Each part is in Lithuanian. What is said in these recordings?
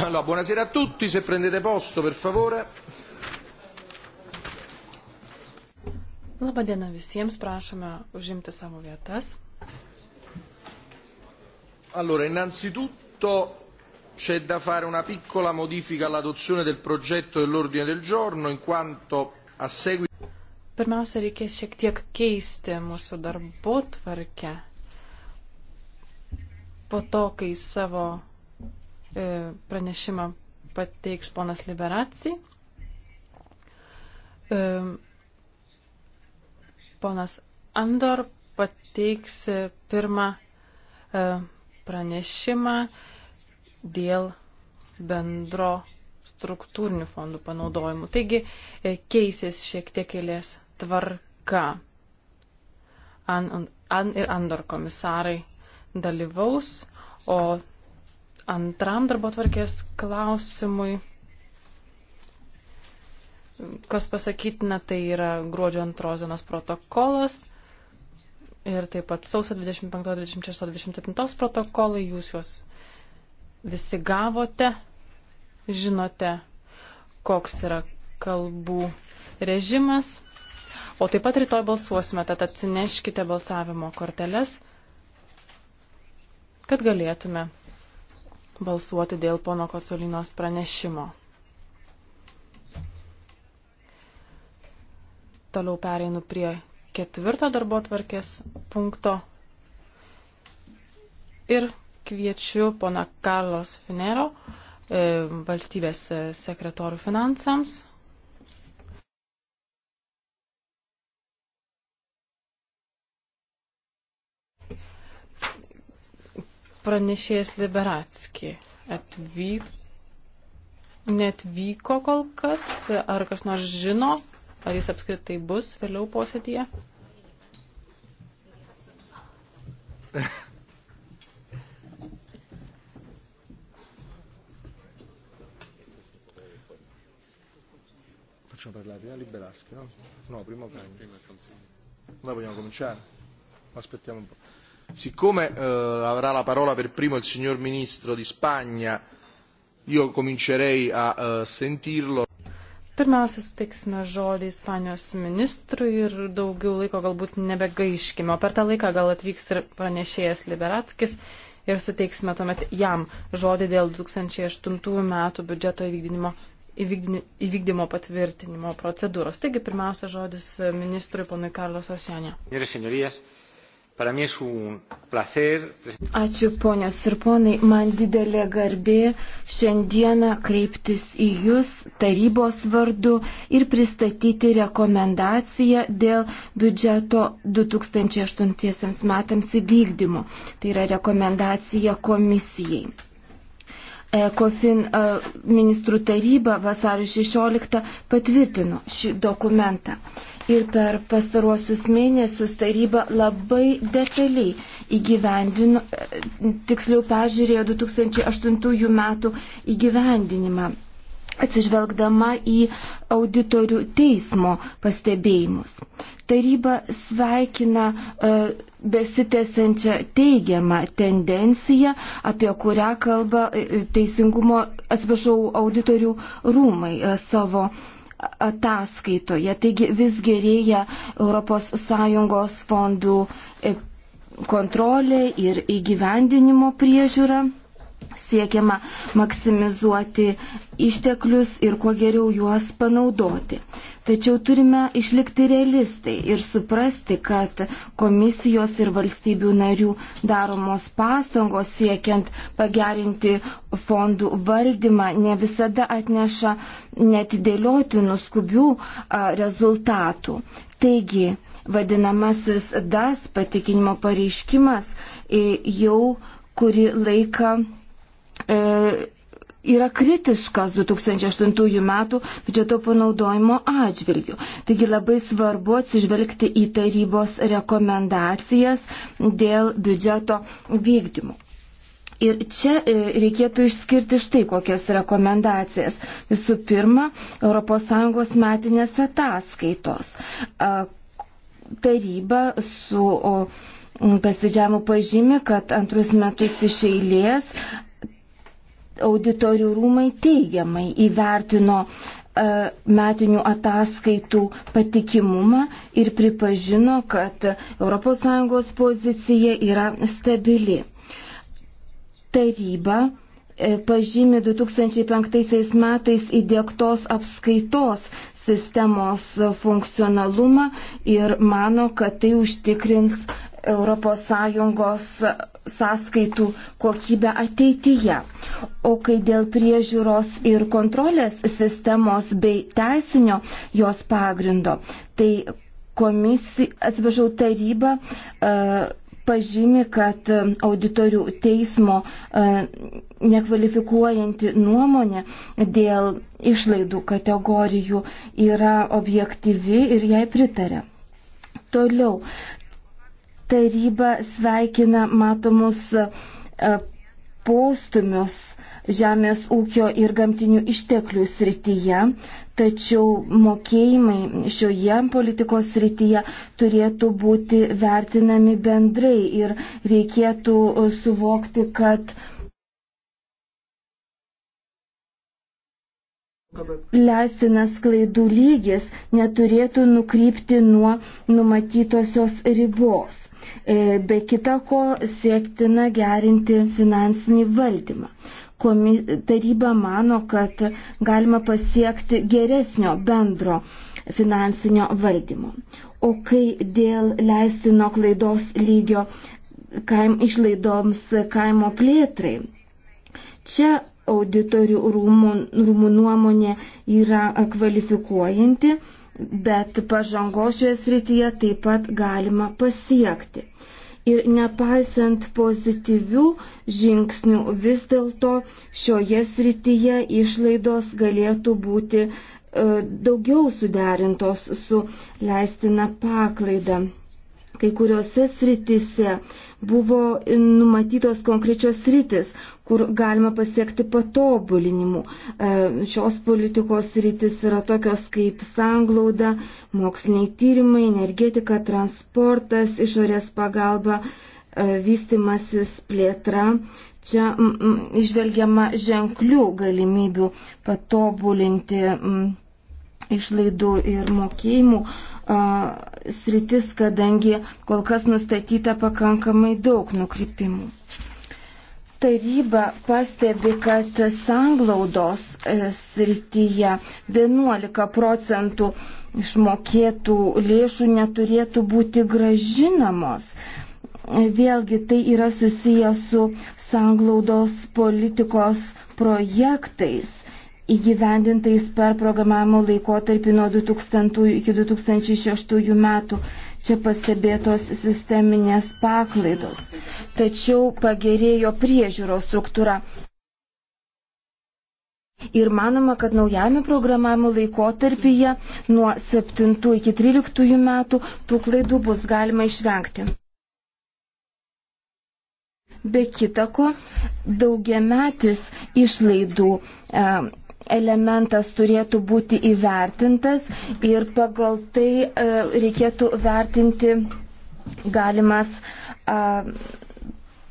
Allora, buonasera a tutti, se prendete posto per favore. Labadiena visiems, prašome užimti savo vietas. Allora, innanzitutto c'è da fare una piccola modifica all'adozione del progetto dell'ordine del giorno in quanto a seguito. Pirmiausia, reikės šiek tiek keisti mūsų darbo tvarkę. Po to, kai savo E, pranešimą pateiks ponas Liberacijai. E, ponas Andor pateiks pirmą e, pranešimą dėl bendro struktūrinių fondų panaudojimų. Taigi keisės šiek tiek eilės tvarka. An, an ir Andor komisarai dalyvaus, o antram darbo tvarkės klausimui. Kas pasakytina, tai yra gruodžio antros dienos protokolas ir taip pat sausio 25, 26, 27 protokolai, jūs juos visi gavote, žinote, koks yra kalbų režimas. O taip pat rytoj balsuosime, tad atsineškite balsavimo korteles, kad galėtume balsuoti dėl pono Kocolinos pranešimo. Toliau pereinu prie ketvirto darbo tvarkės punkto ir kviečiu pona Karlos Finero e, valstybės sekretorių finansams pranešėjas Liberatski atvyko, netvyko kol kas, ar kas nors žino, ar jis apskritai bus vėliau posėdėje? Facciamo parlare prima Liberaschi, no? No, prima Cagni. Noi vogliamo cominciare? Aspettiamo un po'. Siccome eh, avrà la parola per primo il signor Ministro di Spagna, io comincerei a eh, sentirlo. Pirmiausia, suteiksime žodį Ispanijos ministrui ir daugiau laiko galbūt nebegaiškime. Per tą laiką gal atvyks ir pranešėjas Liberatskis ir suteiksime tuomet jam žodį dėl 2008 metų biudžeto įvykdymo, įvykdymo, įvykdymo patvirtinimo procedūros. Taigi, pirmiausia, žodis ministrui ponui Karlos Osenė. Ir senjorijas. Ačiū ponios ir ponai, man didelė garbė šiandieną kreiptis į Jūs tarybos vardu ir pristatyti rekomendaciją dėl biudžeto 2008 metams įvykdymo. Tai yra rekomendacija komisijai. Kofin e, ministrų taryba vasario 16 patvirtino šį dokumentą ir per pastaruosius mėnesius taryba labai detaliai įgyvendino, e, tiksliau peržiūrėjo 2008 metų įgyvendinimą, atsižvelgdama į auditorių teismo pastebėjimus. Taryba sveikina uh, besitęsiančią teigiamą tendenciją, apie kurią kalba e, teisingumo, atsiprašau, auditorių rūmai uh, savo uh, ataskaitoje. Taigi vis gerėja ES fondų e, kontrolė ir įgyvendinimo priežiūra siekiama maksimizuoti išteklius ir kuo geriau juos panaudoti. Tačiau turime išlikti realistai ir suprasti, kad komisijos ir valstybių narių daromos pastangos siekiant pagerinti fondų valdymą ne visada atneša netidėliotinų skubių rezultatų. Taigi, vadinamasis DAS patikinimo pareiškimas e, jau kurį laiką E, yra kritiškas 2008 metų biudžeto panaudojimo atžvilgių. Taigi labai svarbu atsižvelgti į tarybos rekomendacijas dėl biudžeto vykdymų. Ir čia e, reikėtų išskirti štai kokias rekomendacijas. Visų pirma, ES metinės ataskaitos. Taryba su pasidžiamu pažymė, kad antrus metus iš eilės auditorių rūmai teigiamai įvertino e, metinių ataskaitų patikimumą ir pripažino, kad ES pozicija yra stabili. Taryba e, pažymė 2005 metais įdėktos apskaitos sistemos funkcionalumą ir mano, kad tai užtikrins ES sąskaitų kokybę ateityje. O kai dėl priežiūros ir kontrolės sistemos bei teisinio jos pagrindo, tai komisija, atsiprašau, taryba e, pažymi, kad auditorių teismo e, nekvalifikuojanti nuomonė dėl išlaidų kategorijų yra objektyvi ir jai pritarė. Toliau, Taryba sveikina matomus e, postumius žemės ūkio ir gamtinių išteklių srityje, tačiau mokėjimai šioje politikos srityje turėtų būti vertinami bendrai ir reikėtų e, suvokti, kad leistinas klaidų lygis neturėtų nukrypti nuo numatytosios ribos. E, be kita ko siektina gerinti finansinį valdymą. Komi taryba mano, kad galima pasiekti geresnio bendro finansinio valdymo. O kai dėl leistino klaidos lygio kaim, išlaidoms kaimo plėtrai, čia auditorių rūmų, rūmų nuomonė yra kvalifikuojanti bet pažangos šioje srityje taip pat galima pasiekti. Ir nepaisant pozityvių žingsnių, vis dėlto šioje srityje išlaidos galėtų būti e, daugiau suderintos su leistina paklaida. Kai kuriuose sritise buvo numatytos konkrečios sritis, kur galima pasiekti patobulinimų. E, šios politikos sritis yra tokios kaip sanglauda, moksliniai tyrimai, energetika, transportas, išorės pagalba, e, vystimasis, plėtra. Čia išvelgiama ženklių galimybių patobulinti išlaidų ir mokėjimų sritis, kadangi kol kas nustatyta pakankamai daug nukrypimų. Taryba pastebi, kad sanglaudos e, srityje 11 procentų išmokėtų lėšų neturėtų būti gražinamos. Vėlgi tai yra susiję su sanglaudos politikos projektais įgyvendintais per programavimo laikotarpį nuo 2000 iki 2006 metų. Čia pastebėtos sisteminės paklaidos. Tačiau pagerėjo priežiūros struktūra. Ir manoma, kad naujame programavimo laikotarpyje nuo 7 iki 13 metų tų klaidų bus galima išvengti. Be kitako, daugiametis išlaidų e, elementas turėtų būti įvertintas ir pagal tai e, reikėtų vertinti galimas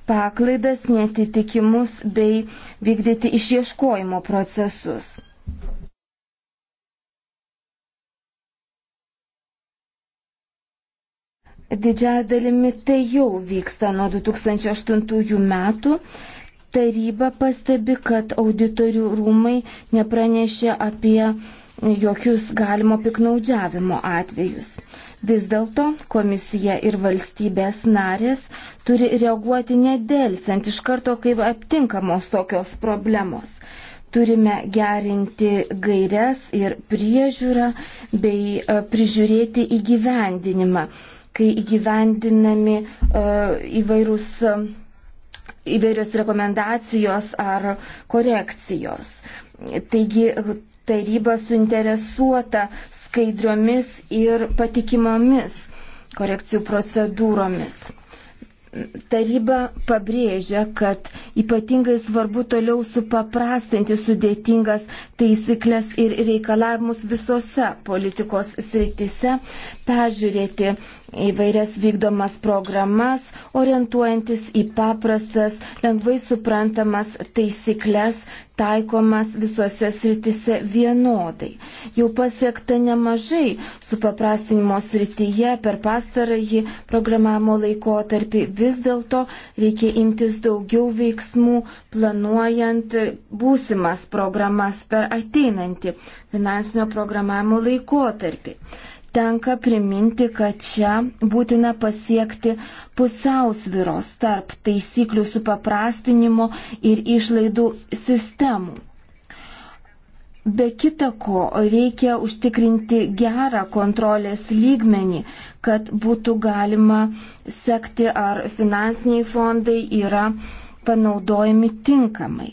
paklaidas, netitikimus bei vykdyti išieškojimo procesus. Didžiąją dalimi tai jau vyksta nuo 2008 metų. Taryba pastebi, kad auditorių rūmai nepranešė apie jokius galimo piknaudžiavimo atvejus. Vis dėlto komisija ir valstybės narės turi reaguoti nedėlsant iš karto, kaip aptinkamos tokios problemos. Turime gerinti gairias ir priežiūrą bei e, prižiūrėti įgyvendinimą, kai įgyvendinami uh, įvairūs uh, įvairios rekomendacijos ar korekcijos. Taigi taryba suinteresuota skaidriomis ir patikimomis korekcijų procedūromis. Taryba pabrėžia, kad ypatingai svarbu toliau supaprastinti sudėtingas taisyklės ir reikalavimus visose politikos sritise, peržiūrėti įvairias vykdomas programas, orientuojantis į paprastas, lengvai suprantamas taisyklės, taikomas visose sritise vienodai. Jau pasiekta nemažai supaprastinimo srityje per pastarąjį programavimo laikotarpį, vis dėlto reikia imtis daugiau veiksmų, planuojant būsimas programas per ateinantį finansinio programavimo laikotarpį tenka priminti, kad čia būtina pasiekti pusiausviros tarp taisyklių supaprastinimo ir išlaidų sistemų. Be kita ko, reikia užtikrinti gerą kontrolės lygmenį, kad būtų galima sekti, ar finansiniai fondai yra panaudojami tinkamai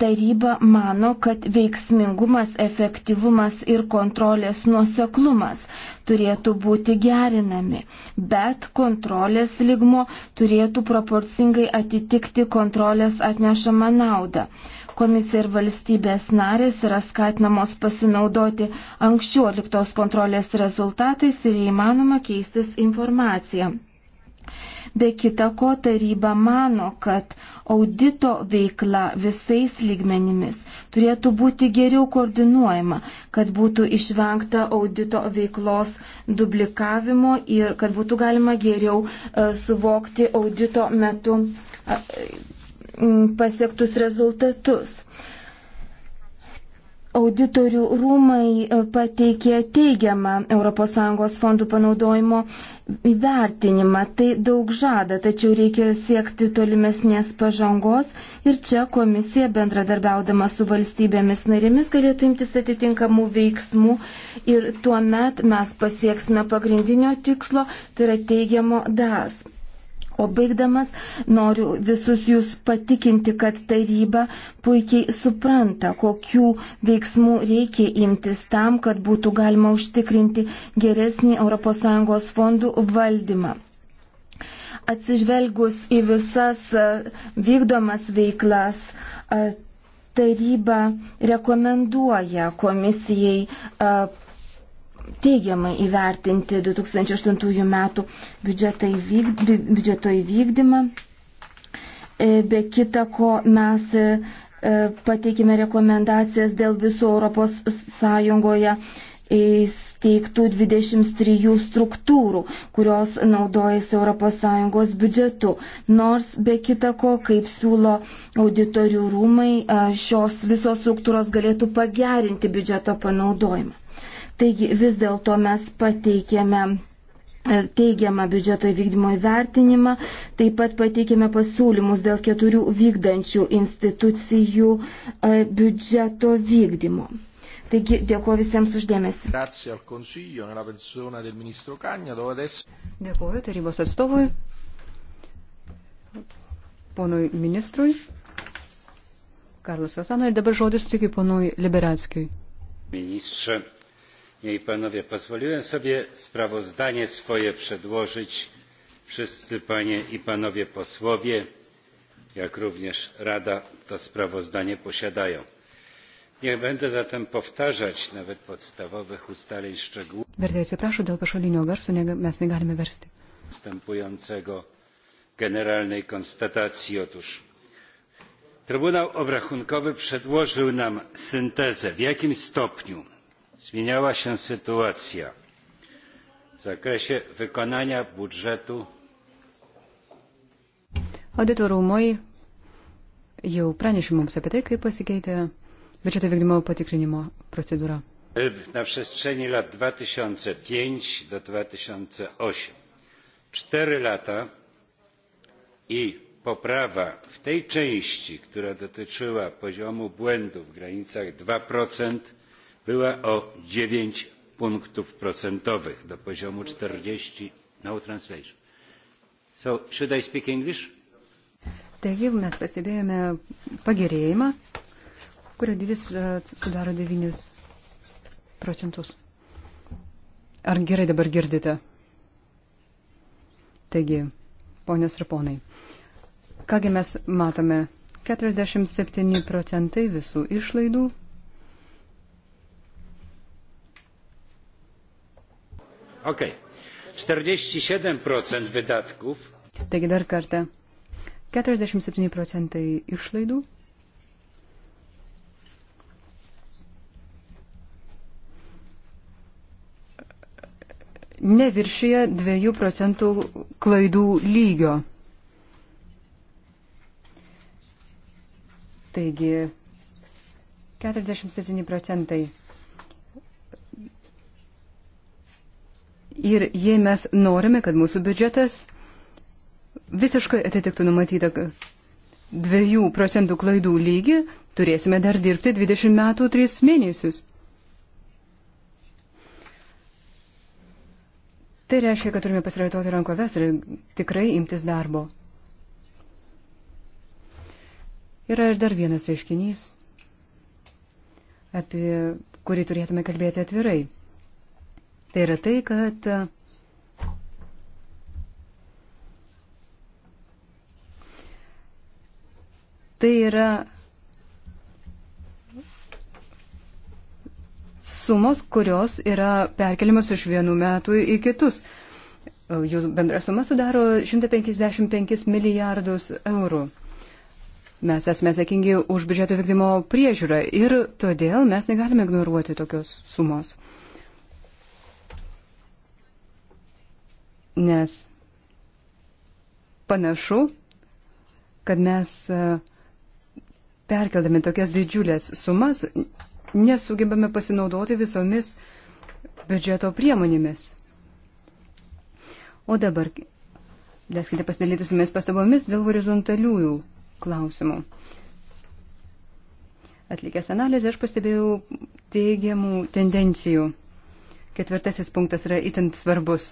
taryba mano, kad veiksmingumas, efektyvumas ir kontrolės nuoseklumas turėtų būti gerinami, bet kontrolės ligmo turėtų proporcingai atitikti kontrolės atnešamą naudą. Komisija ir valstybės narės yra skatinamos pasinaudoti anksčiau atliktos kontrolės rezultatais ir įmanoma keistis informaciją. Be kita ko taryba mano, kad audito veikla visais lygmenimis turėtų būti geriau koordinuojama, kad būtų išvengta audito veiklos duplikavimo ir kad būtų galima geriau e, suvokti audito metu e, pasiektus rezultatus. Auditorių rūmai e, pateikė teigiamą ES fondų panaudojimo įvertinimą. Tai daug žada, tačiau reikia siekti tolimesnės pažangos ir čia komisija bendradarbiaudama su valstybėmis narėmis galėtų imtis atitinkamų veiksmų ir tuomet mes pasieksime pagrindinio tikslo, tai yra teigiamo DAS. O baigdamas noriu visus jūs patikinti, kad taryba puikiai supranta, kokių veiksmų reikia imtis tam, kad būtų galima užtikrinti geresnį ES fondų valdymą. Atsižvelgus į visas e, vykdomas veiklas, e, taryba rekomenduoja komisijai e, teigiamai įvertinti 2008 metų biudžeto, įvykd, biudžeto įvykdymą. E, be kita ko, mes e, e, pateikime rekomendacijas dėl viso Europos Sąjungoje įsteigtų 23 struktūrų, kurios naudojasi ES biudžetu. Nors be kita ko, kaip siūlo auditorių rūmai, šios visos struktūros galėtų pagerinti biudžeto panaudojimą. Taigi vis dėlto mes pateikėme e, teigiamą biudžeto įvykdymo įvertinimą, taip pat pateikėme pasiūlymus dėl keturių vykdančių institucijų e, biudžeto vykdymo. Taigi dėkuoju visiems uždėmesi. Dėkuoju tarybos atstovui, ponui ministrui, Karlas Vasanui ir dabar žodis tik ponui Liberatskijui. Ministrė pozwoliłem sobie sprawozdanie swoje przedłożyć wszyscy panie i panowie posłowie jak również rada to sprawozdanie posiadają. nie będę zatem powtarzać nawet podstawowych ustaleń szczegółowych następującego generalnej konstatacji otóż trybunał obrachunkowy przedłożył nam syntezę w jakim stopniu zmieniała się sytuacja w zakresie wykonania budżetu. Audito rūmai jau pranešė mums apie tai, kaip pasikeitė biudžeto vykdymo patikrinimo procedūra. Na przestrzeni lat 2005 do 2008. Cztery lata i poprawa w tej części która dotyczyła poziomu błędu w granicach dwa procent była o dziewięć punktów procentowych do poziomu czterdzieści no translation. So should I speak English? Taigi mes pastebėjome pagerėjimą, kurio dydis e, sudaro 9 procentus. Ar gerai dabar girdite? Taigi, ponios ir ponai, kągi mes matome, 47 procentai visų išlaidų Okej. Okay. 47% wydatków. Taigi dar kartą. 47 procentai išlaidų. Neviršyje 2 procentų klaidų lygio. Taigi 47 procentai Ir jei mes norime, kad mūsų biudžetas visiškai atitiktų numatytą 2 procentų klaidų lygį, turėsime dar dirbti 20 metų 3 mėnesius. Tai reiškia, kad turime pasiraitoti rankoves ir tikrai imtis darbo. Yra ir dar vienas reiškinys, apie kurį turėtume kalbėti atvirai. Tai yra tai, kad tai yra sumos, kurios yra perkeliamos iš vienų metų į kitus. Jų bendra suma sudaro 155 milijardus eurų. Mes esame atsakingi už biudžeto vykdymo priežiūrą ir todėl mes negalime ignoruoti tokios sumos. nes panašu, kad mes e, perkeldami tokias didžiulės sumas nesugebame pasinaudoti visomis biudžeto priemonėmis. O dabar leiskite pasidalyti su mes pastabomis dėl horizontaliųjų klausimų. Atlikęs analizę aš pastebėjau teigiamų tendencijų. Ketvirtasis punktas yra itin svarbus.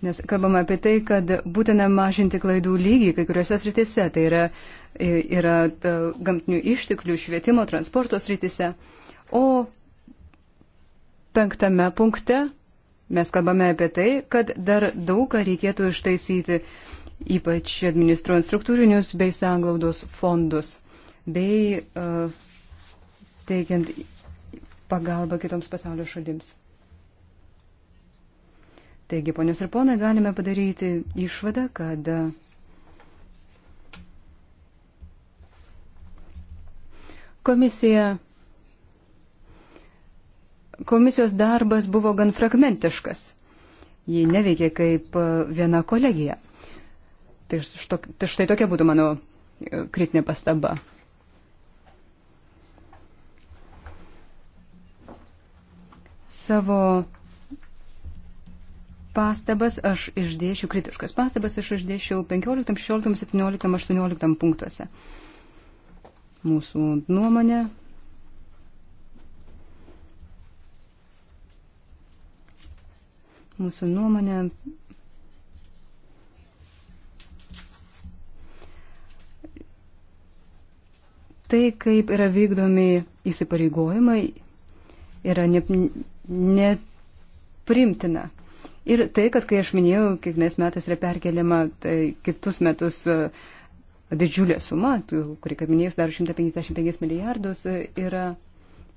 Nes kalbame apie tai, kad būtina mažinti klaidų lygį kai kuriuose srityse, tai yra, yra e, gamtinių išteklių, švietimo, transporto srityse. O penktame punkte mes kalbame apie tai, kad dar daug ką reikėtų ištaisyti, ypač administruojant struktūrinius bei sanglaudos fondus, bei uh, teikiant pagalbą kitoms pasaulio šalims. Taigi, ponios ir ponai, galime padaryti išvadą, kad komisija, komisijos darbas buvo gan fragmentiškas. Ji neveikė kaip viena kolegija. Tai, tai štai tokia būtų mano e, kritinė pastaba. Savo pastabas aš išdėšiu, kritiškas pastabas aš išdėšiu 15, 16, 17, 18 punktuose. Mūsų nuomonė. Mūsų nuomonė. Tai, kaip yra vykdomi įsipareigojimai, yra neprimtina. Ne, ne Ir tai, kad kai aš minėjau, kiekvienais metais yra perkeliama tai kitus metus e, didžiulė suma, kuri, kaip minėjau, sudaro 155 milijardus, e, yra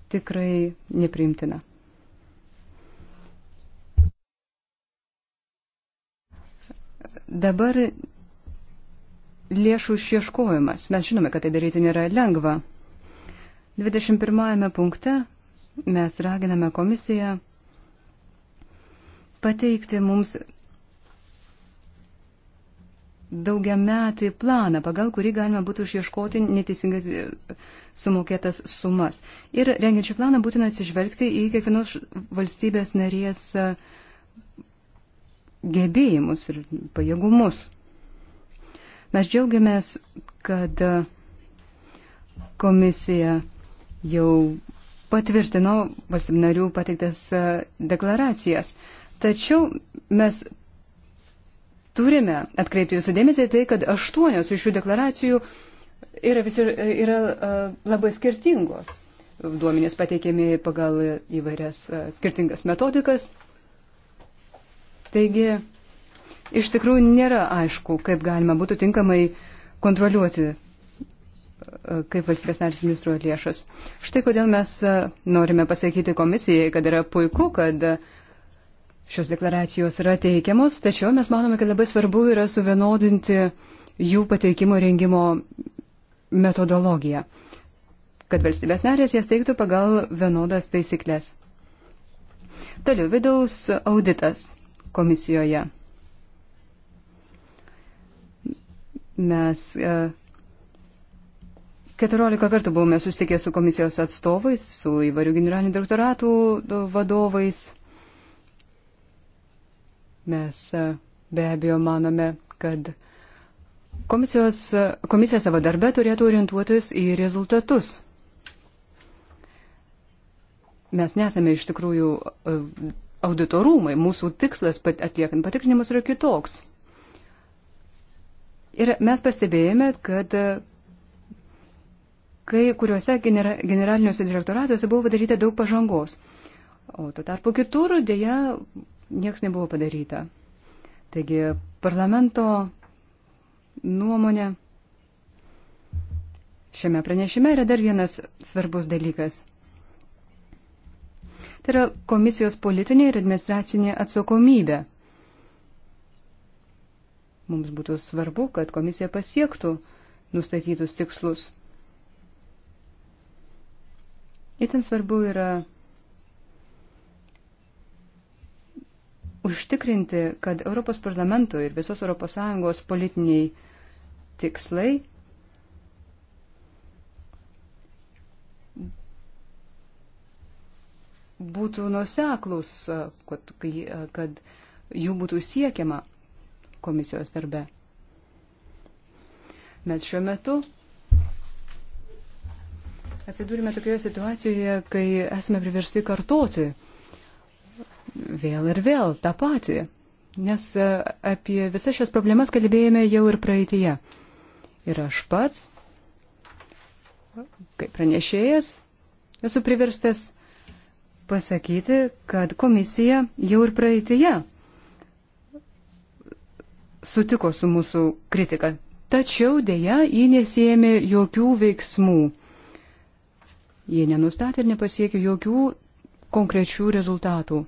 tikrai nepriimtina. Dabar lėšų išieškojimas. Mes žinome, kad tai daryti nėra lengva. 21 punkte mes raginame komisiją pateikti mums daugiametį planą, pagal kurį galima būtų išieškoti neteisingai e, sumokėtas sumas. Ir rengiant šį planą būtina atsižvelgti į kiekvienos valstybės narės e, gebėjimus ir pajėgumus. Mes džiaugiamės, kad e, komisija jau patvirtino valstybinarių pateiktas deklaracijas. Tačiau mes turime atkreipti jūsų dėmesį tai, kad aštuonios iš šių deklaracijų yra, visi, yra labai skirtingos. Duomenys pateikiami pagal įvairias skirtingas metodikas. Taigi, iš tikrųjų nėra aišku, kaip galima būtų tinkamai kontroliuoti, kaip valstybės narys administruoja lėšas. Štai kodėl mes norime pasakyti komisijai, kad yra puiku, kad uh, šios deklaracijos yra teikiamos, tačiau mes manome, kad labai svarbu yra suvienodinti jų pateikimo rengimo metodologiją, kad valstybės narės jas teiktų pagal vienodas taisyklės. Toliau vidaus auditas komisijoje. Mes 14 e, kartų buvome susitikę su komisijos atstovais, su įvairių generalinių direktoratų vadovais. Mes e, be abejo manome, kad komisijos, e, komisija savo darbę turėtų orientuotis į rezultatus. Mes nesame iš tikrųjų e, auditorumai, mūsų tikslas atliekant patikrinimus yra kitoks. Ir mes pastebėjome, kad kai kuriuose genera, generaliniuose direktoratuose buvo padaryta daug pažangos, o tuo tarpu kitur dėja Niekas nebuvo padaryta. Taigi parlamento nuomonė šiame pranešime yra dar vienas svarbus dalykas. Tai yra komisijos politinė ir administracinė atsakomybė. Mums būtų svarbu, kad komisija pasiektų nustatytus tikslus. Itin svarbu yra užtikrinti, kad Europos parlamento ir visos ES politiniai tikslai būtų nuseklus, kad, kad jų būtų siekiama komisijos darbe. Mes šiuo metu atsidūrime tokioje situacijoje, kai esame priversti kartoti vėl ir vėl tą patį. Nes e, apie visas šias problemas kalbėjome jau ir praeitie. Ir aš pats, kaip pranešėjas, esu priverstas pasakyti, kad komisija jau ir praeitie sutiko su mūsų kritika. Tačiau dėja, ji nesėmė jokių veiksmų. Jie nenustatė ir nepasiekė jokių konkrečių rezultatų.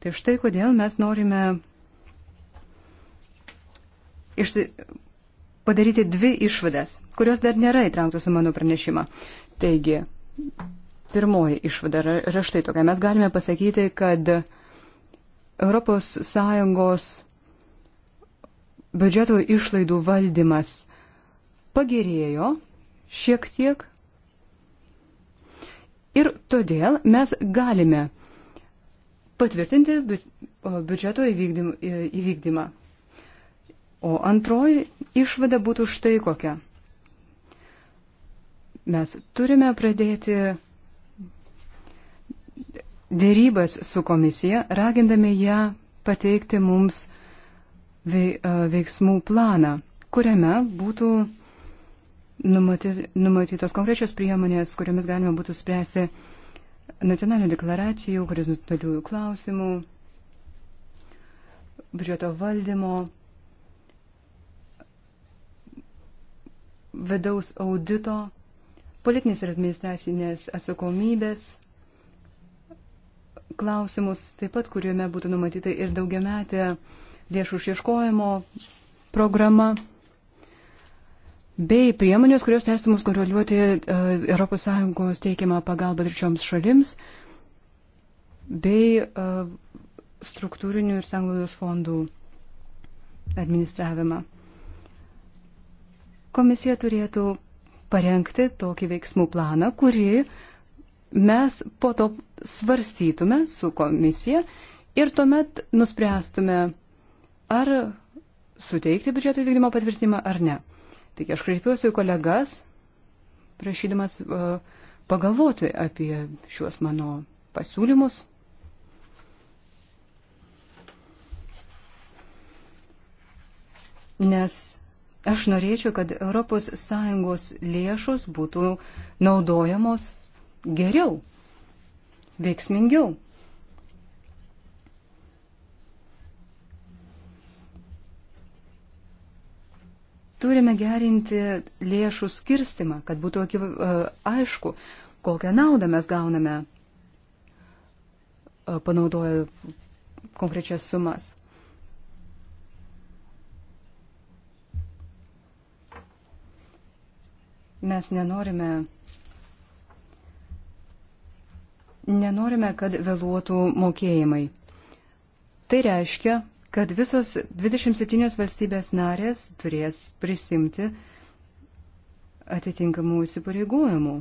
Tai štai kodėl mes norime išsi... padaryti dvi išvadas, kurios dar nėra įtrauktos į mano pranešimą. Taigi, pirmoji išvada yra štai tokia. Mes galime pasakyti, kad ES biudžeto išlaidų valdymas pagerėjo šiek tiek. Ir todėl mes galime patvirtinti biudžeto įvykdymą. O antroji išvada būtų štai kokia. Mes turime pradėti dėrybas su komisija, ragindami ją pateikti mums veiksmų planą, kuriame būtų numatytos konkrečios priemonės, kuriamis galima būtų spręsti nacionalinių deklaracijų, horizontaliųjų klausimų, biudžeto valdymo, vidaus audito, politinės ir administracinės atsakomybės klausimus, taip pat kuriuome būtų numatyta ir daugiametė lėšų išieškojimo programa bei priemonės, kurios leistų mums kontroliuoti ES teikiamą pagalbą trečioms šalims, bei e, struktūrinių ir sanglaudos fondų administravimą. Komisija turėtų parengti tokį veiksmų planą, kurį mes po to svarstytume su komisija ir tuomet nuspręstume, ar suteikti biudžeto vykdymo patvirtinimą ar ne. Taigi aš kreipiuosi į kolegas, prašydamas e, pagalvoti apie šiuos mano pasiūlymus. Nes aš norėčiau, kad ES lėšos būtų naudojamos geriau, veiksmingiau. turime gerinti lėšų skirstimą, kad būtų e, aišku, kokią naudą mes gauname e, panaudoja konkrečias sumas. Mes nenorime, nenorime, kad vėluotų mokėjimai. Tai reiškia, kad visos 27 valstybės narės turės prisimti atitinkamų įsipareigojimų.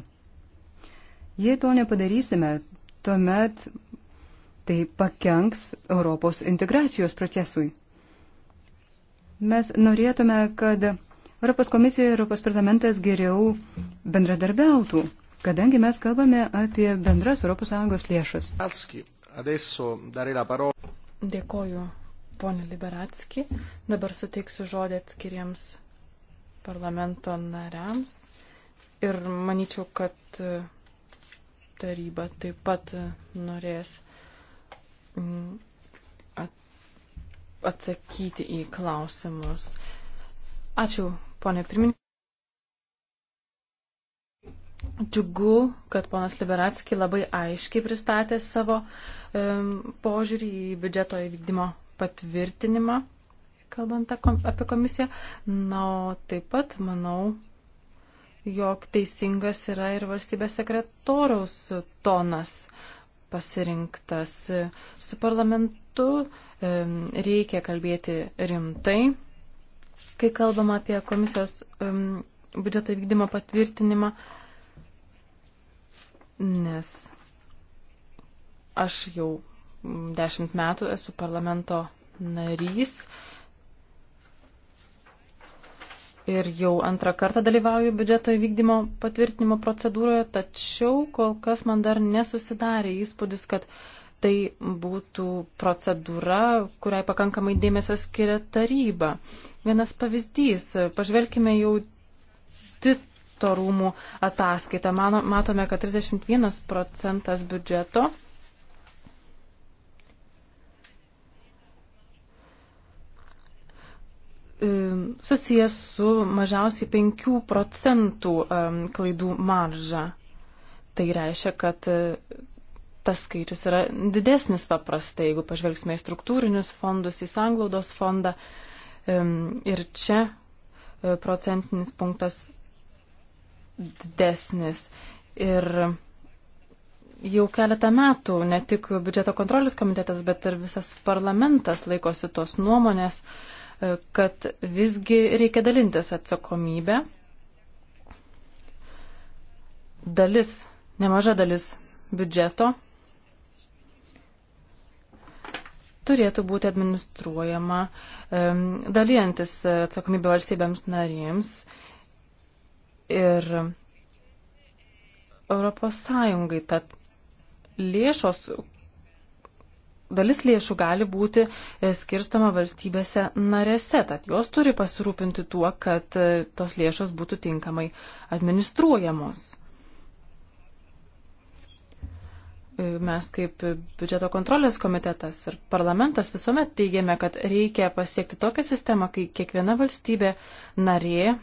Jei to nepadarysime, tuomet tai pakenks Europos integracijos procesui. Mes norėtume, kad Europos komisija ir Europos parlamentas geriau bendradarbiautų, kadangi mes kalbame apie bendras ES lėšas. Dėkoju Pone Liberatski, dabar suteiksiu žodį atskiriems parlamento nariams ir manyčiau, kad e, taryba taip pat e, norės mm, atsakyti į klausimus. Ačiū, ponė pirmininkė. Džiugu, kad ponas Liberatski labai aiškiai pristatė savo um, požiūrį į biudžeto įvykdymo patvirtinimą, kalbant apie komisiją. Na, o taip pat manau, jog teisingas yra ir valstybės sekretoriaus tonas pasirinktas. Su parlamentu reikia kalbėti rimtai, kai kalbam apie komisijos biudžeto vykdymo patvirtinimą, nes aš jau dešimt metų esu parlamento narys ir jau antrą kartą dalyvauju biudžeto įvykdymo patvirtinimo procedūroje, tačiau kol kas man dar nesusidarė įspūdis, kad tai būtų procedūra, kuriai pakankamai dėmesio skiria taryba. Vienas pavyzdys, pažvelkime jau tito rūmų ataskaitą. Mano, matome, kad 31 procentas biudžeto E, susijęs su mažiausiai 5 procentų e, klaidų marža. Tai reiškia, kad e, tas skaičius yra didesnis paprastai, jeigu pažvelgsime į struktūrinius fondus, į sanglaudos fondą. Ir čia procentinis punktas didesnis. Ir jau keletą metų ne tik biudžeto kontrolės komitetas, bet ir visas parlamentas laikosi tos nuomonės, uh, kad visgi reikia dalintis atsakomybę. Dalis, nemaža dalis biudžeto turėtų būti administruojama dalyjantis atsakomybę valstybėms narėms ir Europos Sąjungai. Tad lėšos, dalis lėšų gali būti e, skirstama valstybėse narėse, tad jos turi pasirūpinti tuo, kad e, tos lėšos būtų tinkamai administruojamos. E, mes kaip biudžeto kontrolės komitetas ir parlamentas visuomet teigiame, kad reikia pasiekti tokią sistemą, kai kiekviena valstybė narė,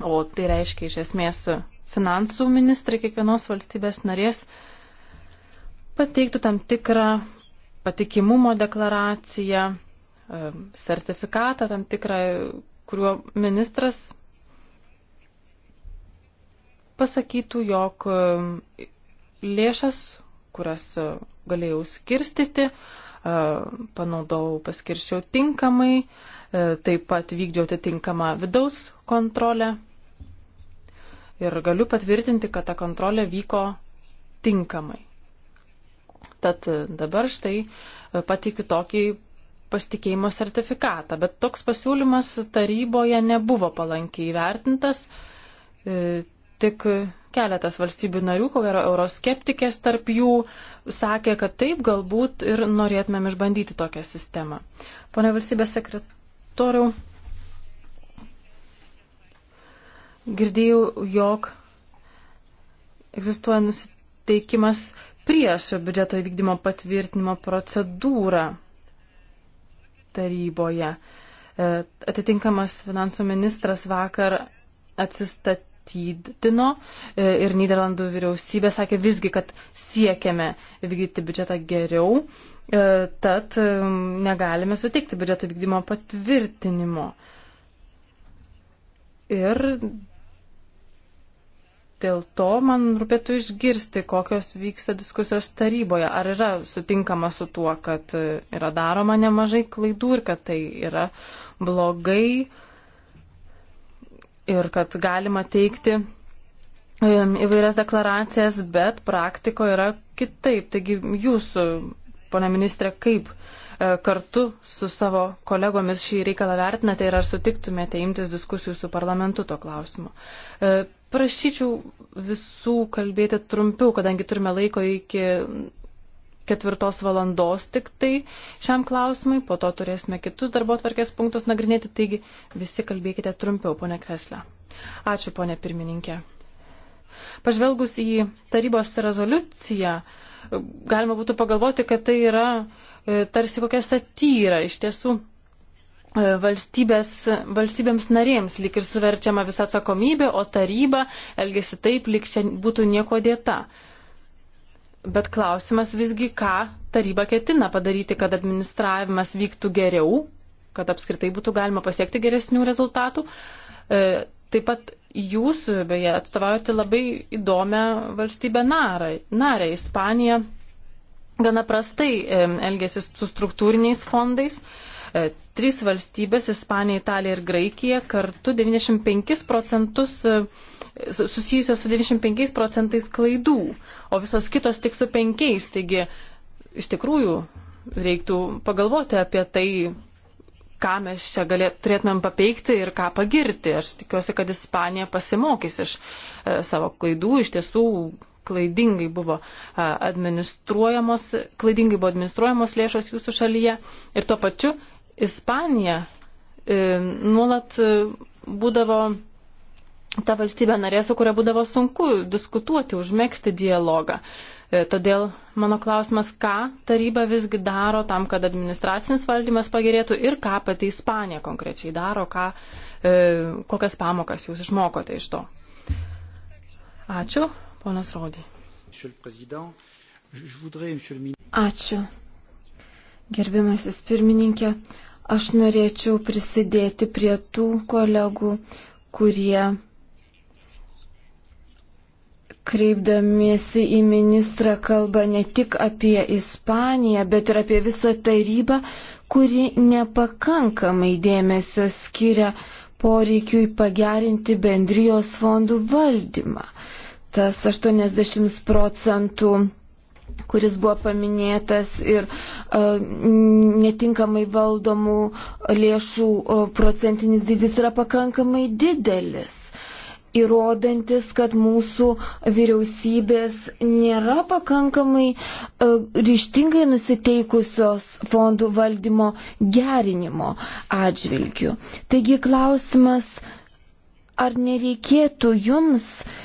o tai reiškia iš esmės finansų ministrai kiekvienos valstybės narės, pateiktų tam tikrą patikimumo deklaraciją, e, sertifikatą tam tikrą, kuriuo ministras pasakytų, jog e, lėšas, kurias e, galėjau skirstyti, panaudojau, paskirščiau tinkamai, taip pat vykdžiau atitinkamą vidaus kontrolę. Ir galiu patvirtinti, kad ta kontrolė vyko tinkamai. Tad dabar štai e, patikiu tokį pasitikėjimo sertifikatą. Bet toks pasiūlymas taryboje nebuvo palankiai vertintas. E, Tik keletas valstybių narių, ko gero euroskeptikės tarp jų, sakė, kad taip galbūt ir norėtumėm išbandyti tokią sistemą. Pone valstybės sekretoriau, girdėjau, jog egzistuoja nusiteikimas prieš biudžeto įvykdymo patvirtinimo procedūrą taryboje. E, atitinkamas finansų ministras vakar atsistatydino e, ir Niderlandų vyriausybė sakė visgi, kad siekiame vykdyti biudžetą geriau, e, tad negalime suteikti biudžeto vykdymo patvirtinimo. Ir Dėl to man rūpėtų išgirsti, kokios vyksta diskusijos taryboje. Ar yra sutinkama su tuo, kad e, yra daroma nemažai klaidų ir kad tai yra blogai ir kad galima teikti įvairias deklaracijas, bet praktikoje yra kitaip. Taigi jūs, pone ministrė, kaip e, kartu su savo kolegomis šį reikalą vertinate ir ar sutiktumėte imtis diskusijų su parlamentu to klausimu. E, Prašyčiau visų kalbėti trumpiau, kadangi turime laiko iki ketvirtos valandos tik tai šiam klausimui, po to turėsime kitus darbo atvarkės punktus nagrinėti, taigi visi kalbėkite trumpiau, ponė Kreslė. Ačiū, ponė pirmininkė. Pažvelgus į tarybos rezoliuciją, galima būtų pagalvoti, kad tai yra e, tarsi kokia satyra. Iš tiesų, E, valstybės, valstybėms narėms lik ir suverčiama visa atsakomybė, o taryba elgesi taip, lik čia būtų nieko dėta. Bet klausimas visgi, ką taryba ketina padaryti, kad administravimas vyktų geriau, kad apskritai būtų galima pasiekti geresnių rezultatų. E, taip pat jūs, beje, atstovaujate labai įdomią valstybę narą, narę Ispaniją. Gana prastai elgesi su struktūriniais fondais. E, E, trys valstybės - Ispanija, Italija ir Graikija - kartu 95 procentus e, susijusios su 95 procentais klaidų, o visos kitos tik su 5. Taigi, iš tikrųjų, reiktų pagalvoti apie tai, ką mes čia galėt, turėtumėm papeikti ir ką pagirti. Aš tikiuosi, kad Ispanija pasimokys iš e, savo klaidų. Iš tiesų, klaidingai buvo e, administruojamos, klaidingai buvo administruojamos lėšos jūsų šalyje ir tuo pačiu Ispanija e, nuolat e, būdavo ta valstybė narė, su kuria būdavo sunku diskutuoti, užmėgsti dialogą. E, todėl mano klausimas, ką taryba visgi daro tam, kad administracinis valdymas pagerėtų ir ką pati Ispanija konkrečiai daro, ką, e, kokias pamokas jūs išmokote iš to. Ačiū, ponas Rodė. Ačiū, gerbiamasis pirmininkė. Aš norėčiau prisidėti prie tų kolegų, kurie kreipdamiesi į ministrą kalba ne tik apie Ispaniją, bet ir apie visą tarybą, kuri nepakankamai dėmesio skiria poreikiui pagerinti bendrijos fondų valdymą. Tas 80 procentų kuris buvo paminėtas ir uh, netinkamai valdomų lėšų uh, procentinis dydis yra pakankamai didelis. Įrodantis, kad mūsų vyriausybės nėra pakankamai uh, ryštingai nusiteikusios fondų valdymo gerinimo atžvilgių. Taigi klausimas, ar nereikėtų jums uh,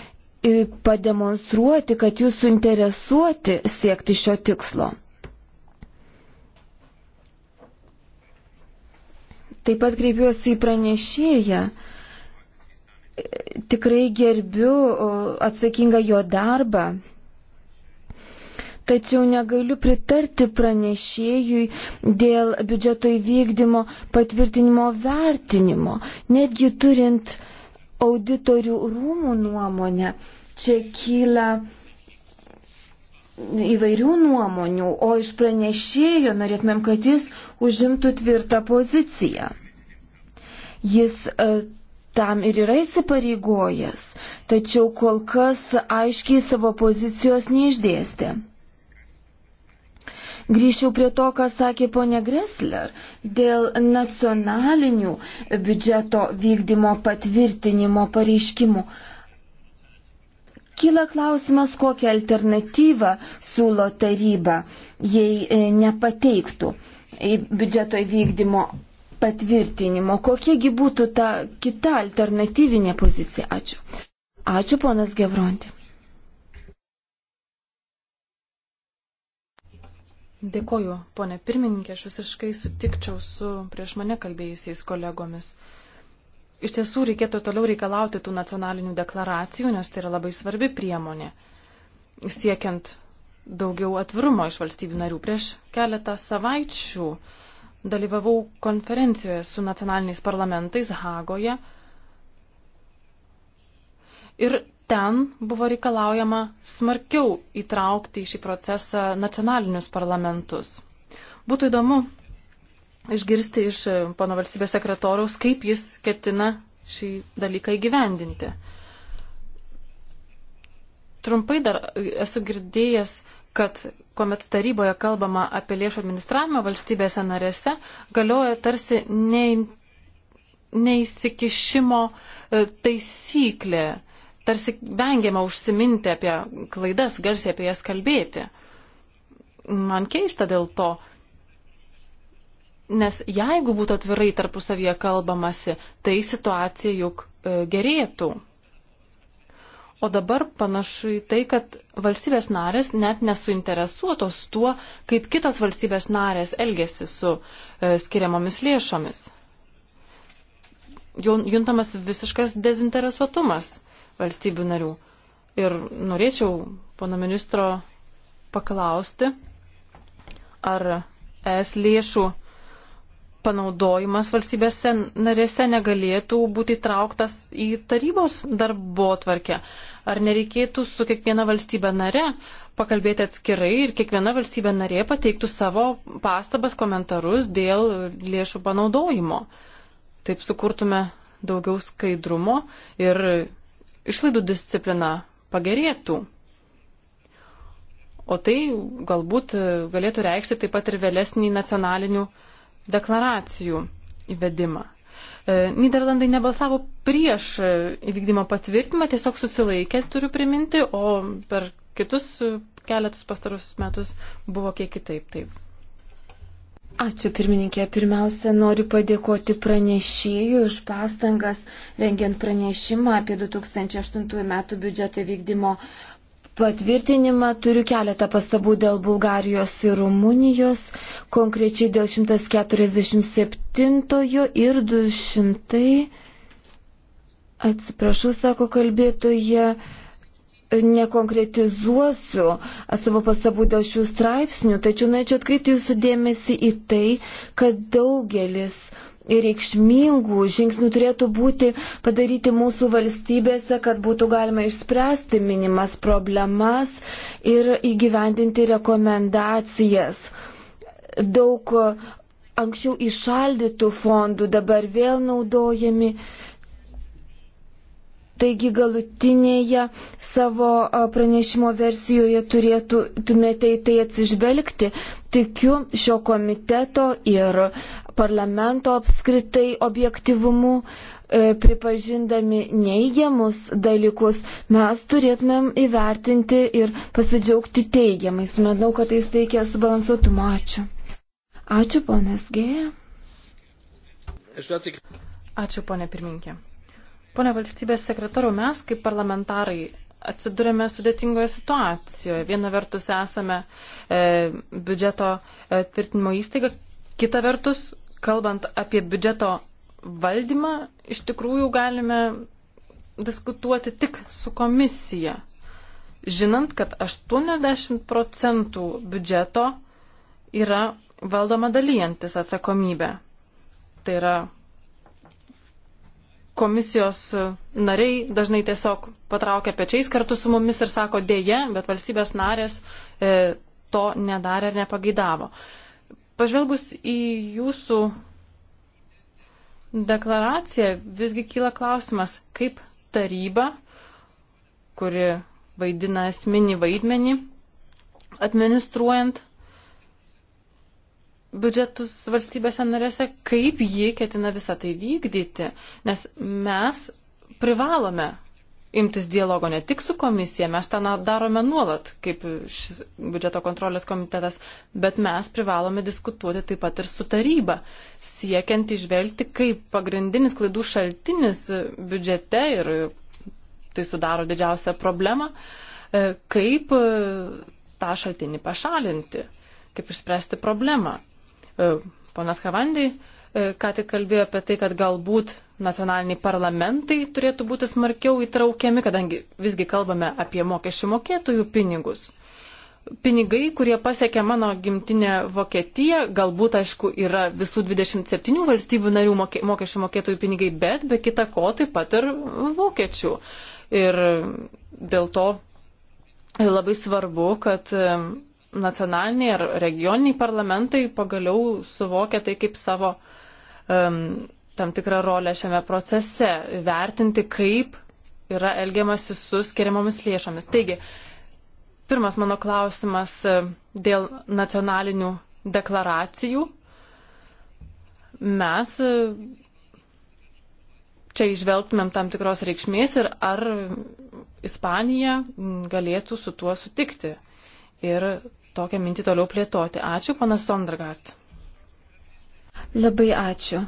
pademonstruoti, kad jūs suinteresuoti siekti šio tikslo. Taip pat kreipiuosi į pranešėją. Tikrai gerbiu atsakingą jo darbą. Tačiau negaliu pritarti pranešėjui dėl biudžeto įvykdymo patvirtinimo vertinimo, netgi turint uh, auditorių rūmų nuomonę. Čia kyla įvairių nuomonių, o iš pranešėjo norėtumėm, kad jis užimtų tvirtą poziciją. Jis e, tam ir yra įsipareigojęs, tačiau kol kas aiškiai savo pozicijos neišdėstė. Grįžčiau prie to, ką sakė ponė Gressler dėl nacionalinių biudžeto vykdymo patvirtinimo pareiškimų. Kyla klausimas, kokią alternatyvą siūlo taryba, jei e, nepateiktų biudžeto įvykdymo patvirtinimo. Kokiegi būtų ta kita alternatyvinė pozicija? Ačiū. Ačiū, ponas Gevronti. Dėkoju, ponė pirmininkė, aš visiškai sutikčiau su prieš mane kalbėjusiais kolegomis. Iš tiesų reikėtų toliau reikalauti tų nacionalinių deklaracijų, nes tai yra labai svarbi priemonė, siekiant daugiau atvirumo iš valstybių narių. Prieš keletą savaičių dalyvavau konferencijoje su nacionaliniais parlamentais Hagoje. Ir ten buvo reikalaujama smarkiau įtraukti į šį procesą nacionalinius parlamentus. Būtų įdomu išgirsti iš e, pono valstybės sekretoriaus, kaip jis ketina šį dalyką įgyvendinti. Trumpai dar e, esu girdėjęs, kad kuomet taryboje kalbama apie lėšų administravimą valstybėse narėse, galioja tarsi neįsikišimo e, taisyklė tarsi vengiama užsiminti apie klaidas, garsiai apie jas kalbėti. Man keista dėl to, nes jeigu būtų atvirai tarpusavyje kalbamasi, tai situacija juk e, gerėtų. O dabar panašu į tai, kad valstybės narės net nesuinteresuotos tuo, kaip kitos valstybės narės elgesi su e, skiriamomis lėšomis. Juntamas visiškas dezinteresuotumas valstybių narių. Ir norėčiau pono ministro paklausti, ar es lėšų panaudojimas valstybėse narėse negalėtų būti įtrauktas į tarybos darbo tvarkę. Ar nereikėtų su kiekviena valstybė nare pakalbėti atskirai ir kiekviena valstybė narė pateiktų savo pastabas, komentarus dėl lėšų panaudojimo. Taip sukurtume daugiau skaidrumo ir išlaidų disciplina pagerėtų. O tai galbūt galėtų reikšti taip pat ir vėlesnį nacionalinių deklaracijų įvedimą. E, Niderlandai nebalsavo prieš įvykdymo patvirtinimą, tiesiog susilaikė, turiu priminti, o per kitus keletus pastarusius metus buvo kiek kitaip. Taip. Ačiū pirmininkė. Pirmiausia, noriu padėkoti pranešėjų už pastangas rengiant pranešimą apie 2008 metų biudžeto vykdymo patvirtinimą. Turiu keletą pastabų dėl Bulgarijos ir Rumunijos, konkrečiai dėl 147 ir 200. Atsiprašau, sako kalbėtoje nekonkretizuosiu savo pastabų dėl šių straipsnių, tačiau norėčiau atkreipti jūsų dėmesį į tai, kad daugelis reikšmingų žingsnių turėtų būti padaryti mūsų valstybėse, kad būtų galima išspręsti minimas problemas ir įgyvendinti rekomendacijas. Daug anksčiau išaldytų fondų dabar vėl naudojami Taigi galutinėje savo pranešimo versijoje turėtumėte į tai atsižvelgti. Tikiu šio komiteto ir parlamento apskritai objektivumu e, pripažindami neigiamus dalykus, mes turėtumėm įvertinti ir pasidžiaugti teigiamais. Manau, kad tai suteikia subalansuotumo. Ačiū. Ačiū, ponas Gėja. Ačiū, ponė pirminkė. Pone valstybės sekretoriau, mes kaip parlamentarai atsidurėme sudėtingoje situacijoje. Viena vertus esame e, biudžeto e, tvirtinimo įstaiga, kita vertus, kalbant apie biudžeto valdymą, iš tikrųjų galime diskutuoti tik su komisija, žinant, kad 80 procentų biudžeto yra valdoma dalyjantis atsakomybė. Tai yra komisijos nariai dažnai tiesiog patraukia pečiais kartu su mumis ir sako dėje, bet valstybės narės e, to nedarė ir nepageidavo. Pažvelgus į jūsų deklaraciją, visgi kyla klausimas, kaip taryba, kuri vaidina esminį vaidmenį, administruojant biudžetus valstybėse narėse, kaip ji ketina visą tai vykdyti. Nes mes privalome imtis dialogo ne tik su komisija, mes tą darome nuolat, kaip šis biudžeto kontrolės komitetas, bet mes privalome diskutuoti taip pat ir su taryba, siekiant išvelgti, kaip pagrindinis klaidų šaltinis biudžete ir tai sudaro didžiausią problemą, e, kaip e, tą šaltinį pašalinti, kaip išspręsti problemą. E, ponas Havandai e, ką tik kalbėjo apie tai, kad galbūt nacionaliniai parlamentai turėtų būti smarkiau įtraukiami, kadangi visgi kalbame apie mokesčių mokėtojų pinigus. Pinigai, kurie pasiekia mano gimtinę Vokietiją, galbūt, aišku, yra visų 27 valstybių narių mokė, mokesčių mokėtojų pinigai, bet be kita ko taip pat ir vokiečių. Ir dėl to labai svarbu, kad nacionaliniai ar regioniniai parlamentai pagaliau suvokia tai kaip savo um, tam tikrą rolę šiame procese, vertinti, kaip yra elgiamasi su skiriamomis lėšomis. Taigi, pirmas mano klausimas um, dėl nacionalinių deklaracijų. Mes um, čia išvelgtumėm tam tikros reikšmės ir ar Ispanija galėtų su tuo sutikti ir tokią mintį toliau plėtoti. Ačiū, panas Sondergaard. Labai ačiū.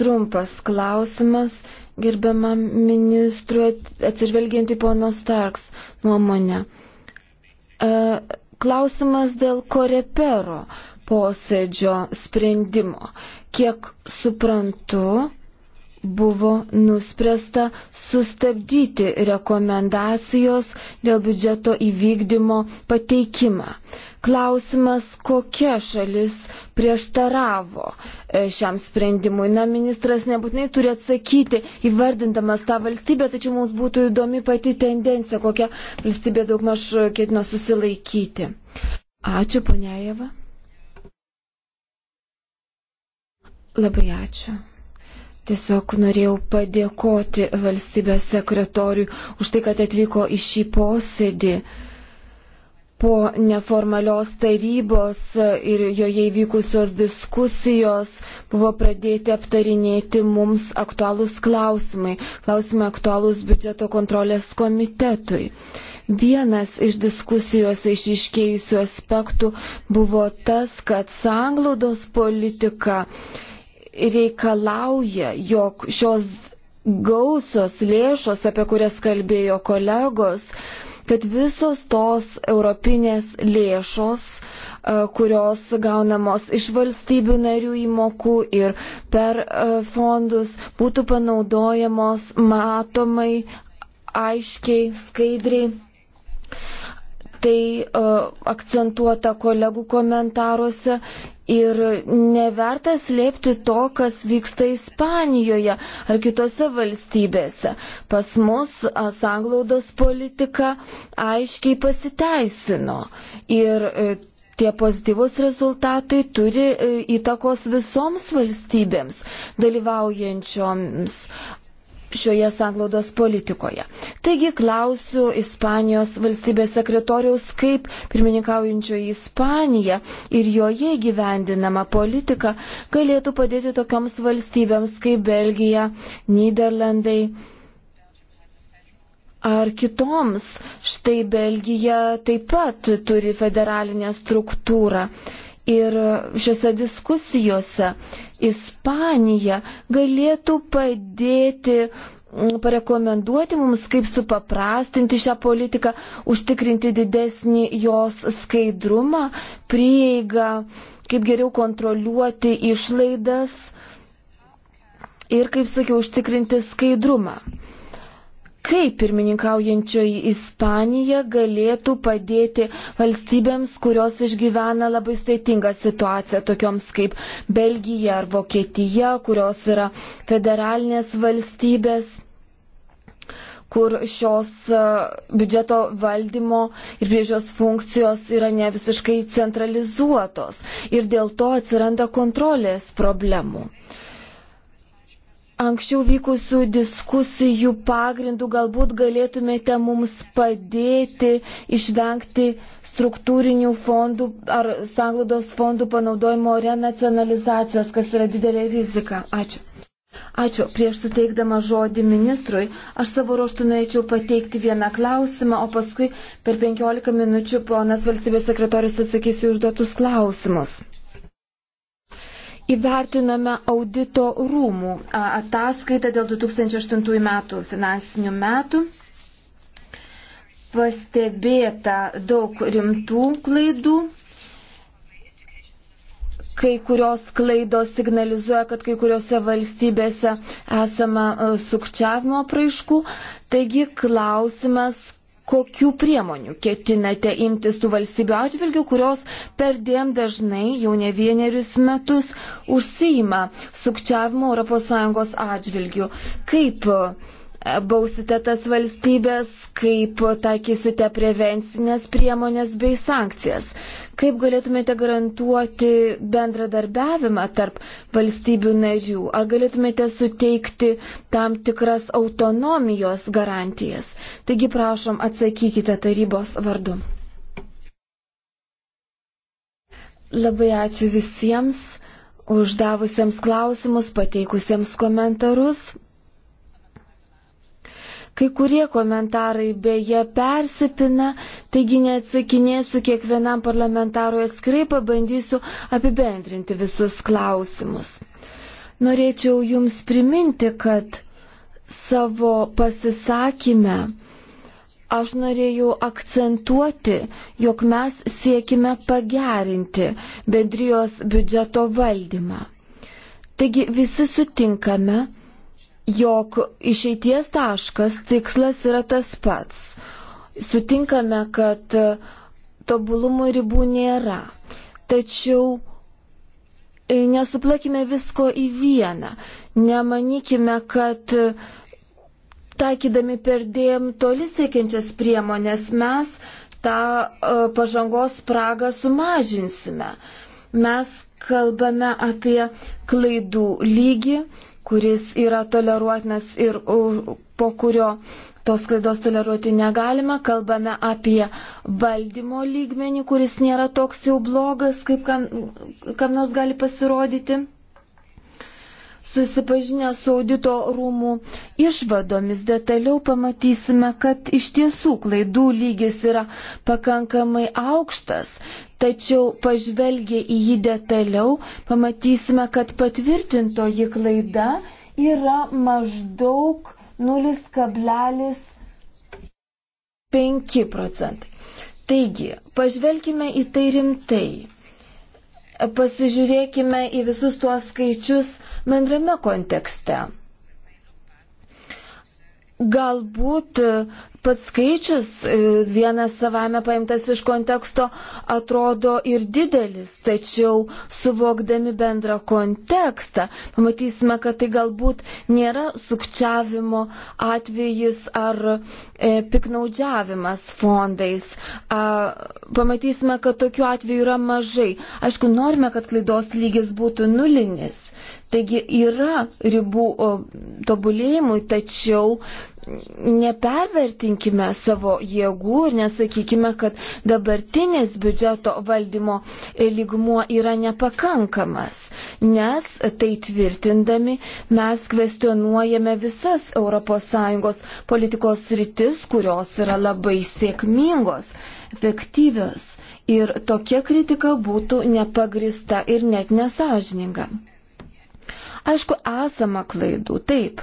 Trumpas klausimas, gerbiamam ministrui, atsižvelgiant į pono Starks nuomonę. E, klausimas dėl korepero posėdžio sprendimo. Kiek suprantu, buvo nuspręsta sustabdyti rekomendacijos dėl biudžeto įvykdymo pateikimą. Klausimas, kokia šalis prieštaravo e, šiam sprendimui. Na, ministras nebūtinai turi atsakyti, įvardindamas tą valstybę, tačiau mums būtų įdomi pati tendencija, kokia valstybė daugmaž ketino susilaikyti. Ačiū, ponia Eva. Labai ačiū. Tiesiog norėjau padėkoti valstybės sekretoriui už tai, kad atvyko į šį posėdį. Po neformalios tarybos ir joje įvykusios diskusijos buvo pradėti aptarinėti mums aktualūs klausimai, klausimai aktualūs biudžeto kontrolės komitetui. Vienas iš diskusijose išiškėjusių aspektų buvo tas, kad sanglaudos politika uh, reikalauja, jog šios gausios lėšos, apie kurias kalbėjo kolegos, kad visos tos europinės lėšos, e, kurios gaunamos iš valstybių narių įmokų ir per e, fondus, būtų panaudojamos matomai, aiškiai, skaidriai tai uh, akcentuota kolegų komentaruose ir neverta slėpti to, kas vyksta Ispanijoje ar kitose valstybėse. Pas mus sanglaudos politika aiškiai pasiteisino ir uh, tie pozityvus rezultatai turi e, įtakos visoms valstybėms dalyvaujančioms šioje sanglaudos politikoje. Taigi klausiu Ispanijos valstybės sekretoriaus, kaip pirmininkaujančioji Ispanija ir joje gyvendinama politika galėtų padėti tokioms valstybėms kaip Belgija, Niderlandai. Ar kitoms, štai Belgija taip pat turi federalinę struktūrą ir šiuose diskusijose Ispanija galėtų padėti mm, parekomenduoti mums, kaip supaprastinti šią politiką, užtikrinti didesnį jos skaidrumą, prieigą, kaip geriau kontroliuoti išlaidas ir, kaip sakiau, užtikrinti skaidrumą kaip pirmininkaujančioji Ispanija galėtų padėti valstybėms, kurios išgyvena labai staitingą situaciją, tokioms kaip Belgija ar Vokietija, kurios yra federalinės valstybės kur šios e, biudžeto valdymo ir priežios funkcijos yra ne visiškai centralizuotos ir dėl to atsiranda kontrolės problemų. Uh, Anksčiau vykusių diskusijų pagrindų galbūt galėtumėte mums padėti išvengti struktūrinių fondų ar sanglaudos fondų panaudojimo renacionalizacijos, kas yra didelė rizika. Ačiū. Ačiū. Prieš suteikdama žodį ministrui, aš savo ruoštų norėčiau pateikti vieną klausimą, o paskui per 15 minučių ponas valstybės sekretorius atsakys į užduotus klausimus įvertiname audito rūmų ataskaitą dėl 2008 metų finansinių metų. Pastebėta daug rimtų klaidų. Kai kurios klaidos signalizuoja, kad kai kuriuose valstybėse esama sukčiavimo praiškų. Taigi klausimas, kokių priemonių ketinate imtis tų valstybių atžvilgių, kurios per dėm dažnai jau ne vienerius metus užsijima sukčiavimu ES atžvilgių. Kaip bausite tas valstybės, kaip taikysite prevencinės priemonės bei sankcijas. Kaip galėtumėte garantuoti bendradarbiavimą tarp valstybių narių? Ar galėtumėte suteikti tam tikras autonomijos garantijas? Taigi prašom atsakykite tarybos vardu. Labai ačiū visiems uždavusiems klausimus, pateikusiems komentarus. Kai kurie komentarai beje persipina, taigi neatsakinėsiu kiekvienam parlamentarui atskirai, pabandysiu apibendrinti visus klausimus. Norėčiau Jums priminti, kad savo pasisakymę aš norėjau akcentuoti, jog mes siekime pagerinti bendrijos biudžeto valdymą. Taigi visi sutinkame, jog išeities taškas, tikslas yra tas pats. Sutinkame, kad tobulumų ribų nėra. Tačiau e, nesuplakime visko į vieną. Nemanykime, kad taikydami perdėm toli siekiančias priemonės mes tą e, pažangos spragą sumažinsime. Mes kalbame apie klaidų lygį, kuris yra toleruotinas ir po kurio tos klaidos toleruoti negalima. Kalbame apie valdymo lygmenį, kuris nėra toks jau blogas, kaip kam, kam nors gali pasirodyti. Susipažinę su audito rūmų išvadomis detaliau pamatysime, kad iš tiesų klaidų lygis yra pakankamai aukštas, tačiau pažvelgę į jį detaliau pamatysime, kad patvirtintoji klaida yra maždaug 0,5 procentai. Taigi, pažvelkime į tai rimtai pasižiūrėkime į visus tuos skaičius bendrame kontekste. Galbūt pats skaičius e, vienas savame paimtas iš konteksto atrodo ir didelis, tačiau suvokdami bendrą kontekstą, pamatysime, kad tai galbūt nėra sukčiavimo atvejis ar e, piknaudžiavimas fondais. A, pamatysime, kad tokių atvejų yra mažai. Aišku, norime, kad klaidos lygis būtų nulinis. Taigi yra ribų tobulėjimui, tačiau nepervertinkime savo jėgų ir nesakykime, kad dabartinis biudžeto valdymo lygmuo yra nepakankamas, nes tai tvirtindami mes kvestionuojame visas ES politikos rytis, kurios yra labai sėkmingos, efektyvios. Ir tokia kritika būtų nepagrista ir net nesažininga. Aišku, esama klaidų, taip,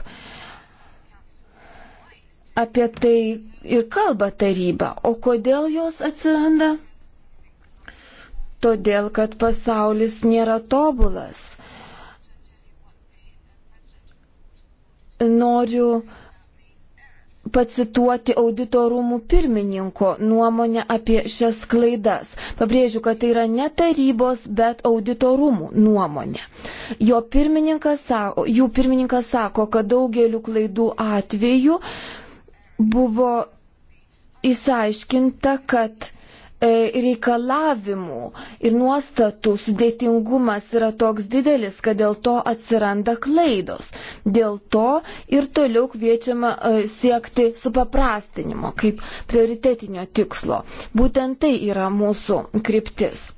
apie tai ir kalba taryba. O kodėl jos atsiranda? Todėl, kad pasaulis nėra tobulas. Noriu pacituoti auditorumų pirmininko nuomonę apie šias klaidas. Pabrėžiu, kad tai yra ne tarybos, bet auditorumų nuomonė. Jo pirmininkas sako, jų pirmininkas sako, kad daugeliu klaidų atveju uh, buvo įsiaiškinta, kad e, reikalavimų ir nuostatų sudėtingumas yra toks didelis, kad dėl to atsiranda klaidos. Dėl to ir toliau kviečiama e, siekti supaprastinimo kaip prioritetinio tikslo. Būtent tai yra mūsų kryptis.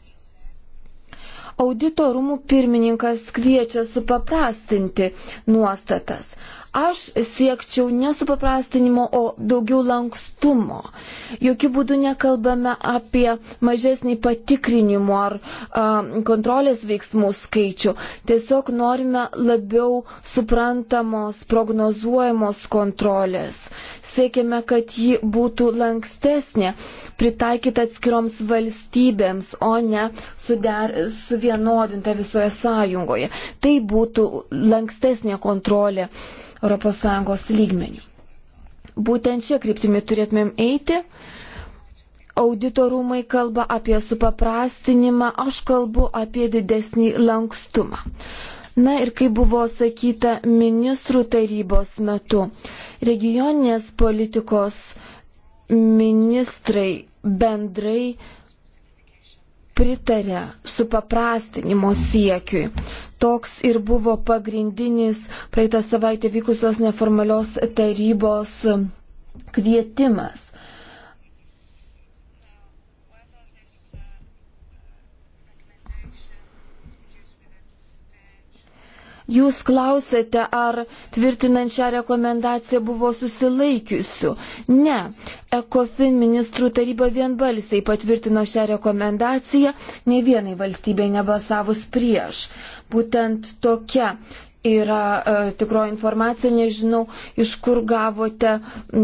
Audito rūmų pirmininkas kviečia supaprastinti nuostatas. Aš siekčiau nesupaprastinimo, o daugiau lankstumo. Jokių būdų nekalbame apie mažesnį patikrinimo ar a, kontrolės veiksmų skaičių. Tiesiog norime labiau suprantamos, prognozuojamos kontrolės. Siekime, kad ji būtų lankstesnė, pritaikyta atskiroms valstybėms, o ne suder, suvienodinta visoje sąjungoje. Tai būtų lankstesnė kontrolė. Uh, ES lygmenių. Būtent šią kryptimį turėtumėm eiti. Auditorumai kalba apie supaprastinimą, aš kalbu apie didesnį lankstumą. Na ir kaip buvo sakyta ministrų tarybos metu, regioninės politikos ministrai bendrai pritarė supaprastinimo siekiui. Toks ir buvo pagrindinis praeitą savaitę vykusios neformalios tarybos kvietimas. Jūs klausėte, ar tvirtinant šią rekomendaciją buvo susilaikiusių. Ne. Ekofin ministrų taryba vienbalsiai patvirtino šią rekomendaciją, ne vienai valstybei nebalsavus prieš. Būtent tokia yra e, tikroji informacija, nežinau, iš kur gavote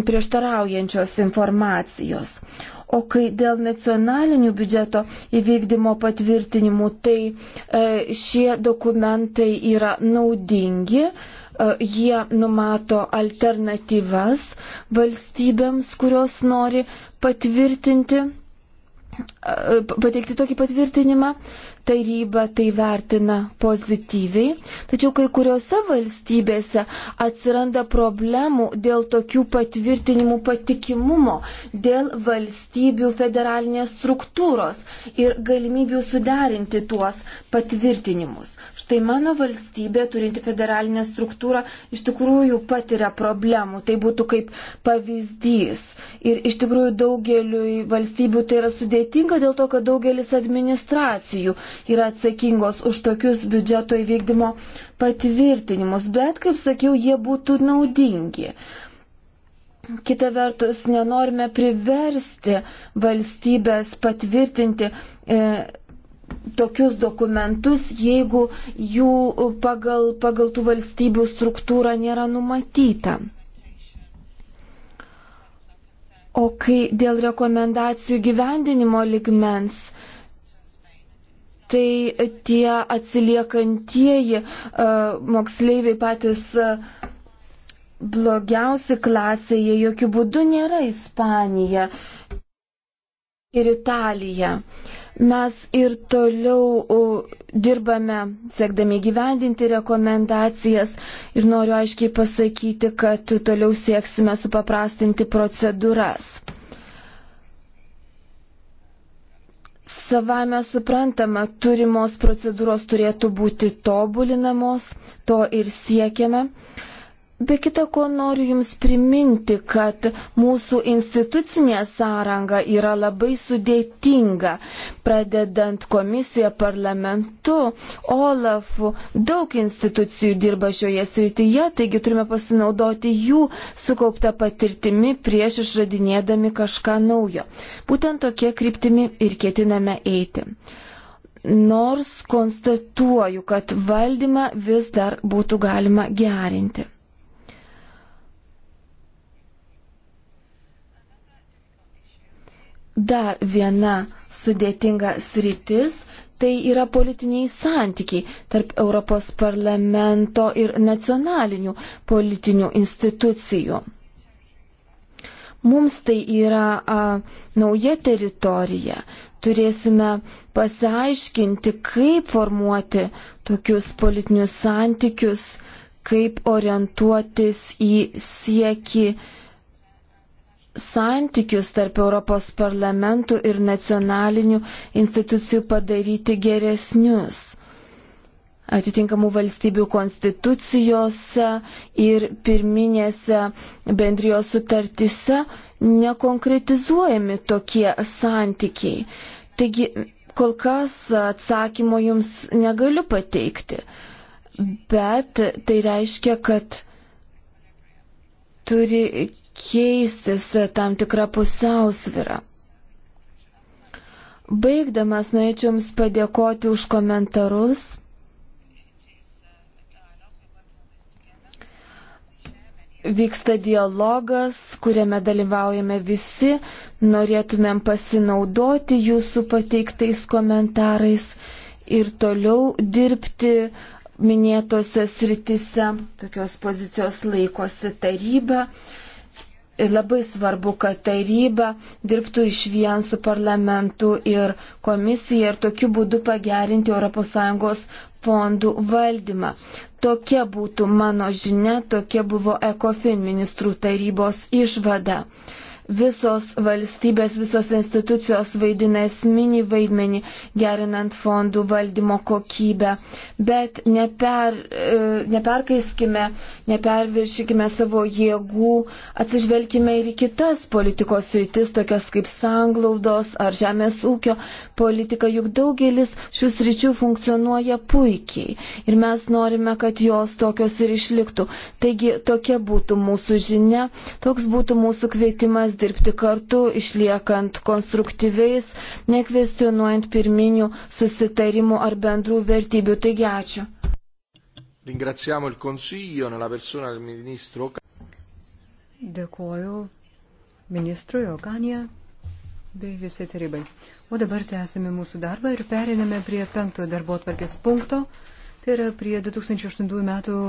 prieštaraujančios informacijos. O kai dėl nacionalinių biudžeto įvykdymo patvirtinimų, tai e, šie dokumentai yra naudingi. E, jie numato alternatyvas valstybėms, kurios nori patvirtinti e, pateikti tokį patvirtinimą, taryba tai vertina pozityviai, tačiau kai kuriuose valstybėse atsiranda problemų dėl tokių patvirtinimų patikimumo, dėl valstybių federalinės struktūros ir galimybių suderinti tuos patvirtinimus. Štai mano valstybė, turinti federalinę struktūrą, iš tikrųjų patiria problemų. Tai būtų kaip pavyzdys. Ir iš tikrųjų daugeliu valstybių tai yra sudėtinga dėl to, kad daugelis administracijų yra atsakingos už tokius biudžeto įvykdymo patvirtinimus, bet, kaip sakiau, jie būtų naudingi. Kita vertus, nenorime priversti valstybės patvirtinti e, tokius dokumentus, jeigu jų pagal, pagal tų valstybių struktūrą nėra numatyta. O kai dėl rekomendacijų gyvendinimo ligmens, tai tie atsiliekantieji e, moksleiviai patys e, blogiausi klasėje jokių būdų nėra Ispanija ir Italija. Mes ir toliau dirbame, siekdami gyvendinti rekomendacijas ir noriu aiškiai pasakyti, kad toliau sieksime supaprastinti procedūras. Savame suprantama, turimos procedūros turėtų būti tobulinamos, to ir siekiame. Uh, Be kita ko noriu Jums priminti, kad mūsų institucinė sąranga yra labai sudėtinga, pradedant komisiją, parlamentu, Olafu, daug institucijų dirba šioje srityje, taigi turime pasinaudoti jų sukauptą patirtimi prieš išradinėdami kažką naujo. Būtent tokie kryptimi ir ketiname eiti. Nors konstatuoju, kad valdymą vis dar būtų galima gerinti. Dar viena sudėtinga sritis tai yra politiniai santykiai tarp Europos parlamento ir nacionalinių politinių institucijų. Mums tai yra a, nauja teritorija. Turėsime pasiaiškinti, kaip formuoti tokius politinius santykius, kaip orientuotis į sieki uh, santykius tarp Europos parlamentų ir nacionalinių institucijų padaryti geresnius atitinkamų valstybių konstitucijose ir pirminėse bendrijos sutartise nekonkretizuojami tokie santykiai. Taigi kol kas atsakymo jums negaliu pateikti, bet tai reiškia, kad turi keistis tam tikrą pusiausvirą. Baigdamas norėčiau Jums padėkoti už komentarus. Vyksta dialogas, kuriame dalyvaujame visi, norėtumėm pasinaudoti jūsų pateiktais komentarais ir toliau dirbti minėtose sritise, tokios pozicijos laikosi taryba labai svarbu, kad taryba dirbtų iš vien su parlamentu ir komisija ir tokiu būdu pagerinti ES fondų valdymą. Tokia būtų mano žinia, tokia buvo ECOFIN ministrų tarybos išvada visos valstybės, visos institucijos vaidina esminį vaidmenį, gerinant fondų valdymo kokybę, bet neper, e, neperkaiskime, neperviršykime savo jėgų, atsižvelkime ir į kitas politikos rytis, tokias kaip sanglaudos ar žemės ūkio politika, juk daugelis šių sričių funkcionuoja puikiai ir mes norime, kad jos tokios ir išliktų. Taigi tokia būtų mūsų žinia, toks būtų mūsų kvietimas stengtis dirbti kartu, išliekant konstruktyviais, nekvestionuojant pirminių susitarimų ar bendrų vertybių. Taigi ačiū. Ringraziamo il Consiglio nella persona del Ministro. Dėkuoju ministrui Okanija bei visai tarybai. O dabar tęsime mūsų darbą ir periname prie penktojo darbo atvarkės punkto, tai yra prie 2008 metų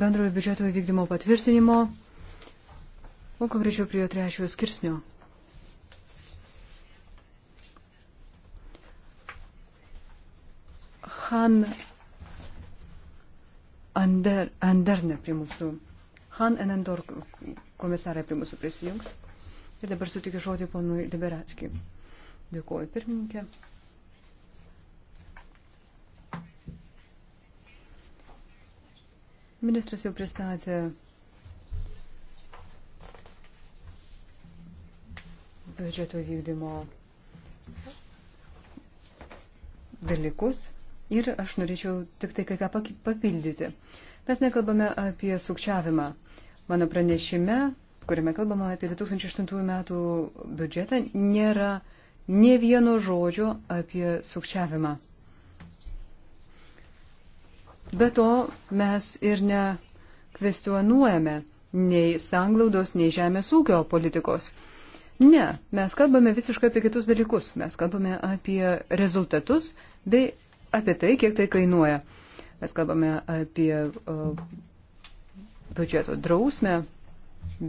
bendrojo biudžeto įvykdymo patvirtinimo O konkrečiau prie trečiojo skirsnio. Han Ander, Anderne prie mūsų. Han Enendor komisarai prie mūsų prisijungs. Ir dabar sutikiu žodį ponui Liberatskijui. Dėkuoju pirmininkė. Ministras jau pristatė biudžeto vykdymo dalykus ir aš norėčiau tik tai kai ką papildyti. Mes nekalbame apie sukčiavimą. Mano pranešime, kuriame kalbama apie 2008 metų biudžetą, nėra ne vieno žodžio apie sukčiavimą. Be to, mes ir nekvestionuojame nei sanglaudos, nei žemės ūkio politikos. Ne, mes kalbame visiškai apie kitus dalykus. Mes kalbame apie rezultatus bei apie tai, kiek tai kainuoja. Mes kalbame apie uh, biudžeto drausmę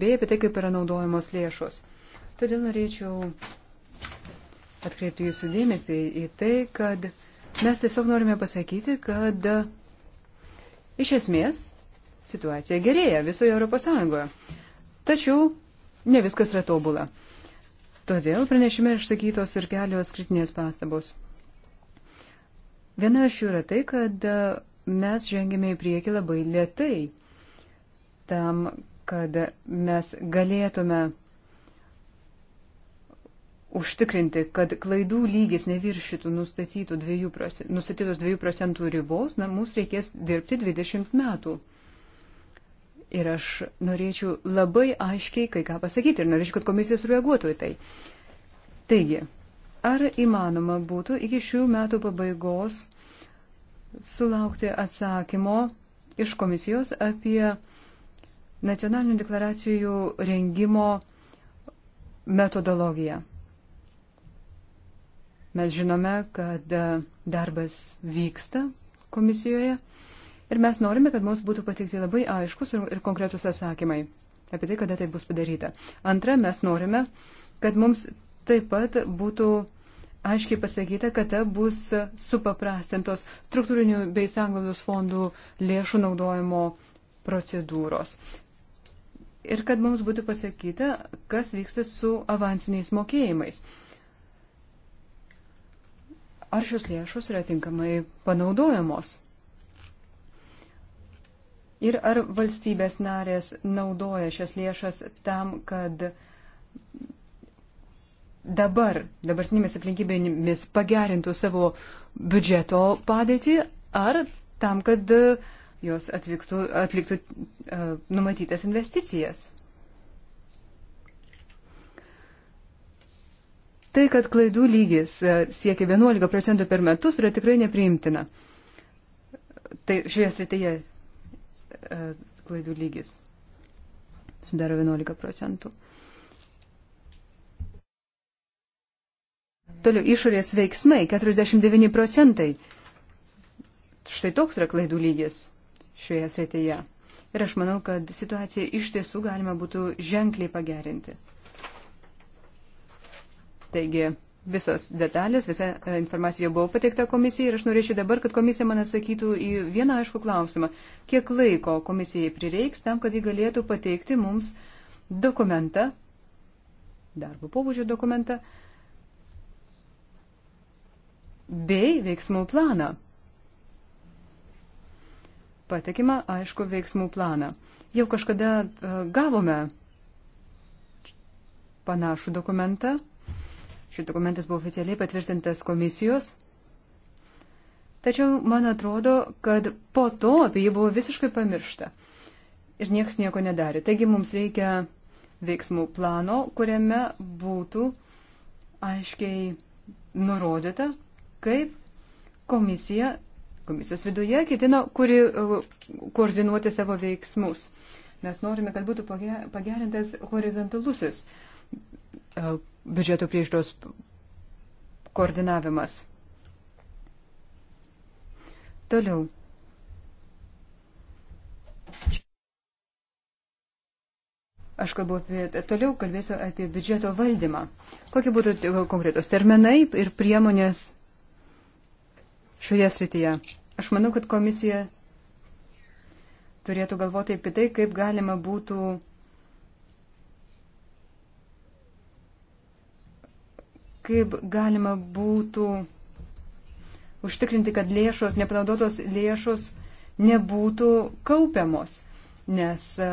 bei apie tai, kaip yra naudojamos lėšos. Todėl norėčiau atkreipti jūsų dėmesį į tai, kad mes tiesiog norime pasakyti, kad iš esmės situacija gerėja visoje Europos Sąjungoje. Tačiau ne viskas yra tobula. Todėl pranešime išsakytos ir kelios kritinės pastabos. Viena iš jų yra tai, kad e, mes žengėme į priekį labai lietai, tam, kad mes galėtume užtikrinti, kad klaidų lygis neviršytų nustatytų 2 procentų, nustatytos 2 procentų ribos, na, mums reikės dirbti 20 metų. Ir aš norėčiau labai aiškiai kai ką pasakyti ir norėčiau, kad komisija sureaguotų į tai. Taigi, ar įmanoma būtų iki šių metų pabaigos sulaukti atsakymo iš komisijos apie nacionalinių deklaracijų rengimo metodologiją? Mes žinome, kad darbas vyksta komisijoje Ir mes norime, kad mums būtų pateikti labai aiškus ir, ir konkretus atsakymai apie tai, kada tai bus padaryta. Antra, mes norime, kad mums taip pat būtų aiškiai pasakyta, kada bus supaprastintos struktūrinių bei sanglaudos fondų lėšų naudojimo procedūros. Ir kad mums būtų pasakyta, kas vyksta su avansiniais mokėjimais ar šios lėšos yra tinkamai panaudojamos ir ar valstybės narės naudoja šias lėšas tam, kad dabar, dabartinėmis aplinkybėmis pagerintų savo biudžeto padėtį, ar tam, kad jos atvyktų, atliktų uh, numatytas investicijas. Tai, kad klaidų lygis e, siekia 11 procentų per metus, yra tikrai nepriimtina. Tai šioje srityje E, klaidų lygis. Sudaro 11 procentų. Toliau išorės veiksmai 49 procentai. Štai toks yra klaidų lygis šioje srityje. Ir aš manau, kad situaciją iš tiesų galima būtų ženkliai pagerinti. Taigi, Visos detalės, visa e, informacija buvo pateikta komisijai ir aš norėčiau dabar, kad komisija man atsakytų į vieną aišku klausimą. Kiek laiko komisijai prireiks tam, kad ji galėtų pateikti mums dokumentą, darbo pobūdžio dokumentą, bei veiksmų planą. Patikima, aišku, veiksmų planą. Jau kažkada e, gavome panašų dokumentą Šis dokumentas buvo oficialiai patvirtintas komisijos. Tačiau man atrodo, kad po to apie jį buvo visiškai pamiršta. Ir niekas nieko nedarė. Taigi mums reikia veiksmų plano, kuriame būtų aiškiai nurodyta, kaip komisija, komisijos viduje ketina kuri, koordinuoti savo veiksmus. Mes norime, kad būtų pagerintas horizontalusis biudžeto priežiūros koordinavimas. Toliau. Aš kalbu apie, toliau kalbėsiu apie biudžeto valdymą. Kokie būtų konkretos terminai ir priemonės šioje srityje? Aš manau, kad komisija turėtų galvoti apie tai, kaip galima būtų kaip galima būtų užtikrinti, kad lėšos, nepanaudotos lėšos nebūtų kaupiamos, nes e,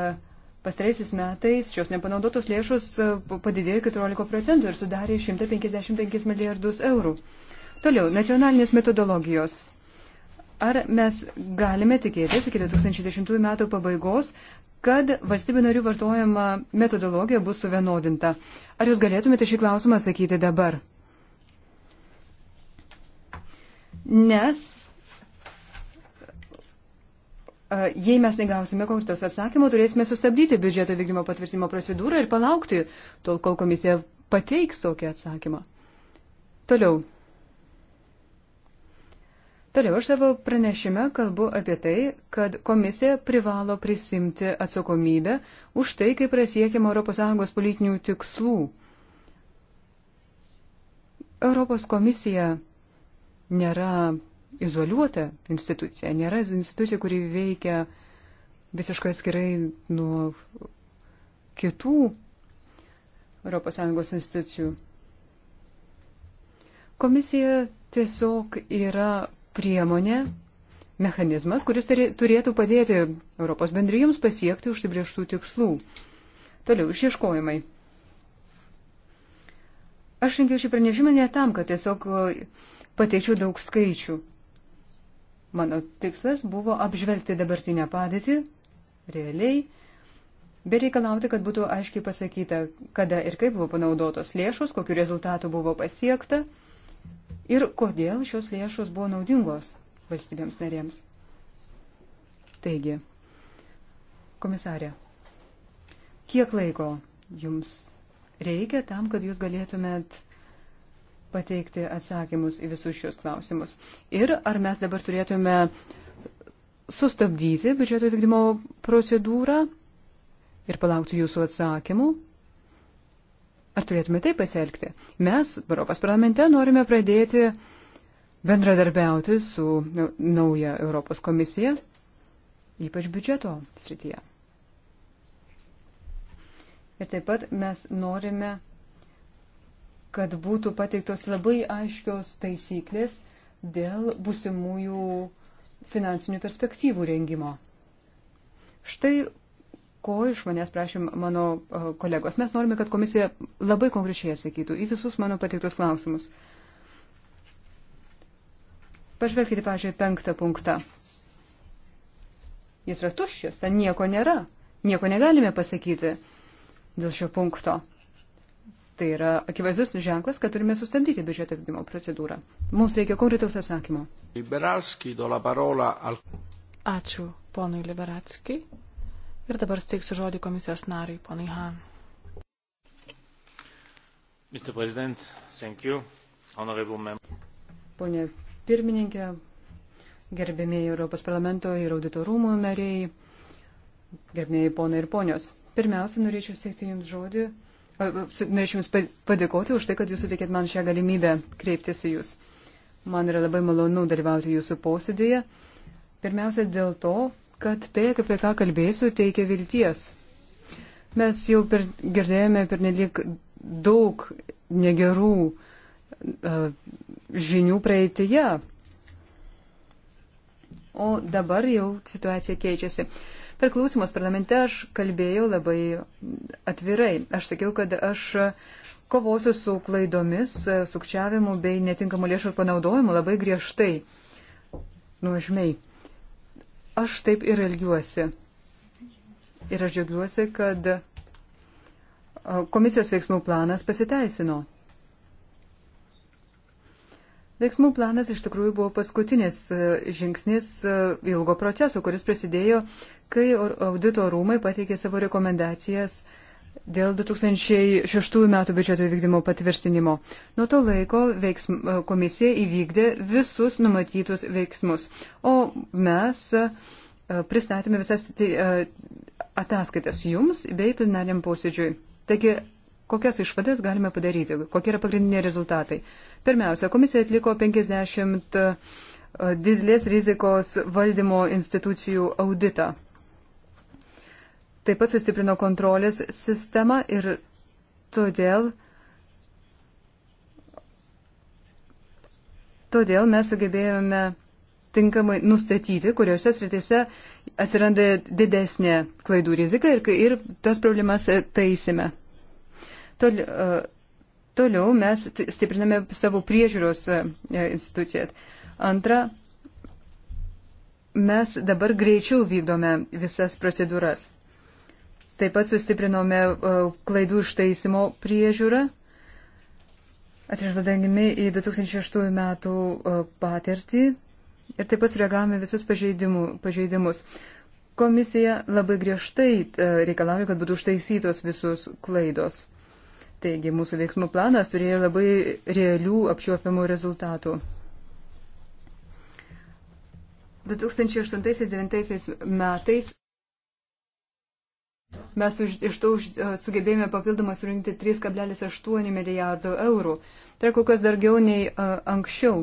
pastaraisiais metais šios nepanaudotos lėšos e, padidėjo 14 procentų ir sudarė 155 milijardus eurų. Toliau, nacionalinės metodologijos. Ar mes galime tikėtis iki 2010 metų pabaigos, kad valstybių narių vartojama metodologija bus suvienodinta. Ar jūs galėtumėte šį klausimą atsakyti dabar? Nes jei mes negausime konkretaus atsakymo, turėsime sustabdyti biudžeto vykdymo patvirtinimo procedūrą ir palaukti, tol kol komisija pateiks tokį atsakymą. Toliau. Toliau aš savo pranešime kalbu apie tai, kad komisija privalo prisimti atsakomybę už tai, kaip prasiekiama ES politinių tikslų. Europos komisija nėra izoliuota institucija, nėra institucija, kuri veikia visiškai skirai nuo kitų ES institucijų. Komisija tiesiog yra priemonė, mechanizmas, kuris turėtų padėti Europos bendrijoms pasiekti užsibrieštų tikslų. Toliau išieškojimai. Aš rengiau šį pranešimą ne tam, kad tiesiog pateikčiau daug skaičių. Mano tikslas buvo apžvelgti dabartinę padėtį realiai, bet reikalauti, kad būtų aiškiai pasakyta, kada ir kaip buvo panaudotos lėšos, kokiu rezultatu buvo pasiekta ir kodėl šios lėšos buvo naudingos valstybėms narėms. Taigi, komisarė, kiek laiko jums reikia tam, kad jūs galėtumėt pateikti atsakymus į visus šios klausimus? Ir ar mes dabar turėtume sustabdyti biudžeto vykdymo procedūrą ir palaukti jūsų atsakymų, Ar turėtume taip pasielgti? Mes Europos parlamente norime pradėti bendradarbiauti su nauja Europos komisija, ypač biudžeto srityje. Ir taip pat mes norime, kad būtų pateiktos labai aiškios taisyklės dėl busimųjų finansinių perspektyvų rengimo. Štai ko iš manęs prašė mano e, kolegos. Mes norime, kad komisija labai konkrečiai atsakytų į visus mano pateiktus klausimus. Pažvelkite, pažiūrėjau, penktą punktą. Jis yra tuščias, ten nieko nėra. Nieko negalime pasakyti dėl šio punkto. Tai yra akivaizdus ženklas, kad turime sustabdyti biudžeto vykdymo procedūrą. Mums reikia konkretaus atsakymo. Liberalski, do la parola al... Ačiū, ponui Liberatski. Ir dabar steiksiu žodį komisijos nariui, ponai Han. Mr. President, thank you. Honorable member. Pone pirmininkė, gerbėmėjai Europos parlamento ir auditorumų nariai, gerbėmėjai ponai ir ponios. Pirmiausia, norėčiau steikti Jums žodį, norėčiau Jums padėkoti už tai, kad Jūs sutikėt man šią galimybę kreiptis į Jūs. Man yra labai malonu dalyvauti Jūsų posėdėje. Pirmiausia, dėl to, kad tai, apie ką kalbėsiu, teikia vilties. Mes jau per, girdėjome per nelik daug negerų uh, žinių praeitėje, o dabar jau situacija keičiasi. Per klausimus parlamente aš kalbėjau labai atvirai. Aš sakiau, kad aš kovosiu su klaidomis, e, sukčiavimu bei netinkamu lėšų panaudojimu labai griežtai, nuožmiai. Aš taip ir elgiuosi. Ir aš džiaugiuosi, kad e, komisijos veiksmų planas pasiteisino. Veiksmų planas iš tikrųjų buvo paskutinis e, žingsnis e, ilgo proceso, kuris prasidėjo, kai audito rūmai pateikė savo rekomendacijas uh, dėl 2006 metų biudžeto įvykdymo patvirtinimo. Nuo to laiko veiksm, e, komisija įvykdė visus numatytus veiksmus, o mes e, pristatėme visas tai, e, ataskaitas jums bei plenariam posėdžiui. Taigi, kokias išvadas galime padaryti, kokie yra pagrindiniai rezultatai. Pirmiausia, komisija atliko 50 didelės rizikos valdymo institucijų auditą taip pat sustiprino kontrolės sistemą ir todėl, todėl mes sugebėjome tinkamai nustatyti, kuriuose sritise atsiranda didesnė klaidų rizika ir, ir tas problemas taisime. Tol, e, toliau mes stipriname savo priežiūros e, instituciją. Antra, mes dabar greičiau vykdome visas procedūras. Taip pat sustiprinome e, klaidų ištaisimo priežiūrą, atsižvelgdami į 2006 metų e, patirtį ir taip pat sureagavome visus pažeidimus. Komisija labai griežtai e, reikalauja, kad būtų ištaisytos visus klaidos. Taigi mūsų veiksmų planas turėjo labai realių apčiuopiamų rezultatų. 2008-2009 metais Mes už, iš to už, e, sugebėjome papildomai surinkti 3,8 milijardų eurų. Tai yra kokios daugiau nei uh, anksčiau.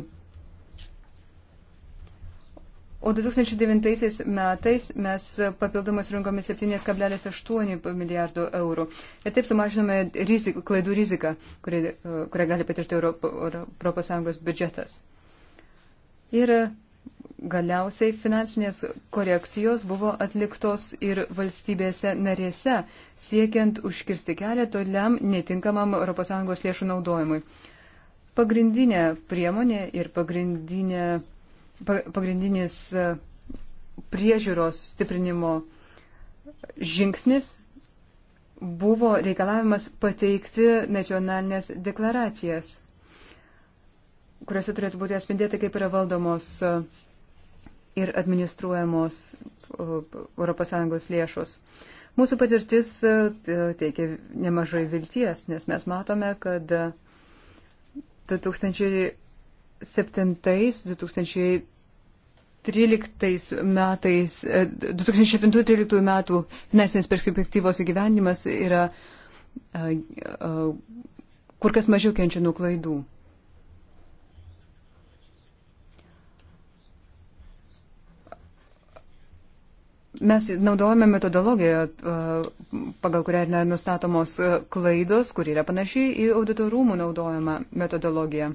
O 2009 metais mes papildomai surinkome 7,8 milijardų eurų. Ir taip sumažinome rizik, klaidų riziką, kurią, e, kurią gali patirti Europos Sąjungos biudžetas. Ir uh, Galiausiai finansinės korekcijos buvo atliktos ir valstybėse narėse, siekiant užkirsti kelią toliam netinkamam ES lėšų naudojimui. Pagrindinė priemonė ir pagrindinė, pagrindinis e, priežiūros stiprinimo žingsnis buvo reikalavimas pateikti nacionalinės deklaracijas kuriuose turėtų būti atspindėti, kaip yra valdomos e, ir administruojamos ES lėšos. Mūsų patirtis e, teikia nemažai vilties, nes mes matome, kad 2007-2013 e, metais, 2007-2013 metų finansinės perspektyvos įgyvendimas yra kur kas mažiau kenčia nuo klaidų. Mes naudojame metodologiją, pagal kurią nustatomos klaidos, kuri yra panaši į auditorumų naudojamą metodologiją.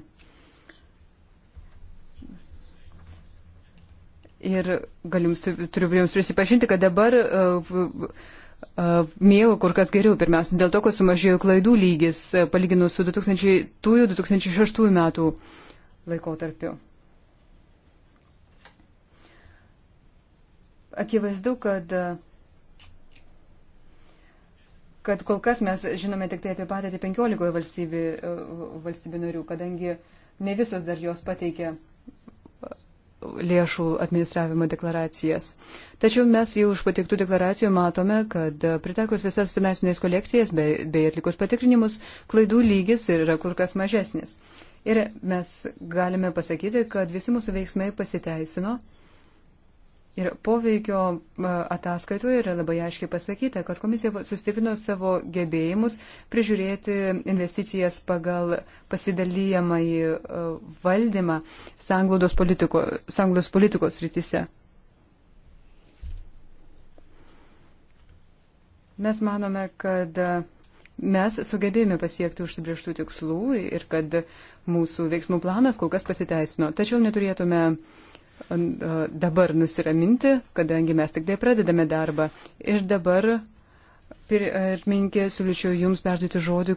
Ir galiu jums, turiu jums prisipažinti, kad dabar uh, uh, mėgau kur kas geriau, pirmiausia, dėl to, kad sumažėjo klaidų lygis, palyginus su 2000-2006 metų laikotarpiu. akivaizdu, kad, kad kol kas mes žinome tik tai apie patį 15 valstybių, valstybių narių, kadangi ne visos dar jos pateikė lėšų administravimo deklaracijas. Tačiau mes jau iš patiktų deklaracijų matome, kad pritakus visas finansinės kolekcijas bei, bei atlikus patikrinimus, klaidų lygis yra kur kas mažesnis. Ir mes galime pasakyti, kad visi mūsų veiksmai pasiteisino Ir poveikio ataskaitoje yra labai aiškiai pasakyta, kad komisija sustiprino savo gebėjimus prižiūrėti investicijas pagal pasidalyjamąjį valdymą sanglaudos politiko, sanglaudos politikos rytise. Mes manome, kad mes sugebėjome pasiekti užsibrieštų tikslų ir kad mūsų veiksmų planas kol kas pasiteisino. Tačiau neturėtume uh, dabar nusiraminti, kadangi mes tik tai pradedame darbą. Ir dabar, pirmininkė, siūlyčiau Jums perduoti žodį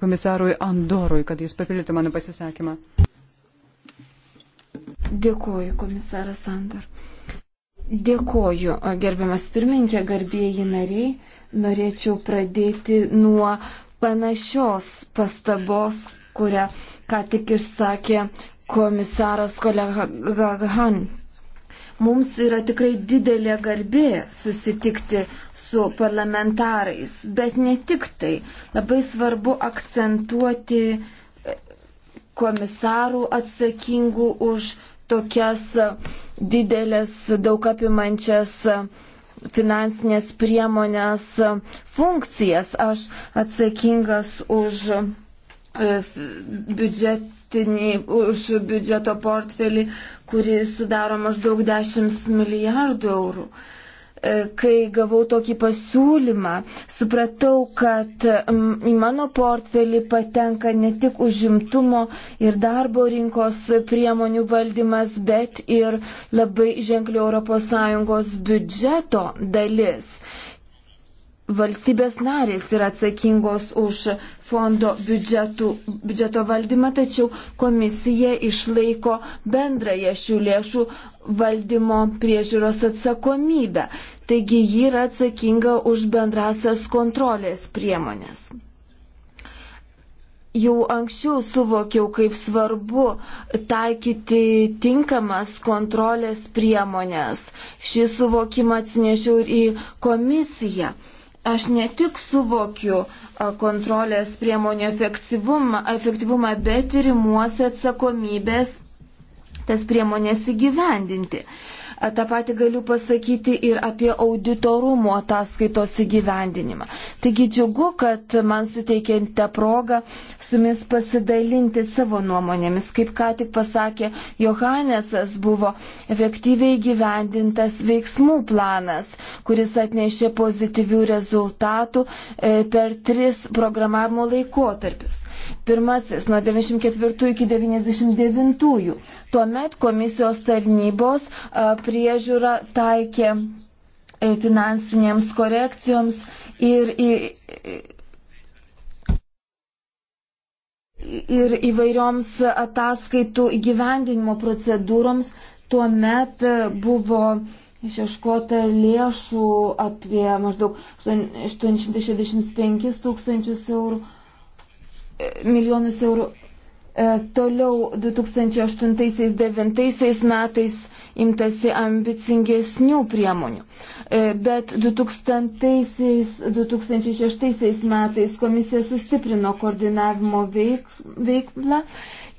komisarui Andorui, kad jis papildytų mano pasisakymą. Dėkuoju, komisaras Andor. Dėkuoju, gerbiamas pirmininkė, garbėjai nariai. Norėčiau pradėti nuo panašios pastabos, kurią ką tik išsakė komisaras kolega Han. Mums yra tikrai didelė garbė susitikti su parlamentarais, bet ne tik tai. Labai svarbu akcentuoti komisarų atsakingų už tokias didelės, daug apimančias finansinės priemonės funkcijas. Aš atsakingas už e, biudžet, sostinį, už biudžeto portfelį, kuris sudaro maždaug 10 milijardų eurų. E, kai gavau tokį pasiūlymą, supratau, kad į mano portfelį patenka ne tik užimtumo ir darbo rinkos priemonių valdymas, bet ir labai ženklių ES biudžeto dalis Valstybės narės yra atsakingos už fondo biudžetų, biudžeto valdymą, tačiau komisija išlaiko bendrąją šių lėšų valdymo priežiūros atsakomybę. Taigi ji yra atsakinga už bendrasias kontrolės priemonės. Jau anksčiau suvokiau, kaip svarbu taikyti tinkamas kontrolės priemonės. Šį suvokimą atsinešiau ir į komisiją aš ne tik suvokiu kontrolės priemonių efektyvumą, efektyvumą bet ir imuosi atsakomybės tas priemonės įgyvendinti. Uh, Ta pati galiu pasakyti ir apie auditorumo ataskaitos įgyvendinimą. Taigi džiugu, kad man suteikėte progą su jumis pasidalinti savo nuomonėmis. Kaip ką tik pasakė Johannesas, buvo efektyviai gyvendintas veiksmų planas, kuris atnešė pozityvių rezultatų e, per tris programavimo laikotarpius. Pirmasis nuo 94 iki 99. Tuomet komisijos tarnybos priežiūra taikė e, finansinėms korekcijoms ir į ir įvairioms ataskaitų įgyvendinimo procedūroms tuo met e, buvo išieškota lėšų apie maždaug 865 tūkstančius eurų, milijonus eurų. E, toliau 2008-2009 metais imtasi ambicingesnių priemonių. E, bet 2000-2006 metais komisija sustiprino koordinavimo veiklą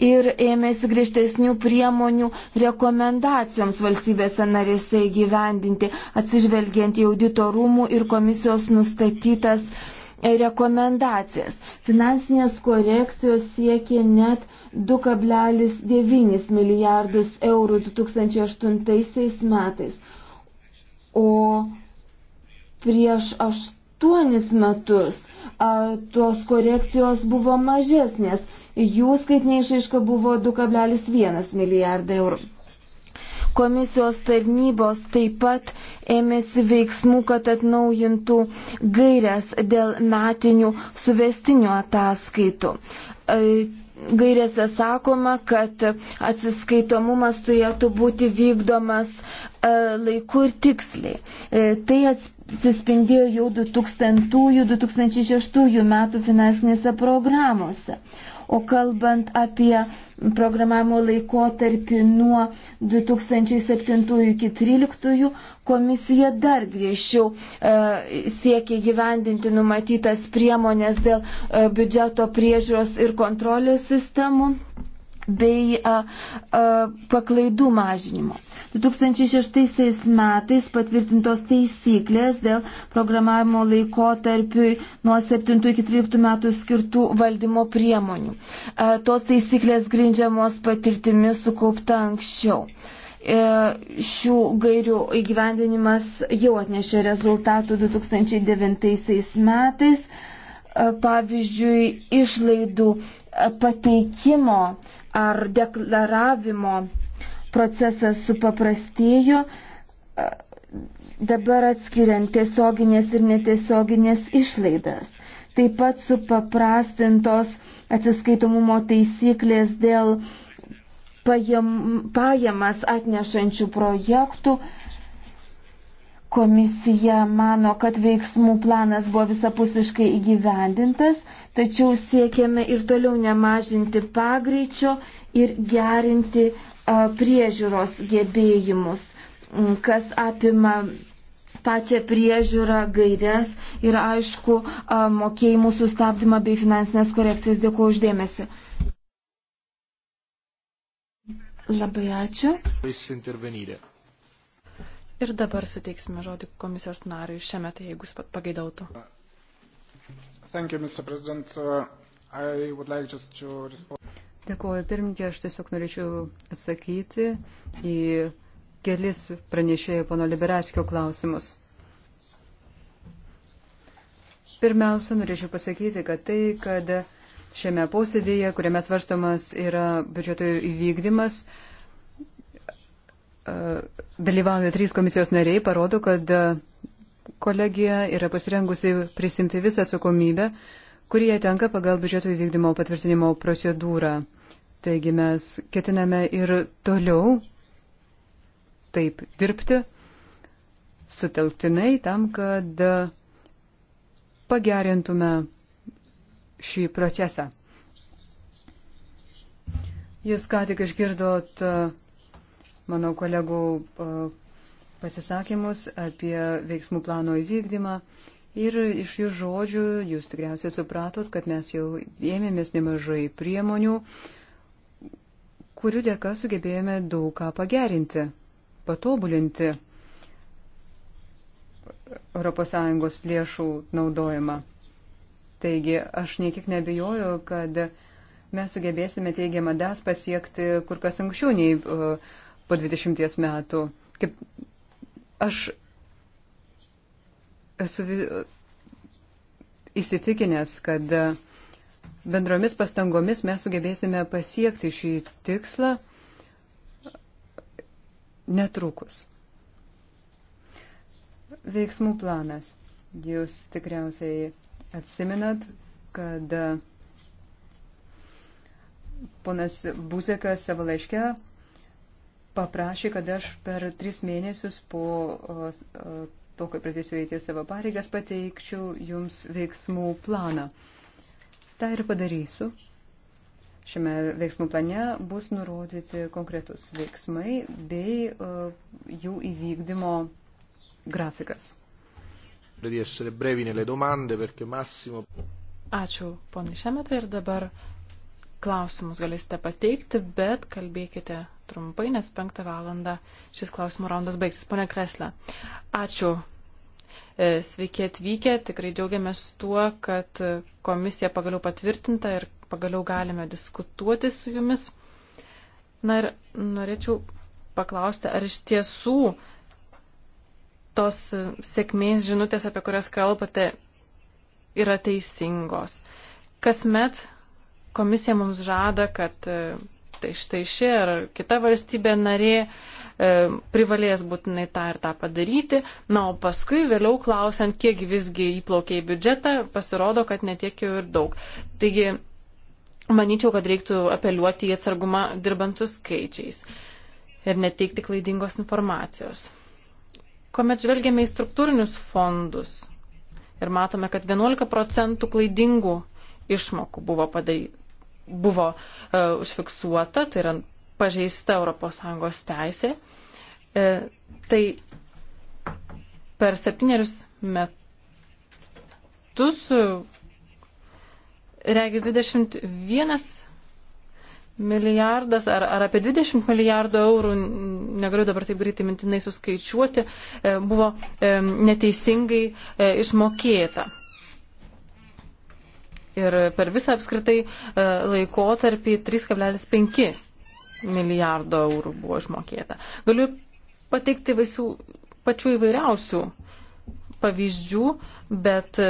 ir ėmėsi griežtesnių priemonių rekomendacijoms valstybėse narėse įgyvendinti, atsižvelgiant į auditorumų ir komisijos nustatytas uh, rekomendacijas. Finansinės korekcijos siekė net 2,9 milijardus eurų 2008 metais. O prieš 8 metus a, tos korekcijos buvo mažesnės. Jų skaitinė išaiška buvo 2,1 milijardai eurų. Komisijos tarnybos taip pat ėmėsi veiksmų, kad atnaujintų gairias dėl metinių suvestinių ataskaitų. E, gairėse sakoma, kad atsiskaitomumas turėtų būti vykdomas e, laiku ir tiksliai. E, tai atsispindėjo jau 2000-2006 metų finansinėse programuose. O kalbant apie programavimo laikotarpį nuo 2007 iki 2013, komisija dar griežčiau e, siekia gyvendinti numatytas priemonės dėl e, biudžeto priežiūros ir kontrolės sistemų bei a, a, paklaidų mažinimo. 2006 metais patvirtintos taisyklės dėl programavimo laiko tarpiui nuo 7 iki 13 metų skirtų valdymo priemonių. A, tos taisyklės grindžiamos patirtimi sukaupta anksčiau. E, šių gairių įgyvendinimas jau atnešė rezultatų 2009 metais. E, pavyzdžiui, išlaidų pateikimo uh, ar deklaravimo procesas supaprastėjo, dabar atskiriant tiesioginės ir netiesioginės išlaidas. Taip pat supaprastintos atsiskaitomumo taisyklės dėl pajam, pajamas atnešančių projektų, uh, Komisija mano, kad veiksmų planas buvo visapusiškai įgyvendintas, tačiau siekiame ir toliau nemažinti pagreičio ir gerinti priežiūros gebėjimus, kas apima pačią priežiūrą, gairias ir aišku mokėjimų sustabdymą bei finansinės korekcijas. Dėkuoju uždėmesi. Labai ačiū. Ir dabar suteiksime žodį komisijos nariui šiame, tai jeigu jis pageidautų. Thank you, Mr. President. Uh, I would like just to respond. Dėkuoju, pirmininkė, aš tiesiog norėčiau atsakyti į kelis pranešėjo pono Libereskio klausimus. Pirmiausia, norėčiau pasakyti, kad tai, kad šiame posėdėje, kuriame svarstomas yra biudžeto įvykdymas, uh, dalyvauja trys komisijos nariai, parodo, kad e, kolegija yra pasirengusi prisimti visą atsakomybę, kurie tenka pagal biudžeto įvykdymo patvirtinimo procedūrą. Taigi mes ketiname ir toliau taip dirbti sutelktinai tam, kad pagerintume šį procesą. Jūs ką tik išgirdot uh, mano kolegų pasisakymus apie veiksmų plano įvykdymą. Ir iš jų žodžių jūs tikriausiai supratot, kad mes jau ėmėmės nemažai priemonių, kurių dėka sugebėjome daug ką pagerinti, patobulinti ES lėšų naudojimą. Taigi aš niekiek nebejoju, kad mes sugebėsime teigiamą das pasiekti kur kas anksčiau nei uh, po 20 metų. Kaip aš esu įsitikinęs, kad bendromis pastangomis mes sugebėsime pasiekti šį tikslą netrukus. Veiksmų planas. Jūs tikriausiai atsiminat, kad ponas Buzekas savo laiške paprašė, kad aš per tris mėnesius po to, kai pradėsiu eiti savo pareigas, pateikčiau jums veiksmų planą. Ta ir padarysiu. Šiame veiksmų plane bus nurodyti konkretus veiksmai bei uh, jų įvykdymo grafikas. Ačiū, ponai Šemeta, ir dabar klausimus galėsite pateikti, bet kalbėkite trumpai, nes penktą valandą šis klausimų raundas baigsis. Pone Kreslė, ačiū. E, sveiki atvykę, tikrai džiaugiamės tuo, kad komisija pagaliau patvirtinta ir pagaliau galime diskutuoti su jumis. Na ir norėčiau paklausti, ar iš tiesų tos sėkmės žinutės, apie kurias kalbate, yra teisingos. Kasmet komisija mums žada, kad e, tai štai ši ar kita valstybė narė e, privalės būtinai tą ir tą padaryti. Na, o paskui vėliau klausiant, kiek visgi įplaukia į biudžetą, pasirodo, kad netiek jau ir daug. Taigi, manyčiau, kad reiktų apeliuoti į atsargumą dirbantus skaičiais ir neteikti klaidingos informacijos. Komet žvelgiame į struktūrinius fondus ir matome, kad 11 procentų klaidingų išmokų buvo padaryta buvo uh, užfiksuota, tai yra pažeista ES teisė. Uh, tai per septynerius metus, uh, regis 21 milijardas ar, ar apie 20 milijardų eurų, negaliu dabar taip greitai mintinai suskaičiuoti, buvo neteisingai išmokėta ir per visą apskritai e, laikotarpį 3,5 milijardo eurų buvo išmokėta. Galiu pateikti visų pačių įvairiausių pavyzdžių, bet e,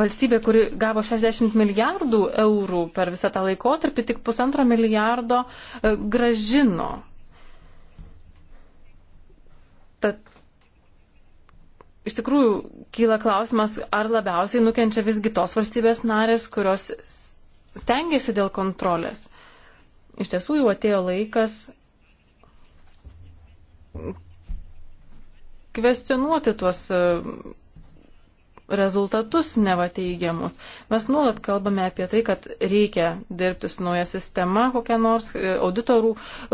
valstybė, kuri gavo 60 milijardų eurų per visą tą laikotarpį, tik pusantro milijardo e, gražino. Tad iš tikrųjų kyla klausimas, ar labiausiai nukenčia visgi tos valstybės narės, kurios stengiasi dėl kontrolės. Iš tiesų jau atėjo laikas kvestionuoti tuos e, rezultatus neva teigiamus. Mes nuolat kalbame apie tai, kad reikia dirbti su nauja sistema kokia nors. E, audito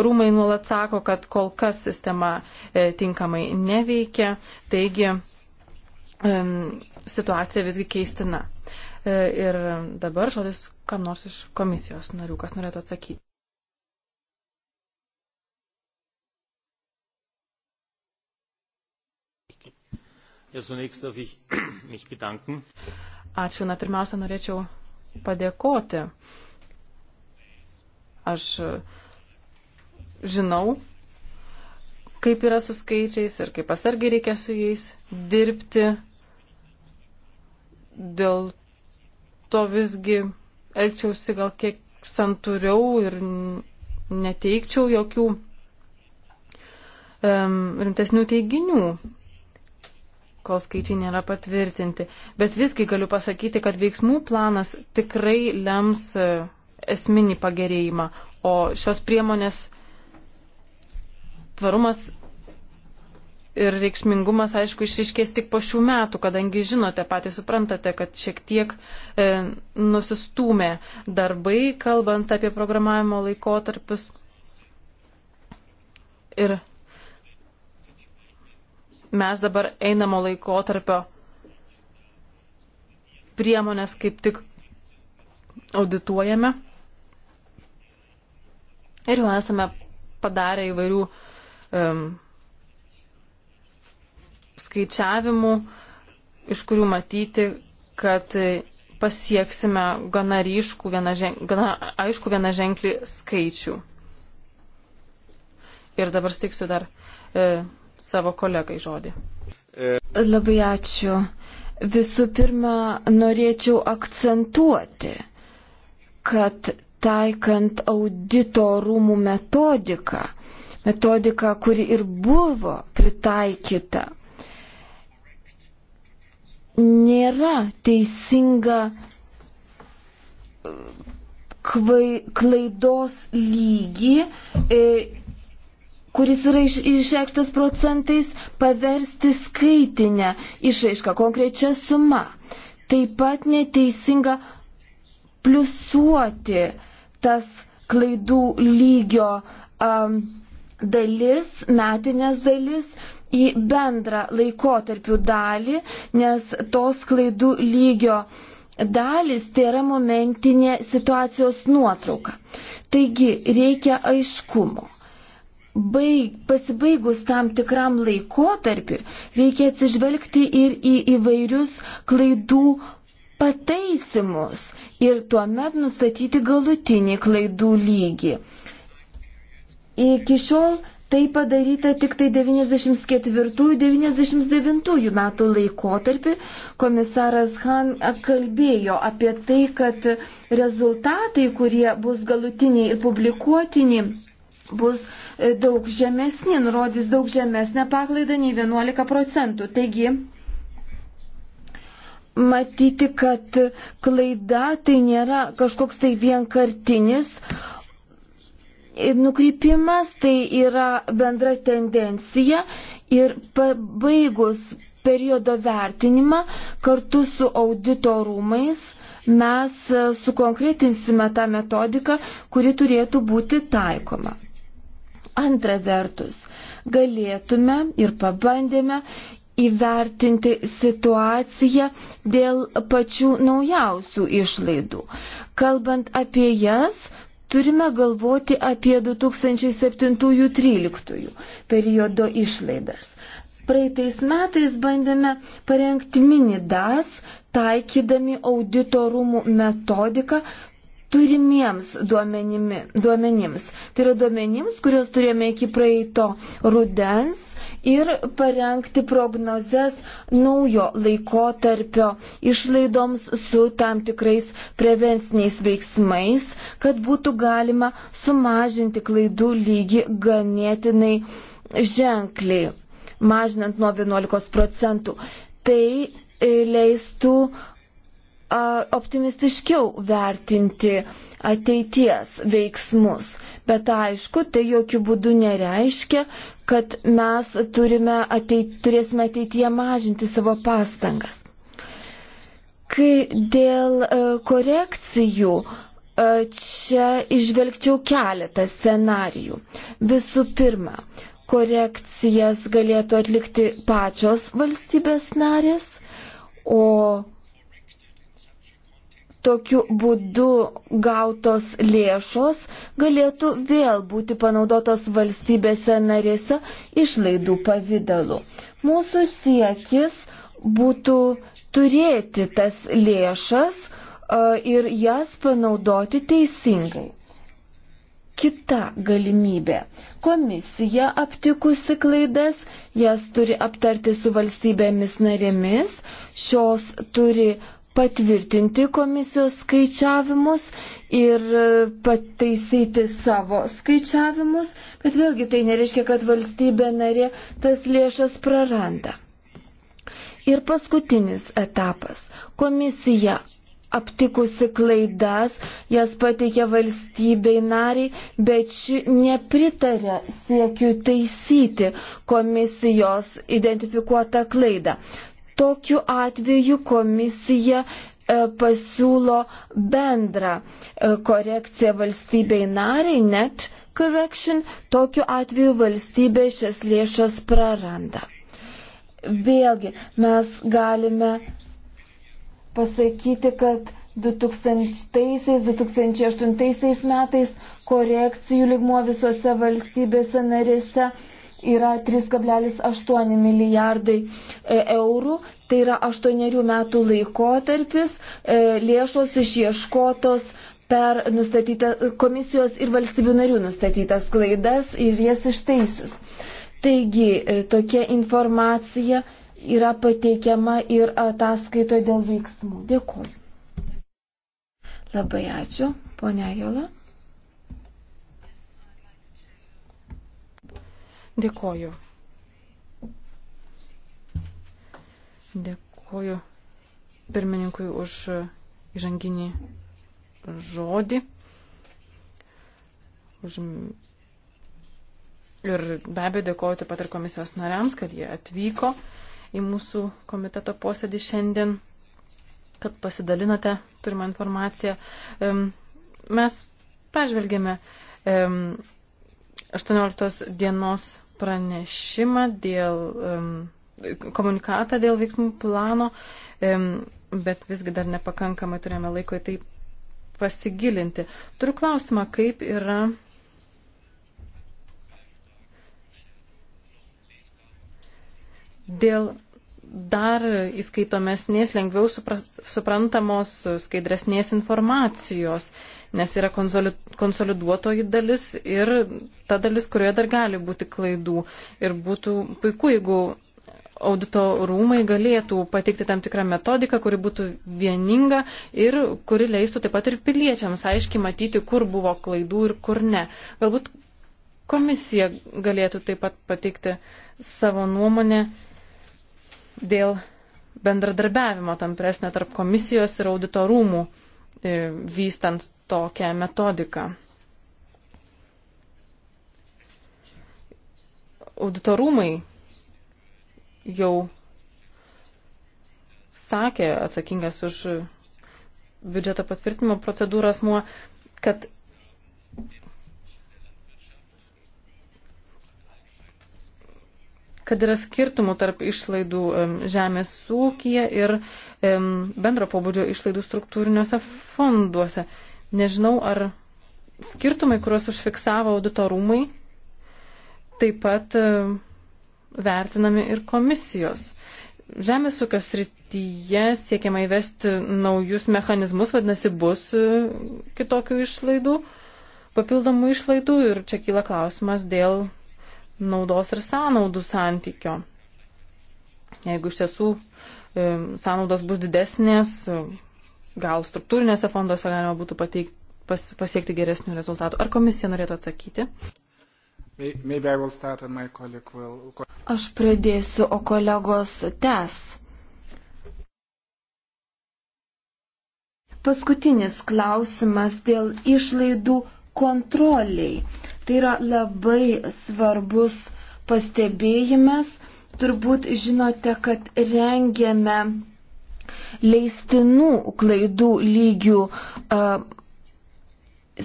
rūmai nuolat sako, kad kol kas sistema e, tinkamai neveikia. Taigi situacija visgi keistina. E, ir dabar žodis kam nors iš komisijos narių, kas norėtų atsakyti. Ačiū. Na, pirmiausia, norėčiau padėkoti. Aš e, žinau, kaip yra su skaičiais ir kaip atsargiai reikia su jais dirbti dėl to visgi elgčiausi gal kiek santūriau ir neteikčiau jokių um, rimtesnių teiginių, kol skaičiai nėra patvirtinti. Bet visgi galiu pasakyti, kad veiksmų planas tikrai lems e, esminį pagerėjimą, o šios priemonės tvarumas ir reikšmingumas, aišku, išiškės tik po šių metų, kadangi žinote, patys suprantate, kad šiek tiek e, nusistūmė darbai, kalbant apie programavimo laikotarpius. Ir mes dabar einamo laikotarpio priemonės kaip tik audituojame. Ir jau esame padarę įvairių um, e, skaičiavimų, iš kurių matyti, kad pasieksime gana, ryškų, viena, gana aišku vieną ženklį skaičių. Ir dabar steiksiu dar e, savo kolegai žodį. Labai ačiū. Visų pirma, norėčiau akcentuoti, kad taikant audito rūmų metodiką, metodiką, kuri ir buvo pritaikyta nėra teisinga e, kvai, klaidos lygį, e, kuris yra iš, išreikštas procentais, paversti skaitinę išraišką, konkrečią sumą. Taip pat neteisinga pliusuoti tas klaidų lygio um, dalis, metinės dalis, į bendrą laikotarpių dalį, nes tos klaidų lygio dalis tai yra momentinė situacijos nuotrauka. Taigi reikia aiškumo. Baig, pasibaigus tam tikram laikotarpiu reikia atsižvelgti ir į įvairius klaidų pataisimus ir tuomet nustatyti galutinį klaidų lygį. Iki šiol Tai padaryta tik tai 94-99 metų laikotarpį. Komisaras Han kalbėjo apie tai, kad rezultatai, kurie bus galutiniai ir publikuotini, bus e, daug žemesni, nurodys daug žemesnę paklaidą nei 11 procentų. Taigi, matyti, kad klaida tai nėra kažkoks tai vienkartinis, nukrypimas tai yra bendra tendencija ir pabaigus periodo vertinimą kartu su audito rūmais mes sukonkretinsime tą metodiką, kuri turėtų būti taikoma. Antra vertus, galėtume ir pabandėme įvertinti situaciją dėl pačių naujausių išlaidų. Kalbant apie jas, Turime galvoti apie 2007-2013 periodo išlaidas. Praeitais metais bandėme parengti mini DAS, taikydami auditorumų metodiką turimiems duomenims. Tai yra duomenims, kuriuos turėjome iki praeito rudens ir parengti prognozes naujo laikotarpio išlaidoms su tam tikrais prevenciniais veiksmais, kad būtų galima sumažinti klaidų lygį ganėtinai ženkliai, mažinant nuo 11 procentų. Tai e, leistų optimistiškiau vertinti ateities veiksmus. Bet aišku, tai jokių būdų nereiškia, kad mes turime ateit, turėsime ateityje mažinti savo pastangas. Kai dėl e, korekcijų e, čia išvelgčiau keletą scenarijų. Visų pirma, korekcijas galėtų atlikti pačios valstybės narės, o Tokiu būdu gautos lėšos galėtų vėl būti panaudotos valstybėse narėse išlaidų pavydalu. Mūsų siekis būtų turėti tas lėšas e, ir jas panaudoti teisingai. Kita galimybė. Komisija aptikusi klaidas, jas turi aptarti su valstybėmis narėmis, šios turi patvirtinti komisijos skaičiavimus ir e, pataisyti savo skaičiavimus, bet vėlgi tai nereiškia, kad valstybė narė tas lėšas praranda. Ir paskutinis etapas. Komisija aptikusi klaidas, jas pateikė valstybei nariai, bet ši nepritarė siekiu taisyti komisijos identifikuotą klaidą. Tokiu atveju komisija e, pasiūlo bendrą e, korekciją valstybei nariai, net correction, tokiu atveju valstybė šias lėšas praranda. Vėlgi, mes galime pasakyti, kad 2000-2008 metais korekcijų ligmuo visose valstybėse narėse yra 3,8 milijardai e, eurų, tai yra 8 metų laikotarpis, e, lėšos išieškotos per komisijos ir valstybių narių nustatytas klaidas ir jas ištaisius. Taigi e, tokia informacija yra pateikiama ir ataskaito dėl veiksmų. Dėkuoju. Labai ačiū, ponia Jola. Dėkoju. Dėkoju pirmininkui už įžanginį žodį. Už... Ir be abejo dėkoju taip pat ir komisijos nariams, kad jie atvyko į mūsų komiteto posėdį šiandien, kad pasidalinote turimą informaciją. Mes peržvelgėme 18 dienos pranešimą dėl um, komunikatą dėl veiksmų plano, um, bet visgi dar nepakankamai turėjome laiko į tai pasigilinti. Turiu klausimą, kaip yra. Dėl dar įskaitomesnės, lengviau supras, suprantamos, skaidresnės informacijos. Um, nes yra konsoliduotoji dalis ir ta dalis, kurioje dar gali būti klaidų. Ir būtų puiku, jeigu audito rūmai galėtų pateikti tam tikrą metodiką, kuri būtų vieninga ir kuri leistų taip pat ir piliečiams aiškiai matyti, kur buvo klaidų ir kur ne. Galbūt komisija galėtų taip pat pateikti savo nuomonę dėl bendradarbiavimo tampresnė tarp komisijos ir audito rūmų. E, vystant tokią metodiką. Auditorumai jau sakė atsakingas už biudžeto patvirtinimo procedūras muo, kad kad yra skirtumų tarp išlaidų žemės ūkija ir bendro pobūdžio išlaidų struktūriniuose fonduose. Nežinau, ar skirtumai, kuriuos užfiksavo auditorumai, taip pat vertinami ir komisijos. Žemės ūkio srityje siekiama įvesti naujus mechanizmus, vadinasi, bus e, kitokių išlaidų, papildomų išlaidų ir čia kyla klausimas dėl naudos ir sąnaudų santykio. Jeigu iš tiesų e, sąnaudos bus didesnės, e, gal struktūrinėse fonduose galima būtų pateikti, pas, pasiekti geresnių rezultatų. Ar komisija norėtų atsakyti? Will... Aš pradėsiu, o kolegos tęs. Paskutinis klausimas dėl išlaidų kontroliai. Tai yra labai svarbus pastebėjimas. Turbūt žinote, kad rengėme leistinų klaidų lygių uh,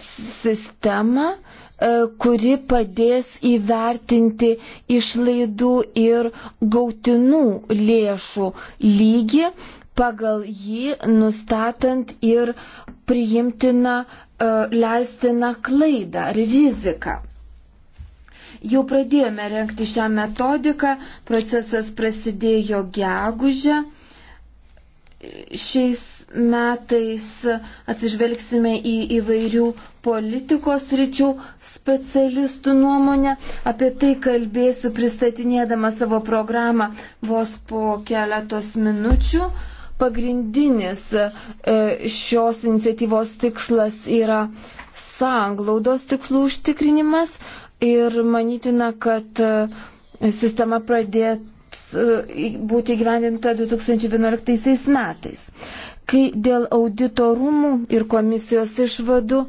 sistemą, uh, kuri padės įvertinti išlaidų ir gautinų lėšų lygį, pagal jį nustatant ir priimtiną e, leistiną klaidą ar riziką. Jau pradėjome renkti šią metodiką, procesas prasidėjo gegužę. Šiais metais atsižvelgsime į įvairių politikos ryčių specialistų nuomonę. Apie tai kalbėsiu pristatinėdama savo programą vos po keletos minučių pagrindinis e, šios iniciatyvos tikslas yra sanglaudos tikslų užtikrinimas ir manytina, kad e, sistema pradėt e, būti gyvendinta 2011 metais. Kai dėl auditorumų ir komisijos išvadų,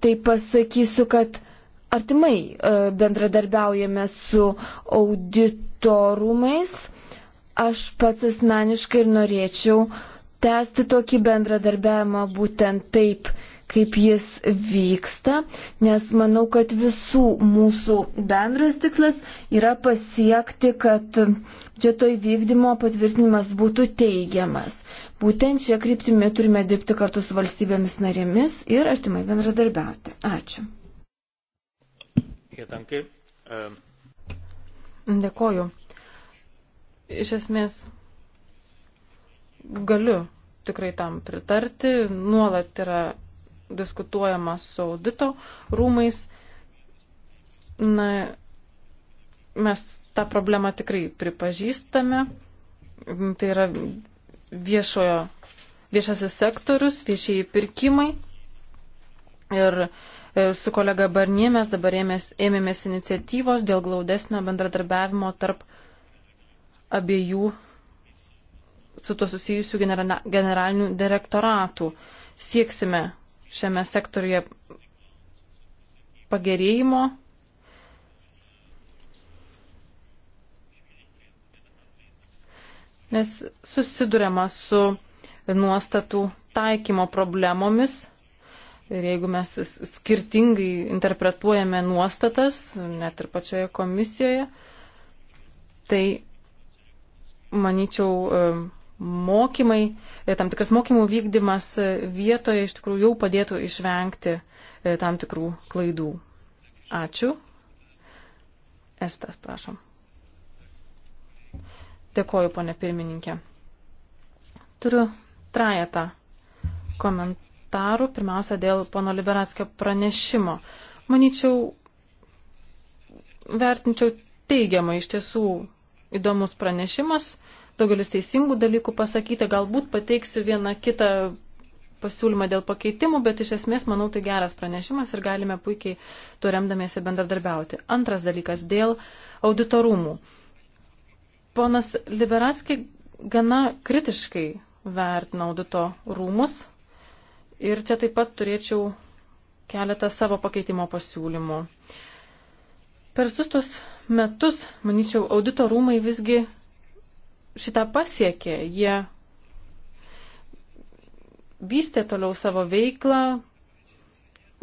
tai pasakysiu, kad artimai bendradarbiaujame su auditorumais. rūmais Aš pats asmeniškai ir norėčiau tęsti tokį bendradarbiavimą būtent taip, kaip jis vyksta, nes manau, kad visų mūsų bendras tikslas yra pasiekti, kad biudžeto įvykdymo patvirtinimas būtų teigiamas. Būtent šią kryptimį turime dirbti kartu su valstybėmis narėmis ir artimai bendradarbiauti. Ačiū. Ähm, Dėkoju iš esmės galiu tikrai tam pritarti. Nuolat yra diskutuojama su audito rūmais. Na, mes tą problemą tikrai pripažįstame. Tai yra viešojo, viešasis sektorius, viešieji pirkimai. Ir e, su kolega Barnie mes dabar ėmės, ėmėmės iniciatyvos dėl glaudesnio bendradarbiavimo tarp uh, abiejų su to susijusių generalinių direktoratų. Sieksime šiame sektoriuje pagerėjimo. Nes susidurėma su nuostatų taikymo problemomis ir jeigu mes skirtingai interpretuojame nuostatas, net ir pačioje komisijoje, tai manyčiau, e, mokymai, e, tam tikras mokymų vykdymas e, vietoje iš tikrųjų jau padėtų išvengti tam tikrų klaidų. Ačiū. Estas, prašom. Dėkoju, ponė pirmininkė. Turiu trajetą komentarų, pirmiausia, dėl pono Liberatskio pranešimo. Manyčiau, vertinčiau teigiamai iš tiesų įdomus pranešimas, daugelis teisingų dalykų pasakyta, galbūt pateiksiu vieną kitą pasiūlymą dėl pakeitimų, bet iš esmės, manau, tai geras pranešimas ir galime puikiai tuo remdamiesi bendradarbiauti. Antras dalykas - dėl auditorumų. Ponas Liberatski gana kritiškai vertina audito rūmus ir čia taip pat turėčiau keletą savo pakeitimo pasiūlymų. Per sustus metus, manyčiau, audito rūmai visgi šitą pasiekė. Jie vystė toliau savo veiklą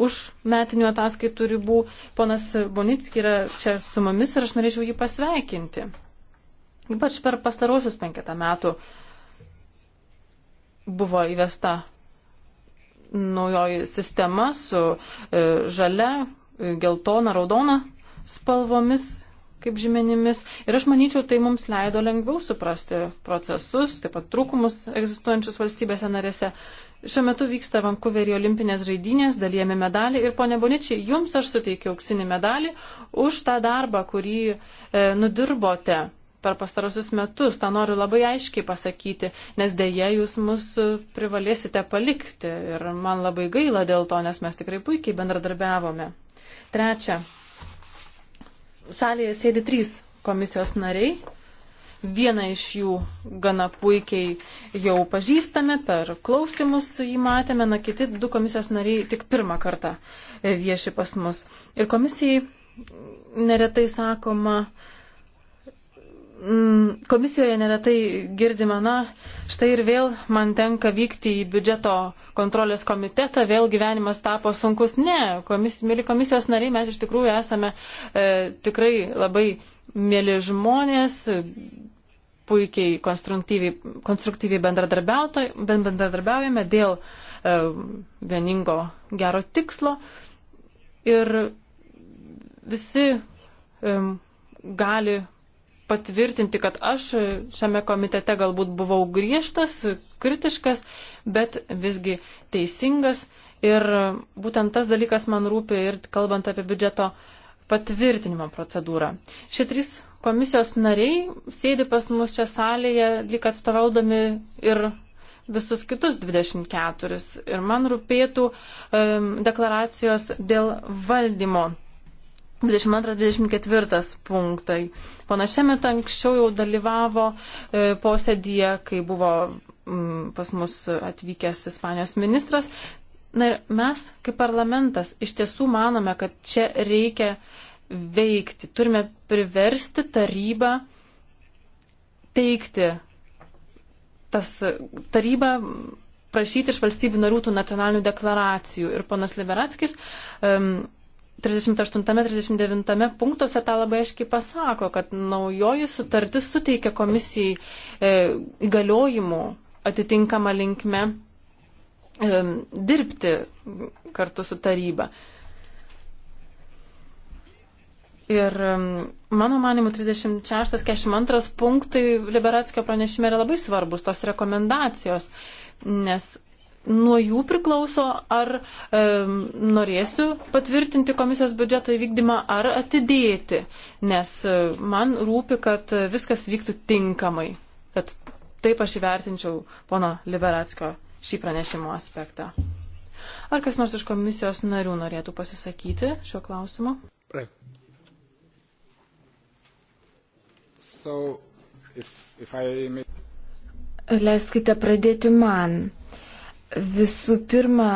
už metinių ataskaitų ribų. Ponas Bonitski yra čia su mumis ir aš norėčiau jį pasveikinti. Ypač per pastarosius penketą metų buvo įvesta naujoji sistema su e, žalia, geltona, raudona spalvomis kaip žymenimis. Ir aš manyčiau, tai mums leido lengviau suprasti procesus, taip pat trūkumus egzistuojančius valstybėse narėse. Šiuo metu vyksta Vankuverio olimpinės žaidynės, dalyjame medalį ir ponė Boničiai, jums aš suteikiau auksinį medalį už tą darbą, kurį e, nudirbote per pastarosius metus. Ta noriu labai aiškiai pasakyti, nes dėje jūs mus e, privalėsite palikti ir man labai gaila dėl to, nes mes tikrai puikiai bendradarbiavome. Trečia, salėje sėdi trys komisijos nariai. Vieną iš jų gana puikiai jau pažįstame, per klausimus jį matėme, na kiti du komisijos nariai tik pirmą kartą vieši pas mus. Ir komisijai neretai sakoma, Mm, komisijoje neretai girdime, na, štai ir vėl man tenka vykti į biudžeto kontrolės komitetą, vėl gyvenimas tapo sunkus. Ne, komis, mėly komisijos nariai, mes iš tikrųjų esame e, tikrai labai mėly žmonės, puikiai konstruktyviai, konstruktyviai bendradarbiaujame dėl e, vieningo gero tikslo ir visi e, gali patvirtinti, kad aš šiame komitete galbūt buvau griežtas, kritiškas, bet visgi teisingas. Ir būtent tas dalykas man rūpi ir kalbant apie biudžeto patvirtinimo procedūrą. Šie trys komisijos nariai sėdi pas mus čia salėje, lyg atstovaudami ir visus kitus 24. Ir man rūpėtų um, deklaracijos dėl valdymo 22-24 punktai. Panašiame anksčiau jau dalyvavo e, posėdėje, kai buvo m, mm, pas mus atvykęs Ispanijos ministras. Na ir mes, kaip parlamentas, iš tiesų manome, kad čia reikia veikti. Turime priversti tarybą teikti tas tarybą prašyti iš valstybių narių tų nacionalinių deklaracijų. Ir panas Liberatskis um, 38-39 punktuose tą labai aiškiai pasako, kad naujoji sutartis suteikia komisijai e, įgaliojimų atitinkamą linkme e, dirbti kartu su taryba. Ir mano manimu 36-42 punktai Liberatskio pranešime yra labai svarbus, tos rekomendacijos, nes nuo jų priklauso, ar e, norėsiu patvirtinti komisijos biudžeto įvykdymą, ar atidėti, nes e, man rūpi, kad viskas vyktų tinkamai. Tad taip aš įvertinčiau pono Liberatskio šį pranešimo aspektą. Ar kas nors iš komisijos narių norėtų pasisakyti šiuo klausimu? So, if, if I... Leiskite pradėti man. Visų pirma,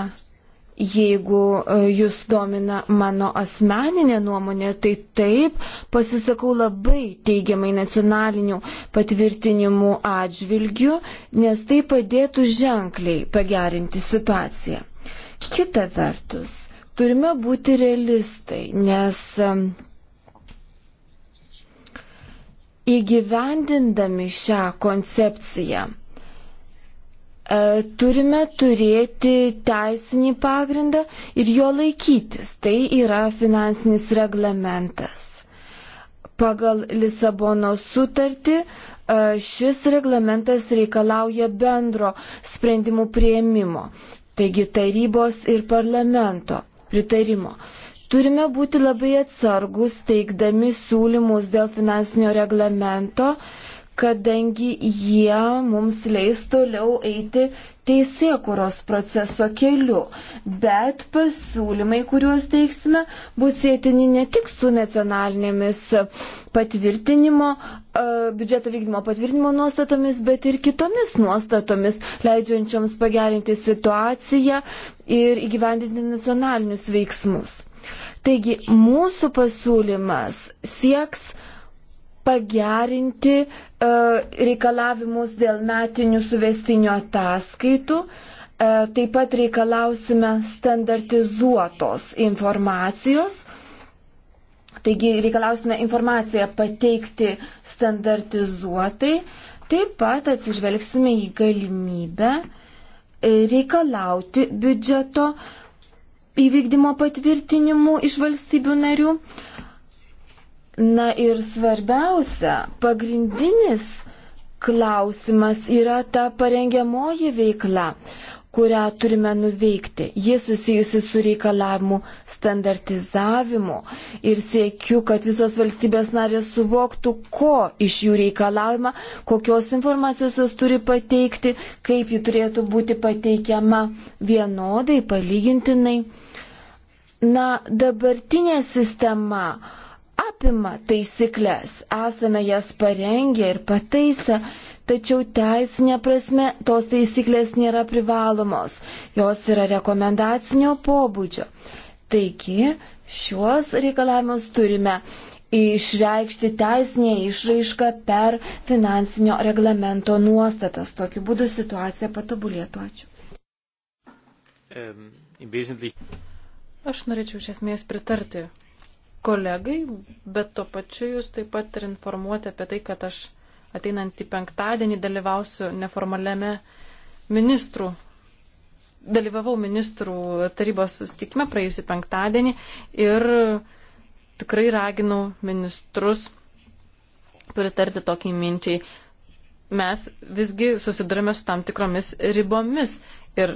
jeigu e, jūs domina mano asmeninė nuomonė, tai taip, pasisakau labai teigiamai nacionalinių patvirtinimų atžvilgių, nes tai padėtų ženkliai pagerinti situaciją. Kita vertus, turime būti realistai, nes e, įgyvendindami šią koncepciją E, turime turėti teisinį pagrindą ir jo laikytis. Tai yra finansinis reglamentas. Pagal Lisabono sutartį e, šis reglamentas reikalauja bendro sprendimų prieimimo, taigi tarybos ir parlamento pritarimo. Turime būti labai atsargus teikdami siūlymus dėl finansinio reglamento, uh, kadangi jie mums leis toliau eiti teisėkuros proceso keliu. Bet pasiūlymai, kuriuos teiksime, bus sėtini ne tik su nacionalinėmis patvirtinimo, e, biudžeto vykdymo patvirtinimo nuostatomis, bet ir kitomis nuostatomis, leidžiančioms pagerinti situaciją ir įgyvendinti nacionalinius veiksmus. Taigi mūsų pasiūlymas sieks pagerinti e, reikalavimus dėl metinių suvestinių ataskaitų. E, taip pat reikalausime standartizuotos informacijos. Taigi reikalausime informaciją pateikti standartizuotai. Taip pat atsižvelgsime į galimybę e, reikalauti biudžeto įvykdymo patvirtinimų iš valstybių narių. E, Na ir svarbiausia, pagrindinis klausimas yra ta parengiamoji veikla, kurią turime nuveikti. Ji susijusi su reikalavimu standartizavimu ir siekiu, kad visos valstybės narės suvoktų, ko iš jų reikalaujama, kokios informacijos jos turi pateikti, kaip ji turėtų būti pateikiama vienodai, palygintinai. Na, dabartinė sistema apima taisyklės, esame jas parengę ir pataisę, tačiau teisinė prasme tos taisyklės nėra privalomos, jos yra rekomendacinio pobūdžio. Taigi, šiuos reikalavimus turime išreikšti teisinė išraiška per finansinio reglamento nuostatas. Tokiu būdu situacija patobulėtų. Ačiū. Aš norėčiau iš esmės pritarti kolegai, bet tuo pačiu jūs taip pat ir informuoti apie tai, kad aš ateinantį penktadienį dalyvausiu neformaliame ministrų, dalyvavau ministrų tarybos sustikime praėjusį penktadienį ir tikrai raginau ministrus pritarti tokiai minčiai. Mes visgi susidurime su tam tikromis ribomis ir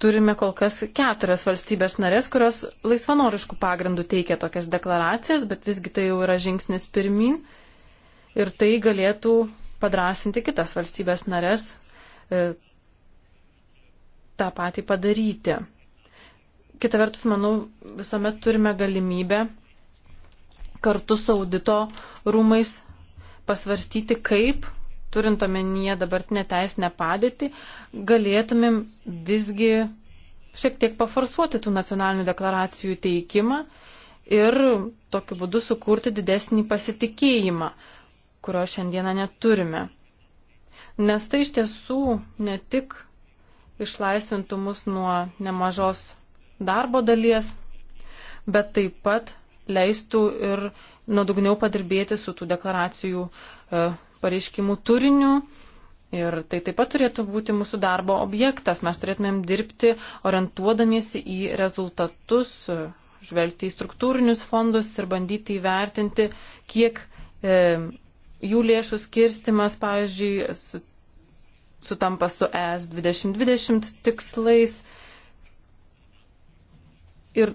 turime kol kas keturias valstybės narės, kurios laisvanoriškų pagrindų teikia tokias deklaracijas, bet visgi tai jau yra žingsnis pirmin ir tai galėtų padrasinti kitas valstybės narės e, tą patį padaryti. Kita vertus, manau, visuomet turime galimybę kartu su audito rūmais pasvarstyti, kaip turint omenyje dabartinę teisinę padėtį, galėtumėm visgi šiek tiek paforsuoti tų nacionalinių deklaracijų teikimą ir tokiu būdu sukurti didesnį pasitikėjimą, kurio šiandieną neturime. Nes tai iš tiesų ne tik išlaisvintų mus nuo nemažos darbo dalies, bet taip pat leistų ir nuodugniau padirbėti su tų deklaracijų e, pareiškimų turiniu. Ir tai taip pat turėtų būti mūsų darbo objektas. Mes turėtumėm dirbti orientuodamiesi į rezultatus, žvelgti į struktūrinius fondus ir bandyti įvertinti, kiek e, jų lėšų skirstimas, pavyzdžiui, su, sutampa su ES 2020 tikslais. Ir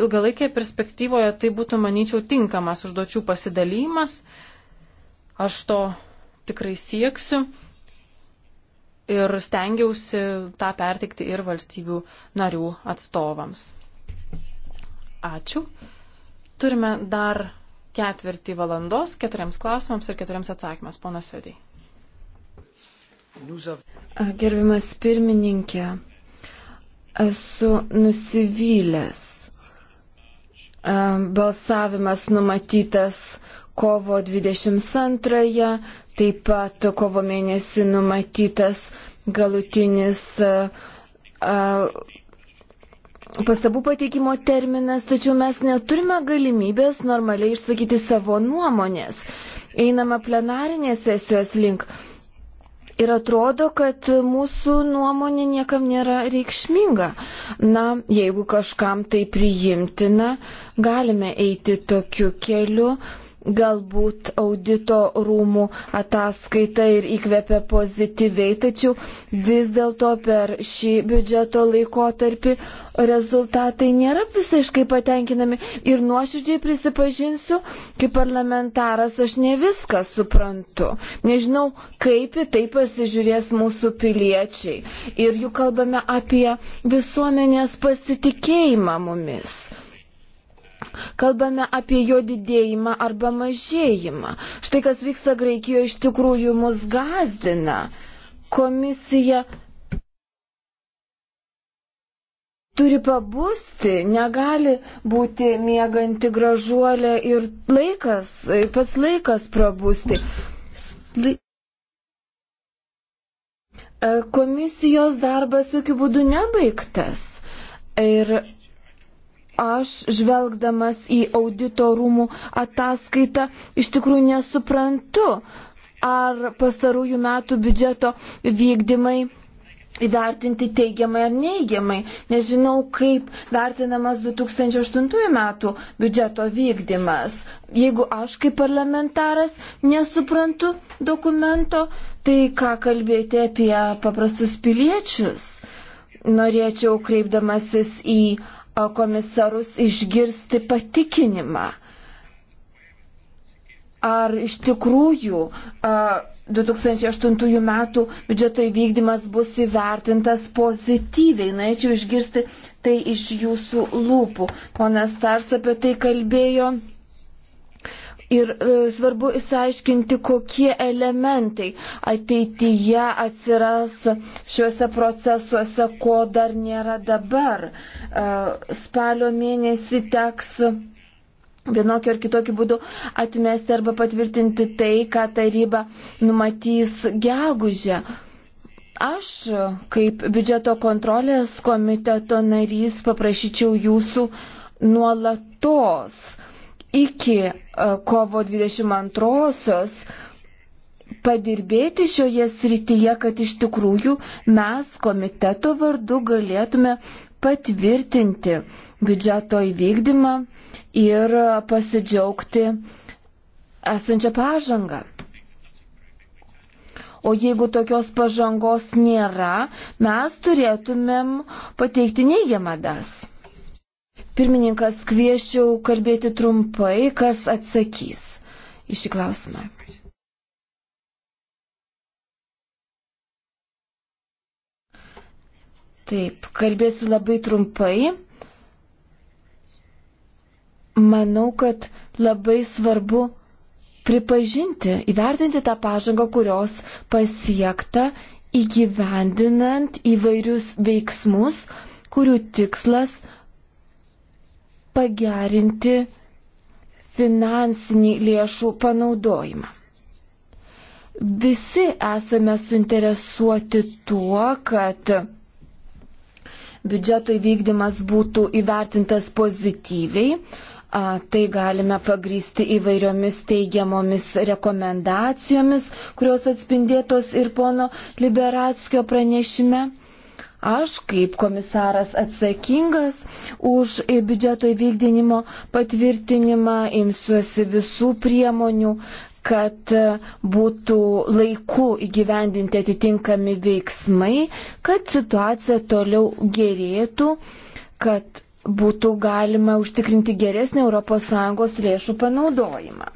ilgalaikėje perspektyvoje tai būtų, manyčiau, tinkamas užduočių pasidalymas. E, Aš to tikrai sieksiu ir stengiausi tą pertikti ir valstybių narių atstovams. Ačiū. Turime dar ketvirtį valandos keturiams klausimams ir keturiams atsakymams. Ponas Sėdai. Gerbimas pirmininkė, esu nusivylęs. Balsavimas numatytas kovo 22-ąją, taip pat kovo mėnesį numatytas galutinis pastabų pateikimo terminas, tačiau mes neturime galimybės normaliai išsakyti savo nuomonės. Einama plenarinės sesijos link. Ir atrodo, kad mūsų nuomonė niekam nėra reikšminga. Na, jeigu kažkam tai priimtina, galime eiti tokiu keliu, galbūt audito rūmų ataskaita ir įkvepia pozityviai, tačiau vis dėlto per šį biudžeto laikotarpį rezultatai nėra visiškai patenkinami. Ir nuoširdžiai prisipažinsiu, kaip parlamentaras aš ne viską suprantu. Nežinau, kaip į tai pasižiūrės mūsų piliečiai. Ir jų kalbame apie visuomenės pasitikėjimą mumis. Kalbame apie jo didėjimą arba mažėjimą. Štai kas vyksta Graikijoje iš tikrųjų mus gazdina. Komisija turi pabusti, negali būti mėganti gražuolė ir laikas, pats laikas prabusti. Komisijos darbas jokių būdų nebaigtas. Ir aš, žvelgdamas į audito rūmų ataskaitą, iš tikrųjų nesuprantu, ar pastarųjų metų biudžeto vykdymai įvertinti teigiamai ar neigiamai. Nežinau, kaip vertinamas 2008 metų biudžeto vykdymas. Jeigu aš kaip parlamentaras nesuprantu dokumento, tai ką kalbėti apie paprastus piliečius? Norėčiau kreipdamasis į komisarus išgirsti patikinimą. Ar iš tikrųjų 2008 metų biudžeto įvykdymas bus įvertintas pozityviai? Norėčiau išgirsti tai iš jūsų lūpų. Ponas Tars apie tai kalbėjo. Ir e, svarbu įsiaiškinti, kokie elementai ateityje atsiras šiuose procesuose, ko dar nėra dabar. E, spalio mėnesį teks vienokiu ar kitokiu būdu atmesti arba patvirtinti tai, ką taryba numatys gegužę. Aš, kaip biudžeto kontrolės komiteto narys, paprašyčiau jūsų nuolatos iki e, kovo 22-osios padirbėti šioje srityje, kad iš tikrųjų mes komiteto vardu galėtume patvirtinti biudžeto įvykdymą ir pasidžiaugti esančią pažangą. O jeigu tokios pažangos nėra, mes turėtumėm pateikti neigiamą das. Pirmininkas, kvieščiau kalbėti trumpai, kas atsakys į šį klausimą. Taip, kalbėsiu labai trumpai. Manau, kad labai svarbu pripažinti, įvertinti tą pažangą, kurios pasiekta įgyvendinant įvairius veiksmus, kurių tikslas pagerinti finansinį lėšų panaudojimą. Visi esame suinteresuoti tuo, kad biudžeto įvykdymas būtų įvertintas pozityviai, Tai galime pagrysti įvairiomis teigiamomis rekomendacijomis, kurios atspindėtos ir pono Liberatskio pranešime. Aš kaip komisaras atsakingas už biudžeto įvykdinimo patvirtinimą imsiuosi visų priemonių, kad būtų laiku įgyvendinti atitinkami veiksmai, kad situacija toliau gerėtų, kad būtų galima užtikrinti geresnį ES lėšų panaudojimą.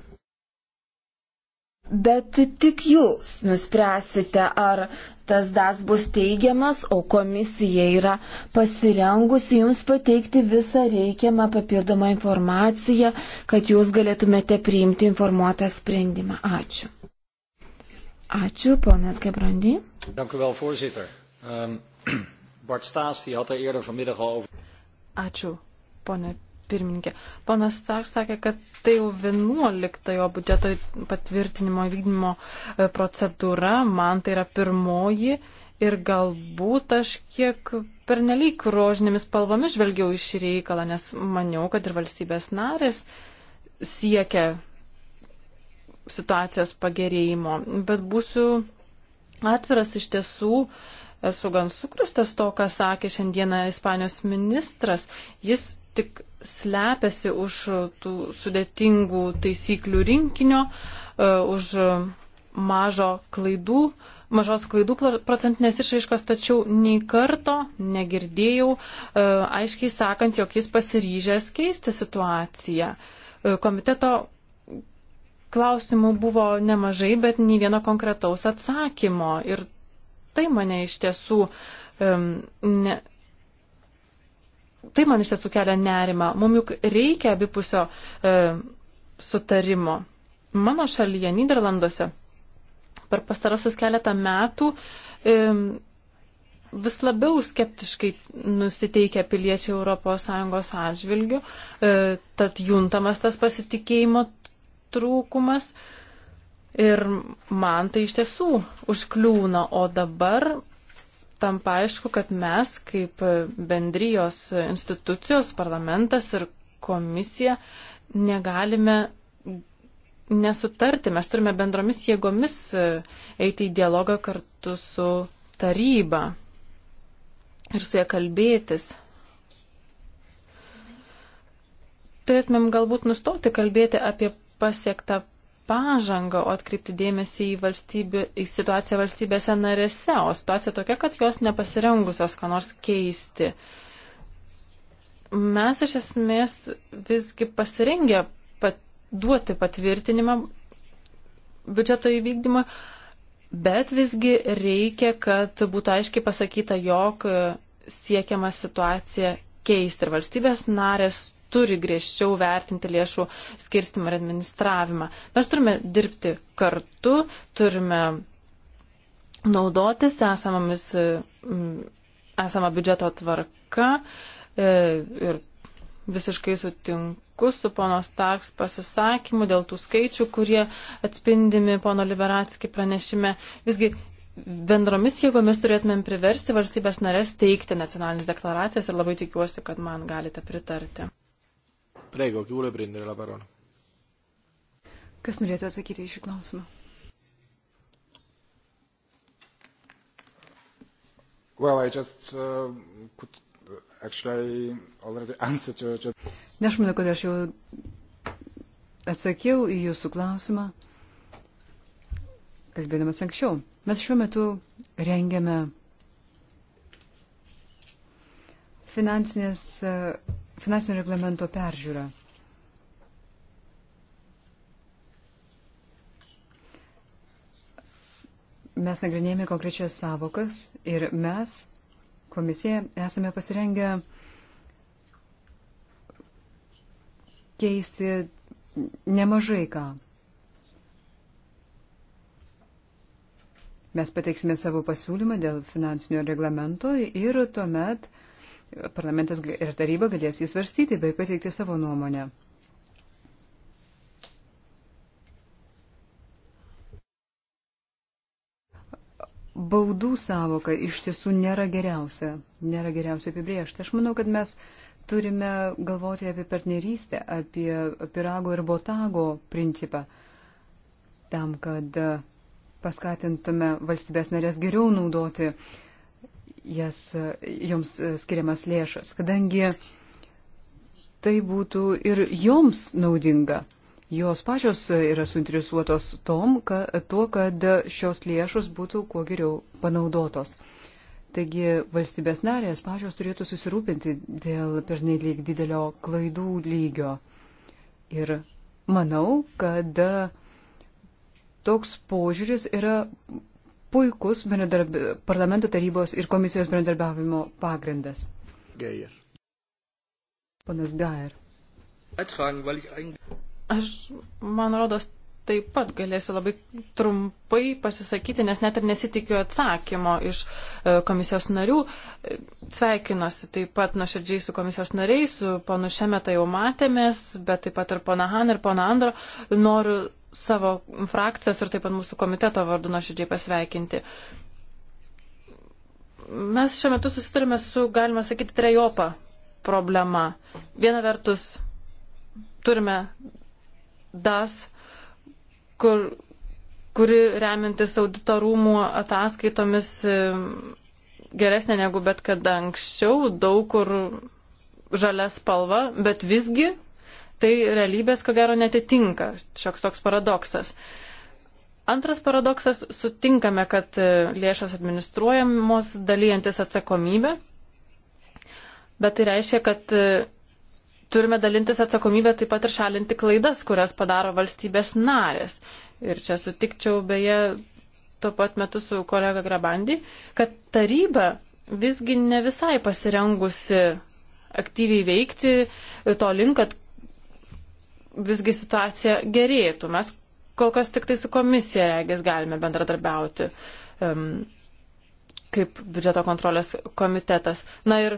Bet tik jūs nuspręsite, ar tas das bus teigiamas, o komisija yra pasirengusi jums pateikti visą reikiamą papildomą informaciją, kad jūs galėtumėte priimti informuotą sprendimą. Ačiū. Ačiū, ponas Gebrandy. Ehm, er Ačiū, ponė pirmininkė. Ponas Stark sakė, kad tai jau 11-ojo biudžeto patvirtinimo vykdymo e, procedūra, man tai yra pirmoji ir galbūt aš kiek pernelyg rožinėmis spalvomis žvelgiau iš reikalą, nes maniau, kad ir valstybės narės siekia situacijos pagerėjimo. Bet būsiu atviras iš tiesų. Esu gan sukrustas to, ką sakė šiandieną Ispanijos ministras. Jis tik slepiasi už tų sudėtingų taisyklių rinkinio, e, už mažo klaidų, mažos klaidų procentinės išaiškos, tačiau nei karto negirdėjau e, aiškiai sakant, jog jis pasiryžęs keisti situaciją. E, komiteto klausimų buvo nemažai, bet nei vieno konkretaus atsakymo. Ir tai mane iš tiesų ne, tai man iš tiesų kelia nerima. Mums juk reikia abipusio e, sutarimo. Mano šalyje, Niderlanduose, per pastarosius keletą metų e, vis labiau skeptiškai nusiteikę piliečiai ES atžvilgių, e, tad juntamas tas pasitikėjimo trūkumas. Ir man tai iš tiesų užkliūna, o dabar tampa aišku, kad mes kaip bendrijos institucijos, parlamentas ir komisija negalime nesutarti. Mes turime bendromis jėgomis e, eiti į dialogą kartu su taryba ir su ją kalbėtis. Turėtumėm galbūt nustoti kalbėti apie pasiektą pažangą, o atkreipti dėmesį į, valstybė, į situaciją valstybėse narėse, o situacija tokia, kad jos nepasirengusios ką nors keisti. Mes iš esmės visgi pasirengę pat, duoti patvirtinimą biudžeto įvykdymui, bet visgi reikia, kad būtų aiškiai pasakyta, jog siekiama situacija keisti ir valstybės narės turi griežčiau vertinti lėšų skirstimą ir administravimą. Mes turime dirbti kartu, turime naudotis esamomis, esama biudžeto tvarka e, ir visiškai sutinku su pono Starks pasisakymu dėl tų skaičių, kurie atspindimi pono Liberatski pranešime. Visgi bendromis jėgomis turėtumėm priversti valstybės narės teikti nacionalinės deklaracijas ir labai tikiuosi, kad man galite pritarti. Prego, chi vuole prendere la parola? Kas norėtų atsakyti į šį klausimą? Well, I just uh, could uh, actually already answer to your... Na, aš manau, kad aš jau atsakiau į jūsų klausimą, kalbėdamas anksčiau. Mes šiuo metu rengiame finansinės uh, finansinio reglamento peržiūrą. Mes nagrinėjame konkrečias savokas ir mes, komisija, esame pasirengę keisti nemažai ką. Mes pateiksime savo pasiūlymą dėl finansinio reglamento ir tuomet uh, parlamentas ir taryba galės įsvarstyti bei pateikti savo nuomonę. Baudų savoka iš tiesų nėra geriausia, nėra geriausia apibriešta. Aš manau, kad mes turime galvoti apie partnerystę, apie pirago ir botago principą, tam, kad paskatintume valstybės narės geriau naudoti uh, jas, joms skiriamas lėšas, kadangi tai būtų ir joms naudinga. Jos pačios yra suinteresuotos tom, ka, tuo, kad šios lėšos būtų kuo geriau panaudotos. Taigi valstybės narės pačios turėtų susirūpinti dėl pernelyg didelio klaidų lygio. Ir manau, kad toks požiūris yra puikus parlamento tarybos ir komisijos bendradarbiavimo pagrindas. Geier. Panas Gair. Aš, man rodos, taip pat galėsiu labai trumpai pasisakyti, nes net ir nesitikiu atsakymo iš e, komisijos narių. Sveikinuosi taip pat nuoširdžiai su komisijos nariais, su panu Šemetą jau matėmės, bet taip pat ir pana Han ir pana Andro. Noriu savo frakcijos ir taip pat mūsų komiteto vardu nuoširdžiai pasveikinti. Mes šiuo metu susiturime su, galima sakyti, trejopa problema. Viena vertus turime DAS, kur, kuri remintis auditorumų ataskaitomis e, geresnė negu bet kada anksčiau, daug kur žalia spalva, bet visgi tai realybės ko gero netitinka. Šioks toks paradoksas. Antras paradoksas - sutinkame, kad e, lėšos administruojamos dalyjantis atsakomybę, bet tai reiškia, kad e, turime dalintis atsakomybę taip pat ir šalinti klaidas, kurias padaro valstybės narės. Ir čia sutikčiau beje tuo pat metu su kolega Grabandi, kad taryba visgi ne visai pasirengusi aktyviai veikti e, to link, kad visgi situacija gerėtų. Mes kol kas tik tai su komisija regis galime bendradarbiauti um, kaip biudžeto kontrolės komitetas. Na ir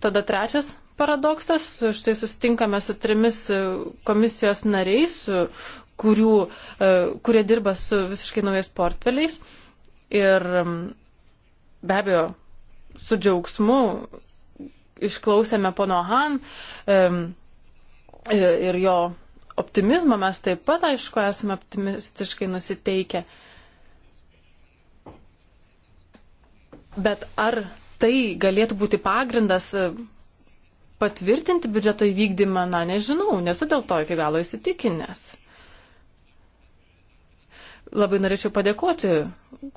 tada trečias paradoksas, štai sustinkame su trimis komisijos nariais, kurių, e, kurie dirba su visiškai naujais portfeliais. Ir be abejo, su džiaugsmu išklausėme pono Han, E, ir jo optimizmą mes taip pat, aišku, esame optimistiškai nusiteikę. Bet ar tai galėtų būti pagrindas e, patvirtinti biudžeto įvykdymą, na nežinau, nesu dėl to iki galo įsitikinęs. Labai norėčiau padėkoti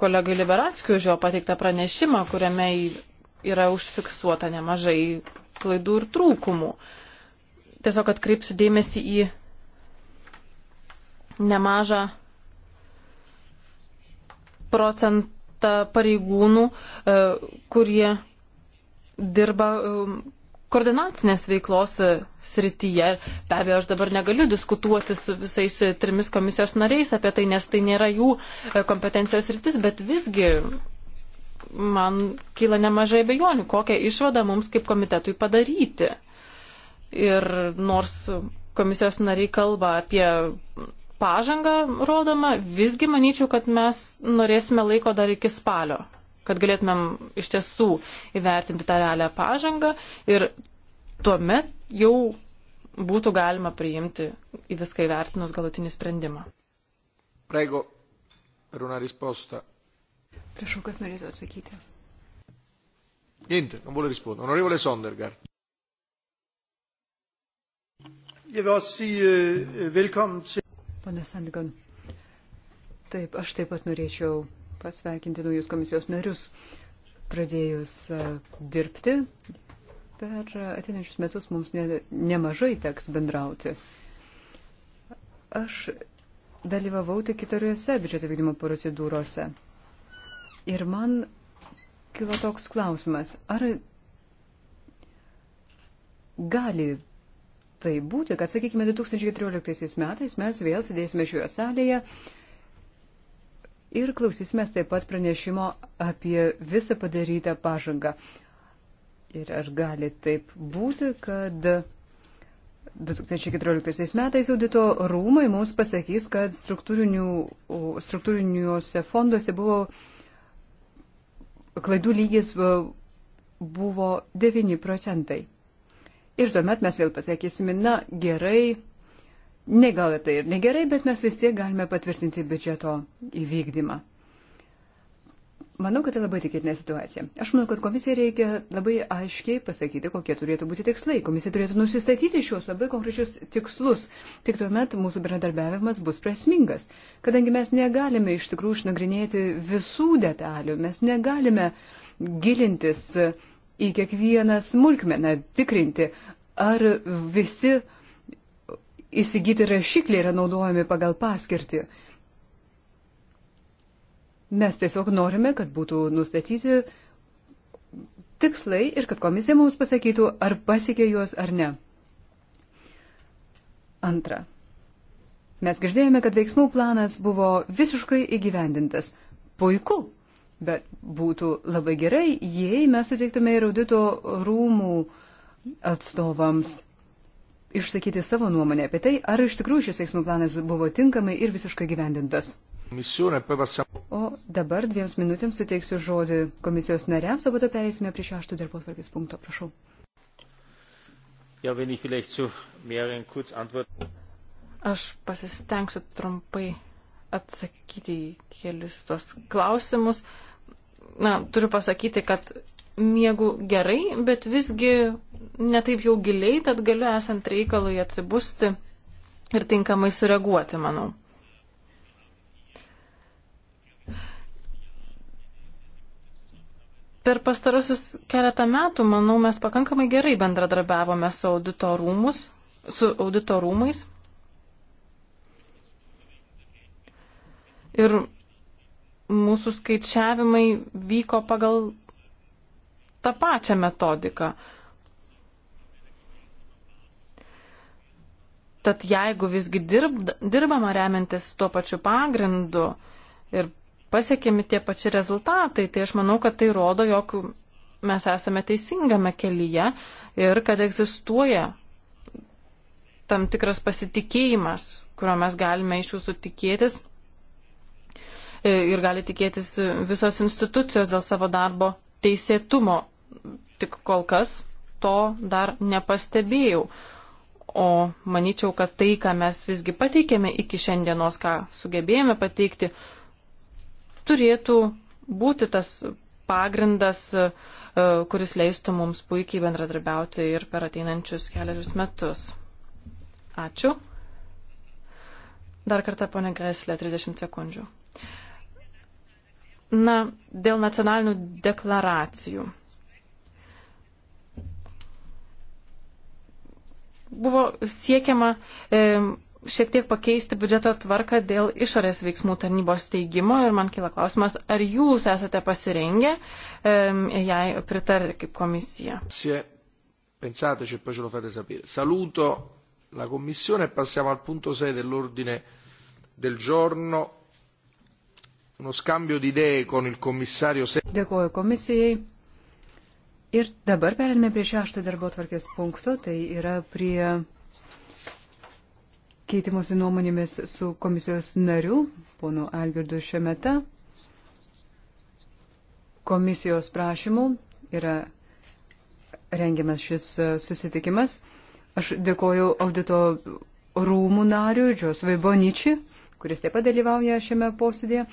kolegai Liberatskiu už jo pateiktą pranešimą, kuriame yra užfiksuota nemažai klaidų ir trūkumų. Uh, tiesiog atkreipsiu dėmesį į nemažą procentą pareigūnų, e, kurie dirba e, koordinacinės veiklos e, srityje. Be abejo, aš dabar negaliu diskutuoti su visais trimis komisijos nariais apie tai, nes tai nėra jų kompetencijos sritis, bet visgi man kyla nemažai bejonių, kokią išvadą mums kaip komitetui padaryti. Ir nors komisijos nariai kalba apie pažangą rodomą, visgi manyčiau, kad mes norėsime laiko dar iki spalio, kad galėtumėm iš tiesų įvertinti tą realią pažangą ir tuomet jau būtų galima priimti į viską įvertinus galutinį sprendimą. Prego, per una risposta. Prašau, kas norėtų atsakyti. Niente, non vuole rispondere. Onorevole Sondergaard. Jeg vil også sige øh, velkommen til. Pane Sandigan. Taip, aš taip pat norėčiau pasveikinti naujus komisijos narius. Pradėjus e, dirbti, per ateinančius metus mums ne, nemažai teks bendrauti. Aš dalyvavau tik kitariuose biudžeto vykdymo procedūrose. Ir man kilo toks klausimas, ar gali tai būti, kad, sakykime, 2014 metais mes vėl sėdėsime šioje salėje ir klausysime taip pat pranešimo apie visą padarytą pažangą. Ir ar gali taip būti, kad 2014 metais audito rūmai mums pasakys, kad struktūriniuose fonduose buvo klaidų lygis buvo 9 procentai. Ir tuomet mes vėl pasakysime, na gerai, ne gal ir tai ir negerai, bet mes vis tiek galime patvirtinti biudžeto įvykdymą. Manau, kad tai labai tikėtina situacija. Aš manau, kad komisija reikia labai aiškiai pasakyti, kokie turėtų būti tikslai. Komisija turėtų nusistatyti šios labai konkrečius tikslus. Tik tuomet mūsų bendradarbiavimas bus prasmingas. Kadangi mes negalime iš tikrųjų išnagrinėti visų detalių, mes negalime gilintis uh, į kiekvieną smulkmeną tikrinti, ar visi įsigyti rašikliai yra naudojami pagal paskirtį. Mes tiesiog norime, kad būtų nustatyti tikslai ir kad komisija mums pasakytų, ar pasiekė juos ar ne. Antra. Mes girdėjome, kad veiksmų planas buvo visiškai įgyvendintas. Puiku, Bet būtų labai gerai, jei mes suteiktume ir audito rūmų atstovams išsakyti savo nuomonę apie tai, ar iš tikrųjų šis veiksmų planas buvo tinkamai ir visiškai gyvendintas. O dabar dviems minutėms suteiksiu žodį komisijos nariams, o po to pereisime prie šešto darbo tvarkės punkto. Prašau. Ja, Aš pasistengsiu trumpai atsakyti į kelis tuos klausimus. Uh, na, turiu pasakyti, kad miegu gerai, bet visgi netaip jau giliai, tad galiu esant reikalui atsibusti ir tinkamai sureaguoti, manau. Per pastarosius keletą metų, manau, mes pakankamai gerai bendradarbiavome su, auditorumus, su auditorumais. Ir mūsų skaičiavimai vyko pagal tą pačią metodiką. Tad jeigu visgi dirb, dirbama remiantis tuo pačiu pagrindu ir pasiekiami tie pači rezultatai, tai aš manau, kad tai rodo, jog mes esame teisingame kelyje ir kad egzistuoja tam tikras pasitikėjimas, kurio mes galime iš jūsų tikėtis E, ir gali tikėtis visos institucijos dėl savo darbo teisėtumo. Tik kol kas to dar nepastebėjau. O manyčiau, kad tai, ką mes visgi pateikėme iki šiandienos, ką sugebėjome pateikti, turėtų būti tas pagrindas, e, kuris leistų mums puikiai bendradarbiauti ir per ateinančius keliarius metus. Ačiū. Dar kartą, ponė Greslė, 30 sekundžių. Na, dėl nacionalinių deklaracijų. Buvo siekiama e, šiek tiek pakeisti biudžeto tvarką dėl išorės veiksmų tarnybos steigimo ir man kyla klausimas, ar jūs esate pasirengę um, jai pritarti kaip komisija. Pensateci e poi ce lo fate sapere. Saluto la Commissione e passiamo al punto 6 dell'ordine del giorno uno scambio di idee con il commissario. Dėkuoju komisijai. Ir dabar perėmė prie šešto darbo tvarkės punkto, tai yra prie keitimosi nuomonėmis su komisijos nariu, ponu Algirdu Šemeta. Komisijos prašymų yra rengiamas šis e, susitikimas. Aš dėkoju audito rūmų nariui, Džios Vaiboničiui kuris taip pat dalyvauja šiame posėdėje.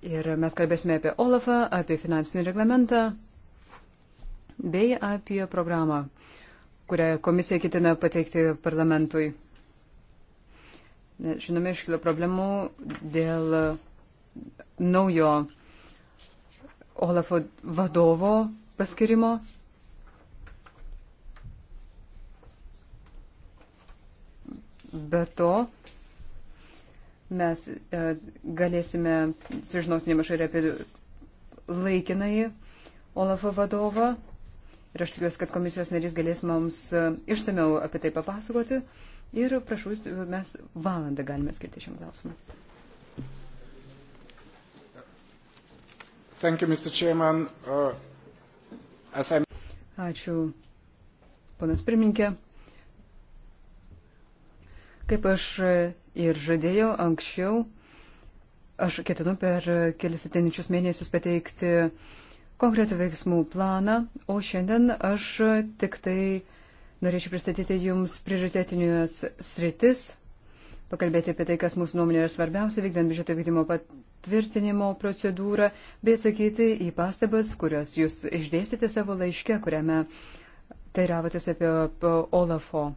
Ir mes kalbėsime apie Olafą, apie finansinį reglamentą bei apie programą, kurią komisija ketina pateikti parlamentui. Žinome, iškilo problemų dėl naujo Olafo vadovo paskirimo. Be to, mes e, galėsime sužinoti nemažai ir apie laikinai Olafo vadovą. Ir aš tikiuosi, kad komisijos narys galės mums e, išsameu apie tai papasakoti. Ir prašau, mes valandą galime skirti šiam klausimui. Thank you, Mr. Chairman. Uh, as I'm... Ačiū, ponas pirmininkė. Kaip aš ir žadėjau anksčiau, aš ketinu per kelis ateinančius mėnesius pateikti konkretų veiksmų planą, o šiandien aš tik tai norėčiau pristatyti Jums prioritetinės sritis, pakalbėti apie tai, kas mūsų nuomonė yra svarbiausia, vykdant biudžeto vykdymo patvirtinimo procedūrą, bei sakyti į pastabas, kurias Jūs išdėstėte savo laiške, kuriame teiravotės apie Olafo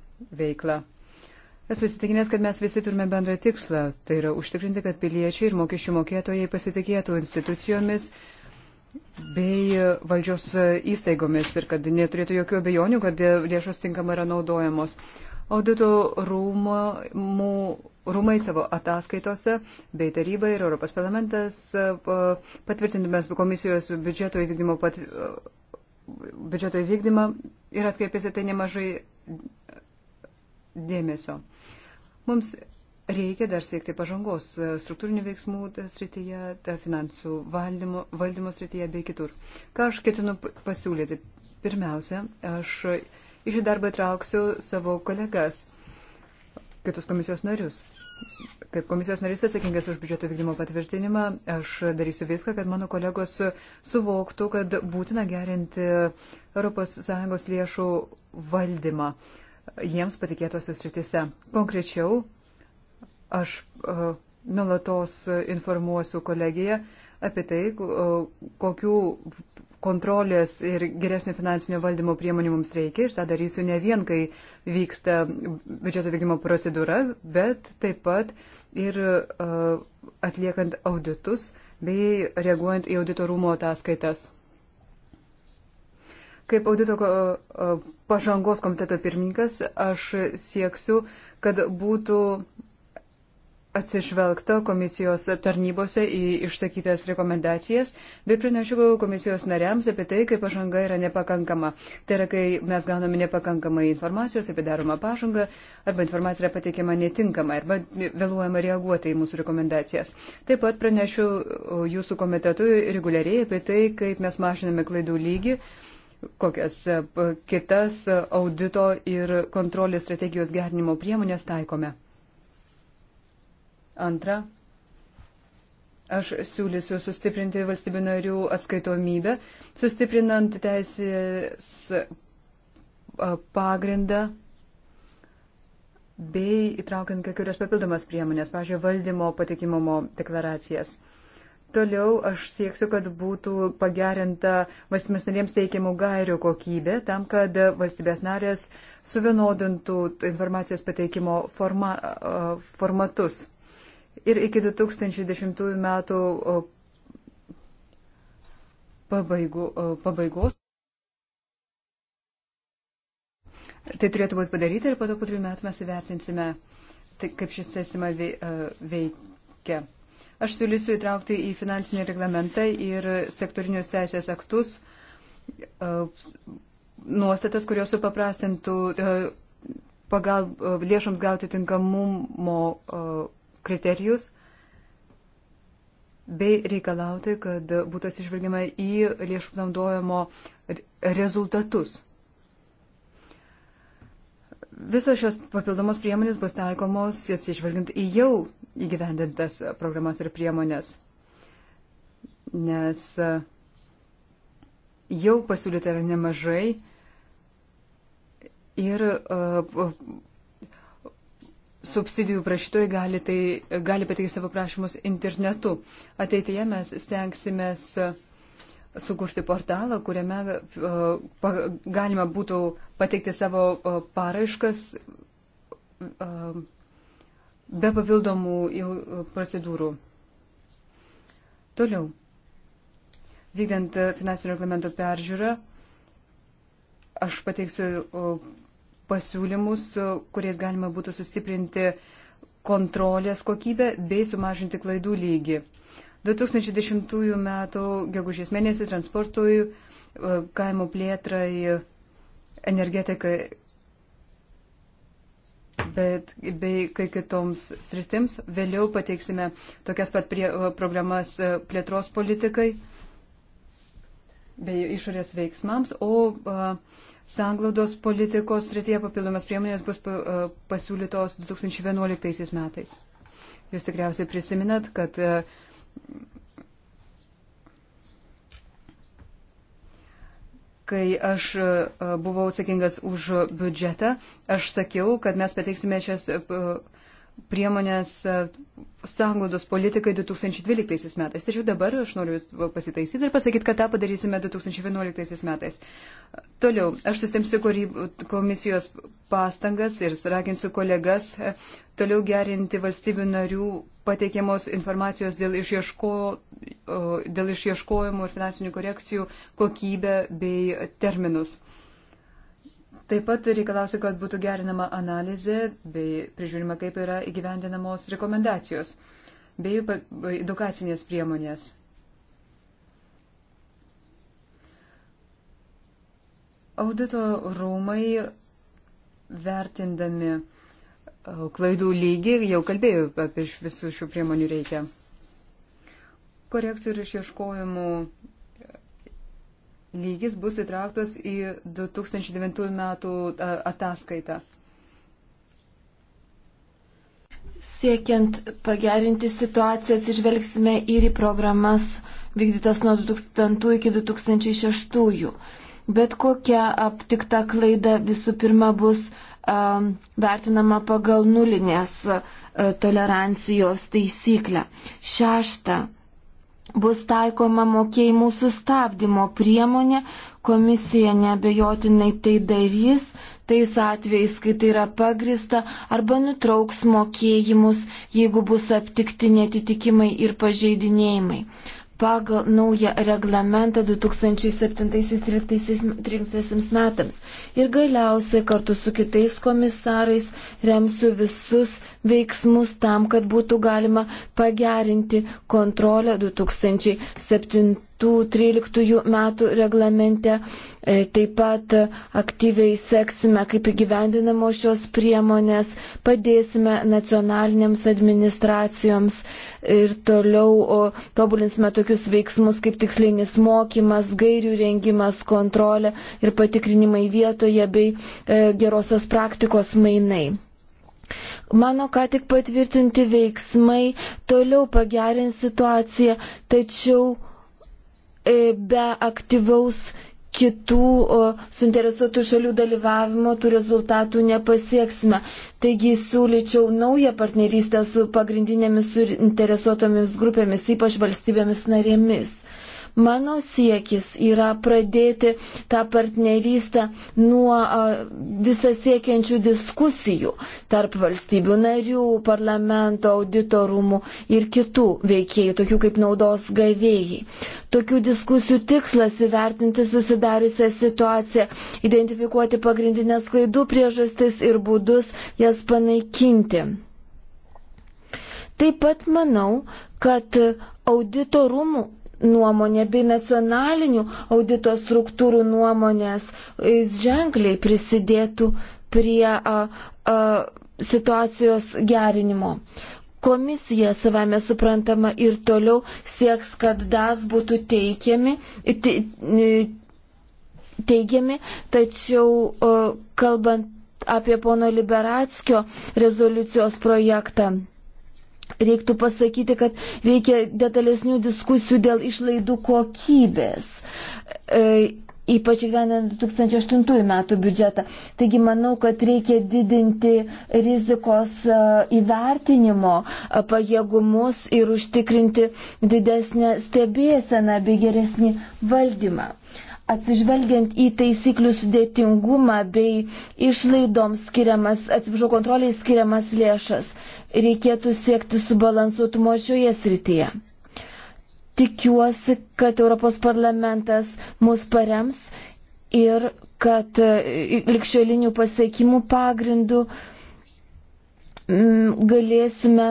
veiklą. Esu įsitikinęs, kad mes visi turime bendrą tikslą, tai yra užtikrinti, kad piliečiai ir mokesčių mokėtojai pasitikėtų institucijomis bei valdžios įstaigomis ir kad neturėtų jokių abejonių, kad lėšos tinkamai yra naudojamos. Audito rūmo, mū, rūmai savo ataskaitose bei taryba ir Europos parlamentas uh, patvirtintumės komisijos biudžeto įvykdymo, pat, uh, biudžeto įvykdymą ir atkreipėsi tai nemažai dėmesio. Mums reikia dar siekti pažangos e, struktūrinių veiksmų srityje, finansų valdymo, valdymo srityje bei kitur. Ką aš ketinu pasiūlyti? Pirmiausia, aš į šį darbą trauksiu savo kolegas, kitus komisijos narius. Kaip komisijos narys atsakingas už biudžeto vykdymo patvirtinimą, aš darysiu viską, kad mano kolegos suvoktų, kad būtina gerinti ES lėšų valdymą jiems patikėtosios rytise. Konkrečiau, aš e, nulatos informuosiu kolegiją apie tai, e, kokių kontrolės ir geresnio finansinio valdymo priemonių mums reikia. Ir tą darysiu ne vien, kai vyksta biudžeto vykdymo procedūra, bet taip pat ir e, atliekant auditus bei reaguojant į auditorumo ataskaitas. Kaip audito pažangos komiteto pirmininkas, aš sieksiu, kad būtų atsižvelgta komisijos tarnybose į išsakytas rekomendacijas, bei pranešiu komisijos nariams apie tai, kai pažanga yra nepakankama. Tai yra, kai mes gauname nepakankamai informacijos apie daromą pažangą, arba informacija yra pateikiama netinkama, arba vėluojama reaguoti į mūsų rekomendacijas. Taip pat pranešiu jūsų komitetui reguliariai apie tai, kaip mes mažiname klaidų lygį kokias e, kitas audito ir kontrolės strategijos gerinimo priemonės taikome. Antra, aš siūlysiu sustiprinti valstybių narių atskaitomybę, sustiprinant teisės e, pagrindą bei įtraukiant kai kurias papildomas priemonės, pažiūrėjau, valdymo patikimumo deklaracijas. Toliau aš sieksiu, kad būtų pagerinta valstybės narėms teikiamų gairių kokybė, tam, kad valstybės narės suvienodintų informacijos pateikimo forma, formatus. Ir iki 2010 metų pabaigu, pabaigos. Tai turėtų būti padaryta ir po to po trijų metų mes įvertinsime, tai, kaip šis sistema veikia. Aš siūlysiu įtraukti į finansinį reglamentą ir sektorinius teisės aktus e, nuostatas, kurios supaprastintų e, pagal e, lėšoms gauti tinkamumo kriterijus bei reikalauti, kad būtų atsižvelgiama į lėšų naudojimo rezultatus. Visos šios papildomos priemonės bus taikomos atsižvelgiant į jau įgyvendintas programas ir priemonės. Nes e, jau pasiūlyta yra nemažai ir uh, subsidijų prašytojai gali, tai, gali pateikti savo prašymus internetu. Ateityje mes stengsimės e, sukurti portalą, kuriame uh, galima būtų pateikti savo uh, paraiškas uh, be papildomų procedūrų. Toliau. Vykdant finansinio reglamento peržiūrą, aš pateiksiu pasiūlymus, kuriais galima būtų sustiprinti kontrolės kokybę bei sumažinti klaidų lygį. 2010 m. gegužės mėnesį transportui, kaimo plėtrai, energetikai bet bei kai kitoms sritims. Vėliau pateiksime tokias pat prie, programas e, plėtros politikai bei išorės veiksmams, o a, e, sanglaudos politikos srityje papildomas priemonės bus e, pasiūlytos 2011 metais. Jūs tikriausiai prisiminat, kad a, kai aš e, buvau atsakingas už biudžetą, aš sakiau, kad mes pateiksime šias e, priemonės e, sąnglaudos politikai 2012 metais. Tačiau dabar aš noriu pasitaisyti ir pasakyti, kad tą padarysime 2011 metais. Toliau, aš sustemsiu komisijos pastangas ir raginsiu kolegas e, toliau gerinti valstybių narių pateikiamos informacijos dėl, išieško, dėl išieškojimų ir finansinių korekcijų kokybę bei terminus. Taip pat reikalausiu, kad būtų gerinama analizė bei prižiūrima, kaip yra įgyvendinamos rekomendacijos bei edukacinės priemonės. Audito rūmai vertindami e, klaidų lygį jau kalbėjo apie visų šių priemonių reikia. Korekcijų ir išieškojimų lygis bus įtrauktas į 2009 metų ataskaitą. Siekiant pagerinti situaciją, atsižvelgsime ir į programas vykdytas nuo 2000 iki 2006. Bet kokia aptikta klaida visų pirma bus um, vertinama pagal nulinės uh, tolerancijos taisyklę. Šešta bus taikoma mokėjimų sustabdymo priemonė, komisija nebejotinai tai darys tais atvejais, kai tai yra pagrista, arba nutrauks mokėjimus, jeigu bus aptikti netitikimai ir pažeidinėjimai pagal naują reglamentą 2007-2013 metams. Ir galiausiai kartu su kitais komisarais remsiu visus veiksmus tam, kad būtų galima pagerinti kontrolę 2007 2013 metų reglamente. E, taip pat aktyviai seksime, kaip įgyvendinamos šios priemonės, padėsime nacionalinėms administracijoms ir toliau tobulinsime tokius veiksmus kaip tikslinis mokymas, gairių rengimas, kontrolė ir patikrinimai vietoje bei e, gerosios praktikos mainai. Mano ką tik patvirtinti veiksmai toliau pagerins situaciją, tačiau E, be aktyvaus kitų suinteresuotų šalių dalyvavimo tų rezultatų nepasieksime. Taigi siūlyčiau naują partnerystę su pagrindinėmis suinteresuotomis grupėmis, ypač valstybėmis narėmis. Mano siekis yra pradėti tą partnerystę nuo visą siekiančių diskusijų tarp valstybių narių, parlamento, auditorumų ir kitų veikėjų, tokių kaip naudos gavėjai. Tokių diskusijų tikslas įvertinti susidariusią situaciją, identifikuoti pagrindinės klaidų priežastis ir būdus jas panaikinti. Taip pat manau, kad audito rūmų nuomonė bei nacionalinių audito struktūrų nuomonės ženkliai prisidėtų prie a, a, situacijos gerinimo. Komisija savame suprantama ir toliau sieks, kad DAS būtų teikiami, te, e, teigiami, tačiau a, e, kalbant apie pono Liberatskio rezoliucijos projektą Reiktų pasakyti, kad reikia detalesnių diskusijų dėl išlaidų kokybės. E, ypač gyvenant 2008 metų biudžetą. Taigi manau, kad reikia didinti rizikos e, įvertinimo e, pajėgumus ir užtikrinti didesnę stebėseną bei geresnį valdymą. Atsižvelgiant į taisyklių sudėtingumą bei išlaidoms skiriamas, atsiprašau, kontroliai skiriamas lėšas, reikėtų siekti subalansuotumo šioje srityje. Tikiuosi, kad Europos parlamentas mus parems ir kad e, likščiolinių pasiekimų pagrindų galėsime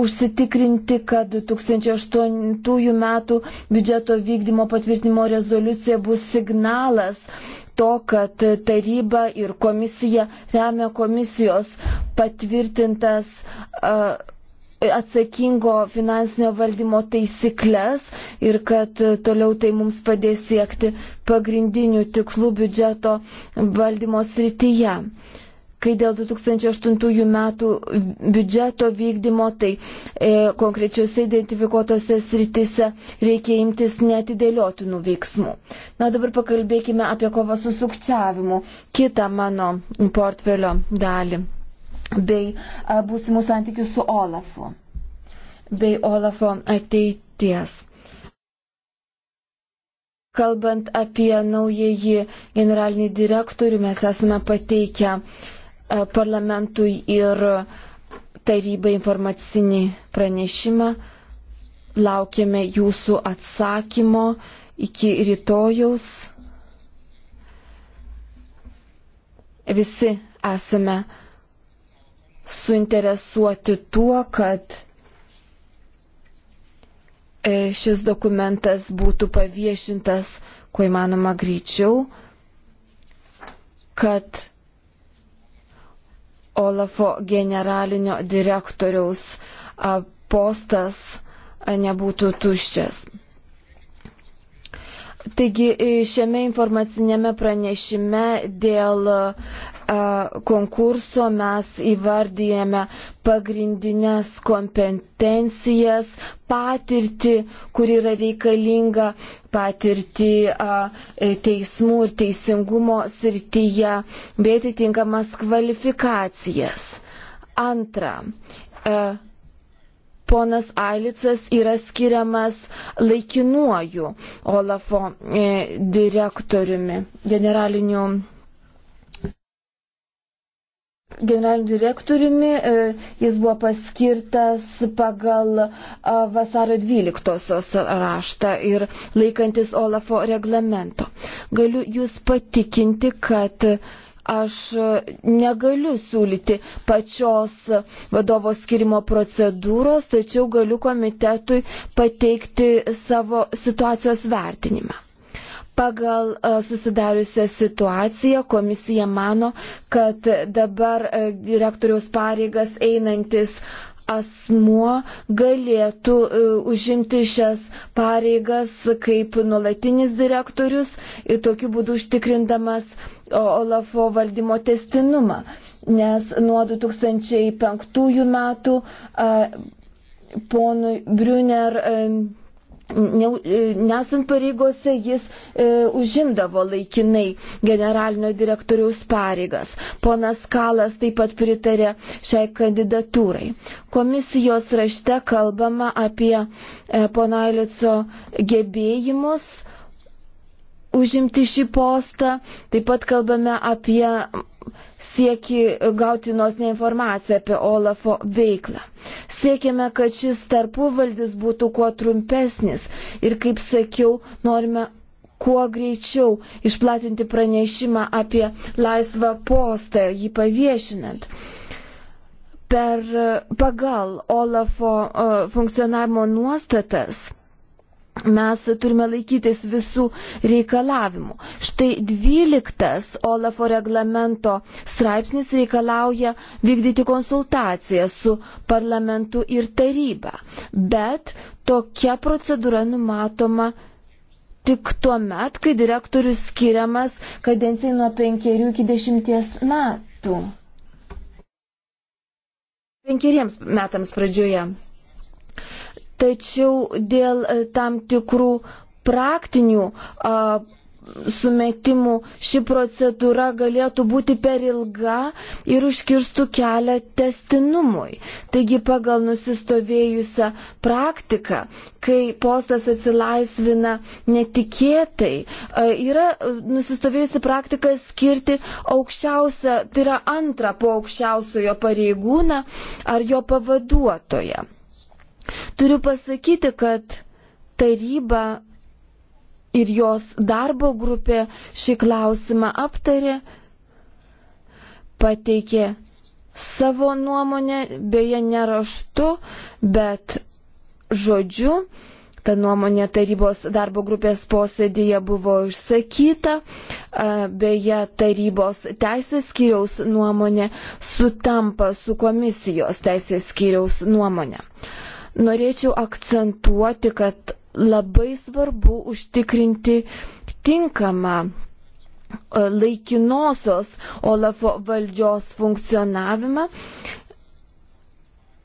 užsitikrinti, kad 2008 metų biudžeto vykdymo patvirtinimo rezoliucija bus signalas to, kad taryba ir komisija remia komisijos patvirtintas atsakingo finansinio valdymo taisyklės ir kad toliau tai mums padės siekti pagrindinių tikslų biudžeto valdymo srityje. Kai dėl 2008 metų biudžeto vykdymo, tai e, konkrečiose identifikuotose sritise reikia imtis netidėliotinų veiksmų. Na dabar pakalbėkime apie kovą su sukčiavimu, kitą mano portfelio dalį, bei e, būsimų santykių su Olafu, bei Olafo ateities. Kalbant apie naująjį generalinį direktorių, mes esame pateikę E, parlamentui ir tarybai informacinį pranešimą. Laukiame jūsų atsakymo iki rytojaus. Visi esame suinteresuoti tuo, kad e, šis dokumentas būtų paviešintas kuo įmanoma greičiau, kad Olafo generalinio direktoriaus postas nebūtų tuščias. Taigi šiame informacinėme pranešime dėl konkurso mes įvardyjame pagrindinės kompetencijas, patirtį, kuri yra reikalinga, patirtį e, teismų ir teisingumo srityje, bei atitinkamas kvalifikacijas. Antra, ponas Ailicas yra skiriamas laikinuoju Olafo e, direktoriumi, generaliniu generaliniu direktoriumi. E, jis buvo paskirtas pagal e, vasario 12-osios raštą ir laikantis Olafo reglamento. Galiu Jūs patikinti, kad aš negaliu siūlyti pačios vadovo skirimo procedūros, tačiau galiu komitetui pateikti savo situacijos vertinimą. Pagal e, susidariusią situaciją komisija mano, kad dabar e, direktoriaus pareigas einantis asmuo galėtų e, užimti šias pareigas kaip nuolatinis direktorius ir tokiu būdu užtikrindamas Olafo valdymo testinumą. Nes nuo 2005 metų ponui Brunner E, nesant pareigose jis e, užimdavo laikinai generalinio direktoriaus pareigas. Ponas Kalas taip pat pritarė šiai kandidatūrai. Komisijos rašte kalbama apie e, pono Eilico gebėjimus užimti šį postą, taip pat kalbame apie sieki gauti nuotinę informaciją apie Olafo veiklą. Siekime, kad šis tarpuvaldis būtų kuo trumpesnis ir, kaip sakiau, norime kuo greičiau išplatinti pranešimą apie laisvą postą, jį paviešinant per, pagal Olafo uh, funkcionavimo nuostatas mes turime laikytis visų reikalavimų. Štai 12 Olafo reglamento straipsnis reikalauja vykdyti konsultaciją su parlamentu ir taryba, bet tokia procedūra numatoma tik tuo met, kai direktorius skiriamas kadencijai nuo 5 iki 10 metų. Penkeriems metams pradžioje tačiau dėl e, tam tikrų praktinių a, sumetimų ši procedūra galėtų būti per ilga ir užkirstų kelią testinumui. Taigi pagal nusistovėjusią praktiką, kai postas atsilaisvina netikėtai, yra e, nusistovėjusi praktika skirti aukščiausią, tai yra antrą po aukščiausiojo pareigūną ar jo pavaduotoją. Turiu pasakyti, kad taryba ir jos darbo grupė šį klausimą aptarė, pateikė savo nuomonę, beje, neraštu, bet žodžiu. Ta nuomonė tarybos darbo grupės posėdėje buvo išsakyta, beje, tarybos teisės skyriaus nuomonė sutampa su komisijos teisės skyriaus nuomonė norėčiau akcentuoti, kad labai svarbu užtikrinti tinkamą e, laikinosios Olafo valdžios funkcionavimą.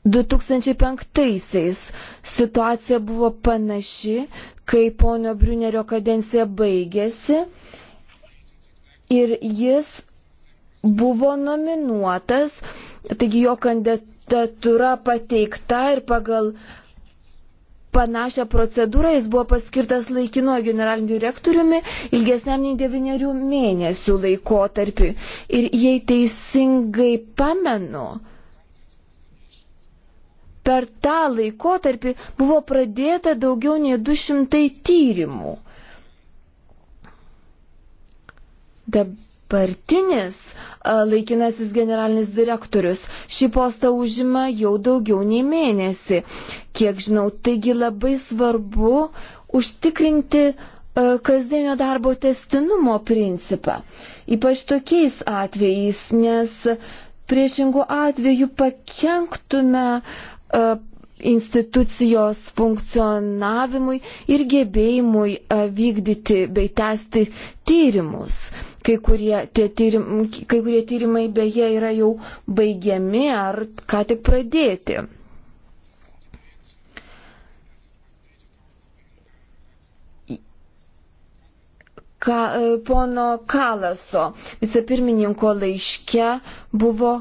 2005-aisiais situacija buvo panaši, kai ponio Briunerio kadencija baigėsi ir jis buvo nominuotas, taigi jo kandidatūra kandidatūra pateikta ir pagal panašią procedūrą jis buvo paskirtas laikinuoju generaliniu direktoriumi ilgesniam nei devyniarių mėnesių laikotarpiu. Ir jei teisingai pamenu, per tą laikotarpį buvo pradėta daugiau nei 200 tyrimų. Dabartinis laikinasis generalinis direktorius. Šį postą užima jau daugiau nei mėnesį. Kiek žinau, taigi labai svarbu užtikrinti kasdienio darbo testinumo principą. Ypač tokiais atvejais, nes priešingų atvejų pakenktume institucijos funkcionavimui ir gebėjimui vykdyti bei tęsti tyrimus. Kai kurie, tyrim, kai kurie tyrimai beje yra jau baigiami ar ką tik pradėti. Ka, e, pono Kalaso vicepirmininko laiške buvo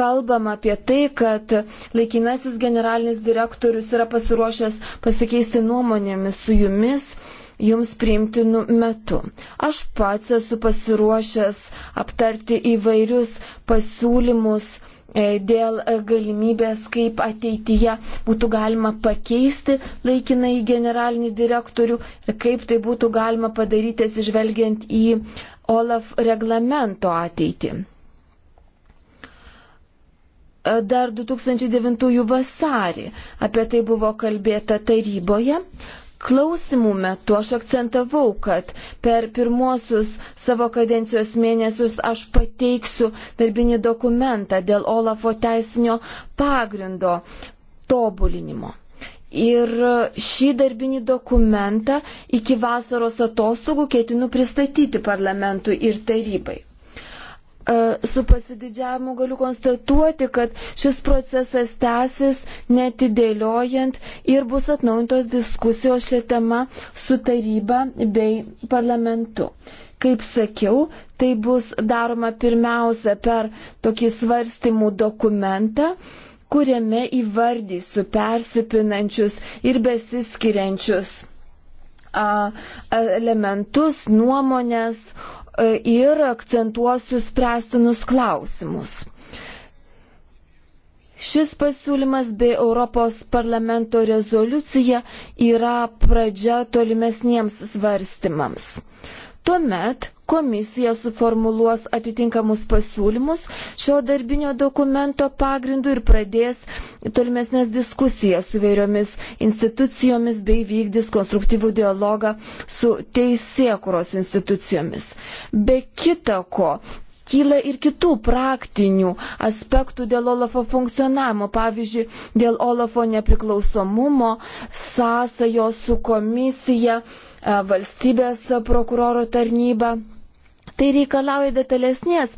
kalbama apie tai, kad laikinasis generalinis direktorius yra pasiruošęs pasikeisti nuomonėmis su jumis jums priimtinu metu. Aš pats esu pasiruošęs aptarti įvairius pasiūlymus e, dėl e, galimybės, kaip ateityje būtų galima pakeisti laikinai generalinį direktorių ir kaip tai būtų galima padaryti atsižvelgiant į OLAF reglamento ateitį. E, dar 2009 vasarį apie tai buvo kalbėta taryboje klausimų metu aš akcentavau, kad per pirmosius savo kadencijos mėnesius aš pateiksiu darbinį dokumentą dėl Olafo teisinio pagrindo tobulinimo. Ir šį darbinį dokumentą iki vasaros atostogų ketinu pristatyti parlamentui ir tarybai. E, su pasididžiavimu galiu konstatuoti, kad šis procesas tęsis netidėliojant ir bus atnaujintos diskusijos šią temą su taryba bei parlamentu. Kaip sakiau, tai bus daroma pirmiausia per tokį svarstymų dokumentą kuriame įvardysiu persipinančius ir besiskiriančius elementus, nuomonės, E, ir akcentuosiu spręstinus klausimus. Šis pasiūlymas bei Europos parlamento rezoliucija yra pradžia tolimesniems svarstymams. Tuomet komisija suformuluos atitinkamus pasiūlymus šio darbinio dokumento pagrindu ir pradės tolimesnės diskusijas su vairiomis institucijomis bei vykdys konstruktyvų dialogą su teisėkuros institucijomis. Be kita ko, kyla ir kitų praktinių aspektų dėl Olafo funkcionavimo, pavyzdžiui, dėl Olafo nepriklausomumo, sąsajos su komisija valstybės prokuroro tarnybą. Tai reikalauja detalesnės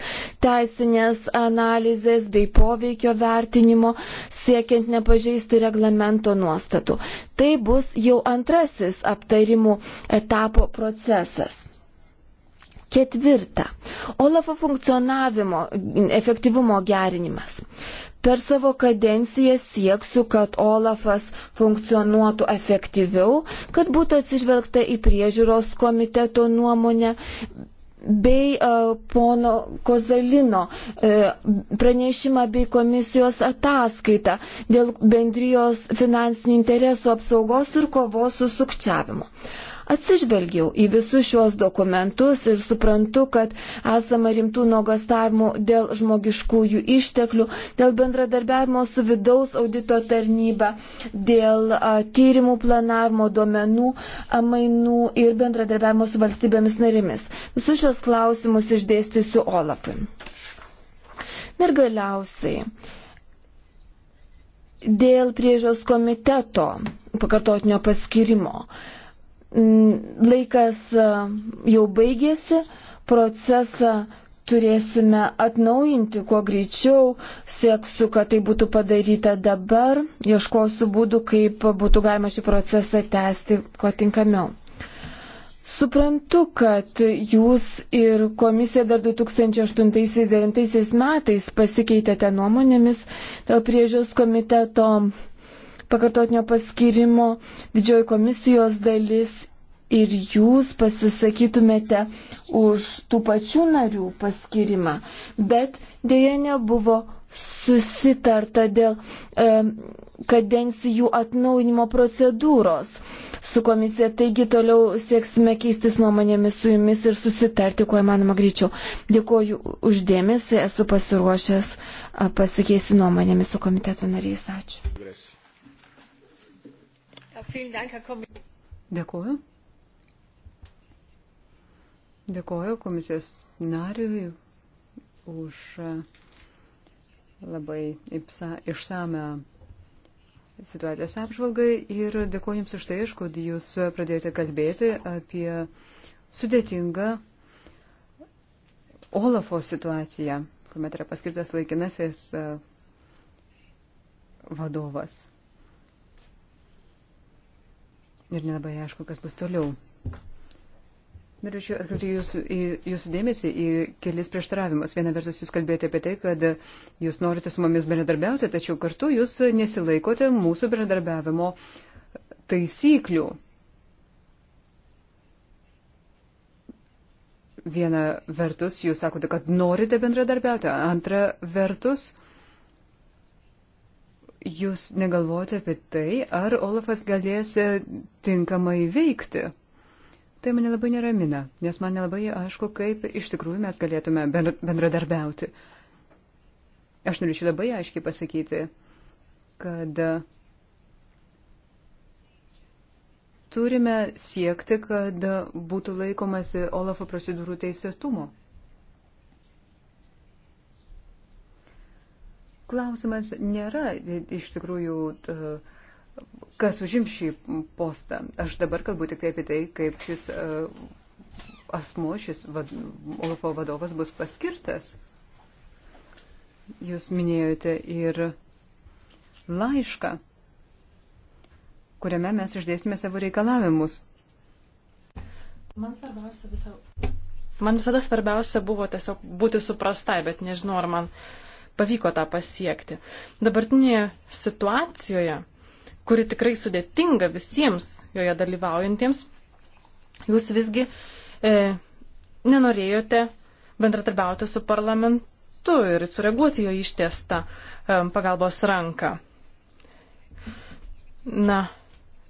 teisinės analizės bei poveikio vertinimo, siekiant nepažeisti reglamento nuostatų. Tai bus jau antrasis aptarimų etapo procesas. Ketvirta. Olafo funkcionavimo efektyvumo gerinimas. Per savo kadenciją sieksiu, kad Olafas funkcionuotų efektyviau, kad būtų atsižvelgta į priežiūros komiteto nuomonę bei uh, pono Kozalino uh, pranešimą bei komisijos ataskaitą dėl bendrijos finansinių interesų apsaugos ir kovos su sukčiavimu. Uh, Atsižvelgiau į visus šios dokumentus ir suprantu, kad esama rimtų nuogastavimų dėl žmogiškųjų išteklių, dėl bendradarbiavimo su vidaus audito tarnyba, dėl a, tyrimų planavimo, duomenų, mainų ir bendradarbiavimo su valstybėmis narėmis. Visus šios klausimus išdėstysiu Olafui. Ir galiausiai dėl priežios komiteto pakartotinio paskirimo. Uh, Mm, laikas e, jau baigėsi, procesą turėsime atnaujinti kuo greičiau, sieksiu, kad tai būtų padaryta dabar, ieškosiu būdų, kaip būtų galima šį procesą tęsti kuo tinkamiau. Suprantu, kad jūs ir komisija dar 2008-2009 metais pasikeitėte nuomonėmis dėl priežios komiteto pakartotinio paskirimo didžioji komisijos dalis ir jūs pasisakytumėte už tų pačių narių paskirimą, bet dėja nebuvo susitarta dėl e, kadencijų atnaujinimo procedūros su komisija, taigi toliau sieksime keistis nuomonėmis su jumis ir susitarti, kuo įmanoma greičiau. Dėkuoju uždėmesi, esu pasiruošęs pasikeisti nuomonėmis su komiteto nariais. Ačiū. Gresi. Dėkuoju. Dėkuoju komisijos nariui už labai išsame situacijos apžvalgai ir dėkuoju Jums už tai, kad Jūs pradėjote kalbėti apie sudėtingą Olafo situaciją, kuomet yra paskirtas laikinasis e, vadovas ir nelabai aišku, kas bus toliau. Norėčiau atkreipti jūsų, jūsų dėmesį į kelis prieštaravimus. Viena vertus jūs kalbėjote apie tai, kad jūs norite su mumis bendradarbiauti, tačiau kartu jūs nesilaikote mūsų bendradarbiavimo taisyklių. Viena vertus jūs sakote, kad norite bendradarbiauti, antra vertus jūs negalvojate apie tai, ar Olafas galės e, tinkamai veikti? Tai mane labai neramina, nes man nelabai aišku, kaip iš tikrųjų mes galėtume bendradarbiauti. Aš norėčiau labai aiškiai pasakyti, kad e, turime siekti, kad e, būtų laikomasi Olafo procedūrų teisėtumo. klausimas nėra iš tikrųjų, kas užims šį postą. Aš dabar kalbu tik tai apie tai, kaip šis e, asmo, šis vad, Olafo vadovas bus paskirtas. Jūs minėjote ir laišką, kuriame mes išdėstėme savo reikalavimus. Man svarbiausia visą Man visada svarbiausia buvo tiesiog būti suprastai, bet nežinau, ar man pavyko tą pasiekti. Dabartinėje situacijoje, kuri tikrai sudėtinga visiems joje dalyvaujantiems, jūs visgi e, nenorėjote bendratarbiauti su parlamentu ir sureaguoti jo ištiestą e, pagalbos ranką. Na,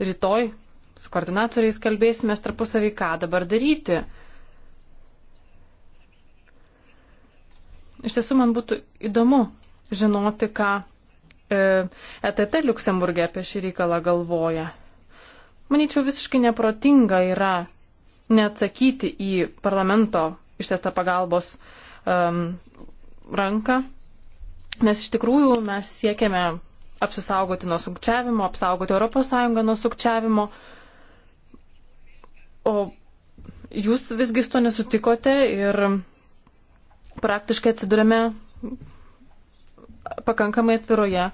rytoj su koordinatoriais kalbėsime tarpusavį, ką dabar daryti. Iš tiesų, man būtų įdomu žinoti, ką e, ETT Luksemburgė apie šį reikalą galvoja. Manyčiau, visiškai neprotinga yra neatsakyti į parlamento ištestą pagalbos um, ranką, nes iš tikrųjų mes siekiame apsisaugoti nuo sukčiavimo, apsaugoti ES nuo sukčiavimo, o jūs visgi su to nesutikote ir praktiškai atsidurėme pakankamai atviroje e,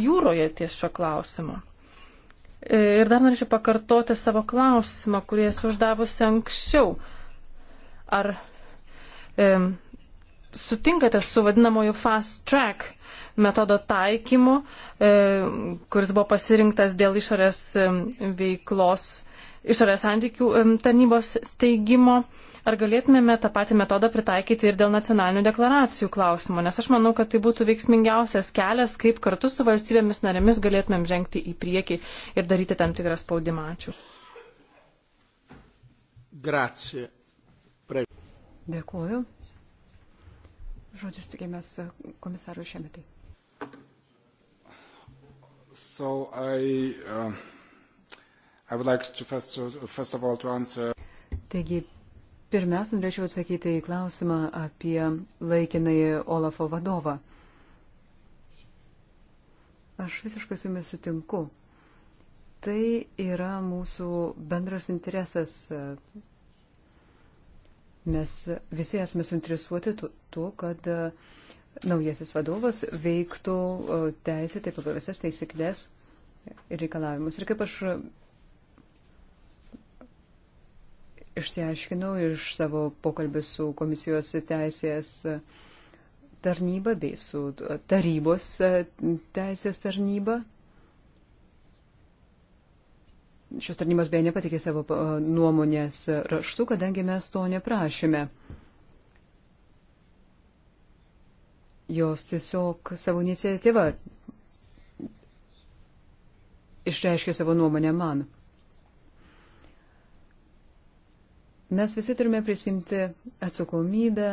jūroje ties šio klausimu. E, ir dar norėčiau pakartoti savo klausimą, kurį esu uždavusi anksčiau. Ar e, sutinkate su vadinamoju fast track metodo taikymu, e, kuris buvo pasirinktas dėl išorės veiklos, išorės santykių tarnybos steigimo? E, Ar galėtumėme tą patį metodą pritaikyti ir dėl nacionalinių deklaracijų klausimo? Nes aš manau, kad tai būtų veiksmingiausias kelias, kaip kartu su valstybėmis narėmis galėtumėm žengti į priekį ir daryti tam tikrą spaudimą. Ačiū. Grazie. Pre... Dėkuoju. Žodžius tikėmės komisarui šiemetai. So I, uh, I would like to first, first of all to answer. Taigi, Pirmiausia, norėčiau atsakyti į klausimą apie laikinai Olafo vadovą. Aš visiškai su jumis sutinku. Tai yra mūsų bendras interesas. Mes visi esame suinteresuoti tuo, kad e, naujasis vadovas veiktų e, teisėtai pagal visas taisyklės ir reikalavimus. Ir kaip aš išsiaiškinau iš savo pokalbį su komisijos teisės tarnyba bei su tarybos teisės tarnyba. Šios tarnybos beje nepatikė savo nuomonės raštu, kadangi mes to neprašėme. Jos tiesiog savo iniciatyvą išreiškė savo nuomonę man. Mes visi turime prisimti atsakomybę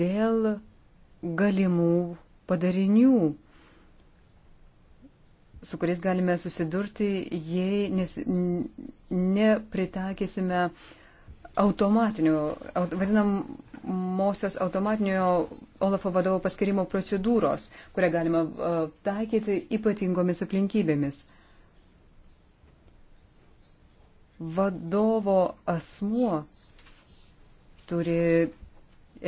dėl galimų padarinių, su kuriais galime susidurti, jei nes, nepritaikysime automatinio, aut, vadinamosios automatinio Olafo vadovo paskirimo procedūros, kurią galima uh, taikyti ypatingomis aplinkybėmis vadovo asmuo turi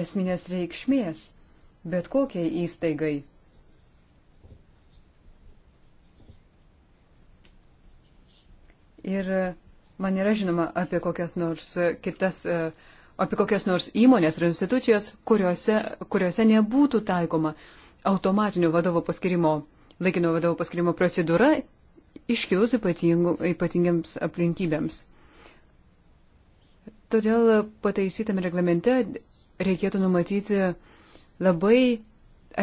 esminės reikšmės bet kokiai įstaigai. Ir man yra žinoma apie kokias nors kitas, e, apie kokias nors įmonės ar institucijas, kuriuose, kuriuose nebūtų taikoma automatinio vadovo paskirimo, laikino vadovo paskirimo procedūra, iškilus ypatingiams aplinkybėms. Todėl pataisytame reglamente reikėtų numatyti labai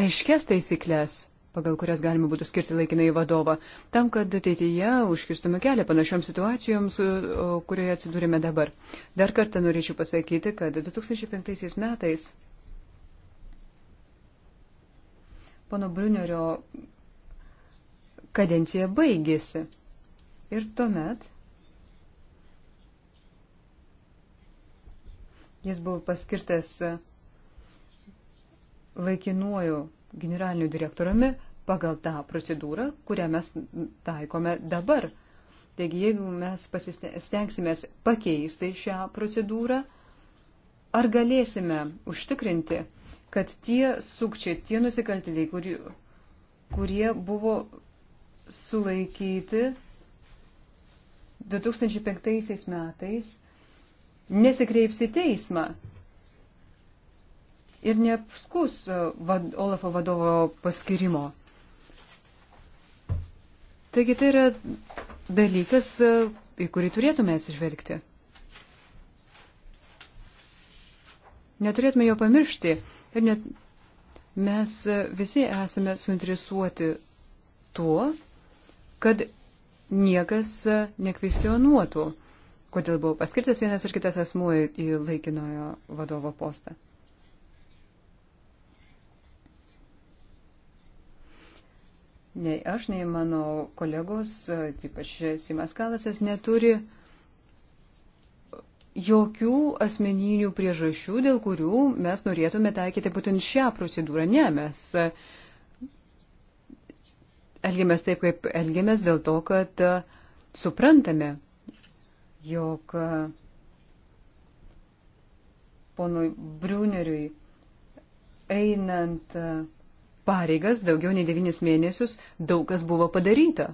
aiškias taisyklės, pagal kurias galima būtų skirti laikinai vadovą, tam, kad ateityje užkirstume kelią panašioms situacijoms, kurioje atsidūrėme dabar. Dar kartą norėčiau pasakyti, kad 2005 metais pono Brunnerio kadencija baigėsi. Ir tuomet jis buvo paskirtas laikinuoju generaliniu direktoriumi pagal tą procedūrą, kurią mes taikome dabar. Taigi, jeigu mes pasistengsimės pakeisti šią procedūrą, ar galėsime užtikrinti, kad tie sukčiai, tie nusikaltėliai, kurie, kurie buvo sulaikyti 2005 metais, nesikreips į teismą ir neapskus uh, vad, Olafo vadovo paskirimo. Taigi tai yra dalykas, uh, į kurį turėtume atsižvelgti. Neturėtume jo pamiršti ir net mes uh, visi esame suinteresuoti tuo, kad niekas e, nekvestionuotų, kodėl buvo paskirtas vienas ar kitas asmuo į laikinojo vadovo postą. Nei aš, nei mano kolegos, e, ypač Simas Kalasas, neturi jokių asmeninių priežasčių, dėl kurių mes norėtume taikyti būtent šią procedūrą. Ne, mes e, elgiamės taip, kaip elgiamės dėl to, kad e, suprantame, jog e, ponui Bruneriui einant e, pareigas daugiau nei devynis mėnesius daug kas buvo padaryta.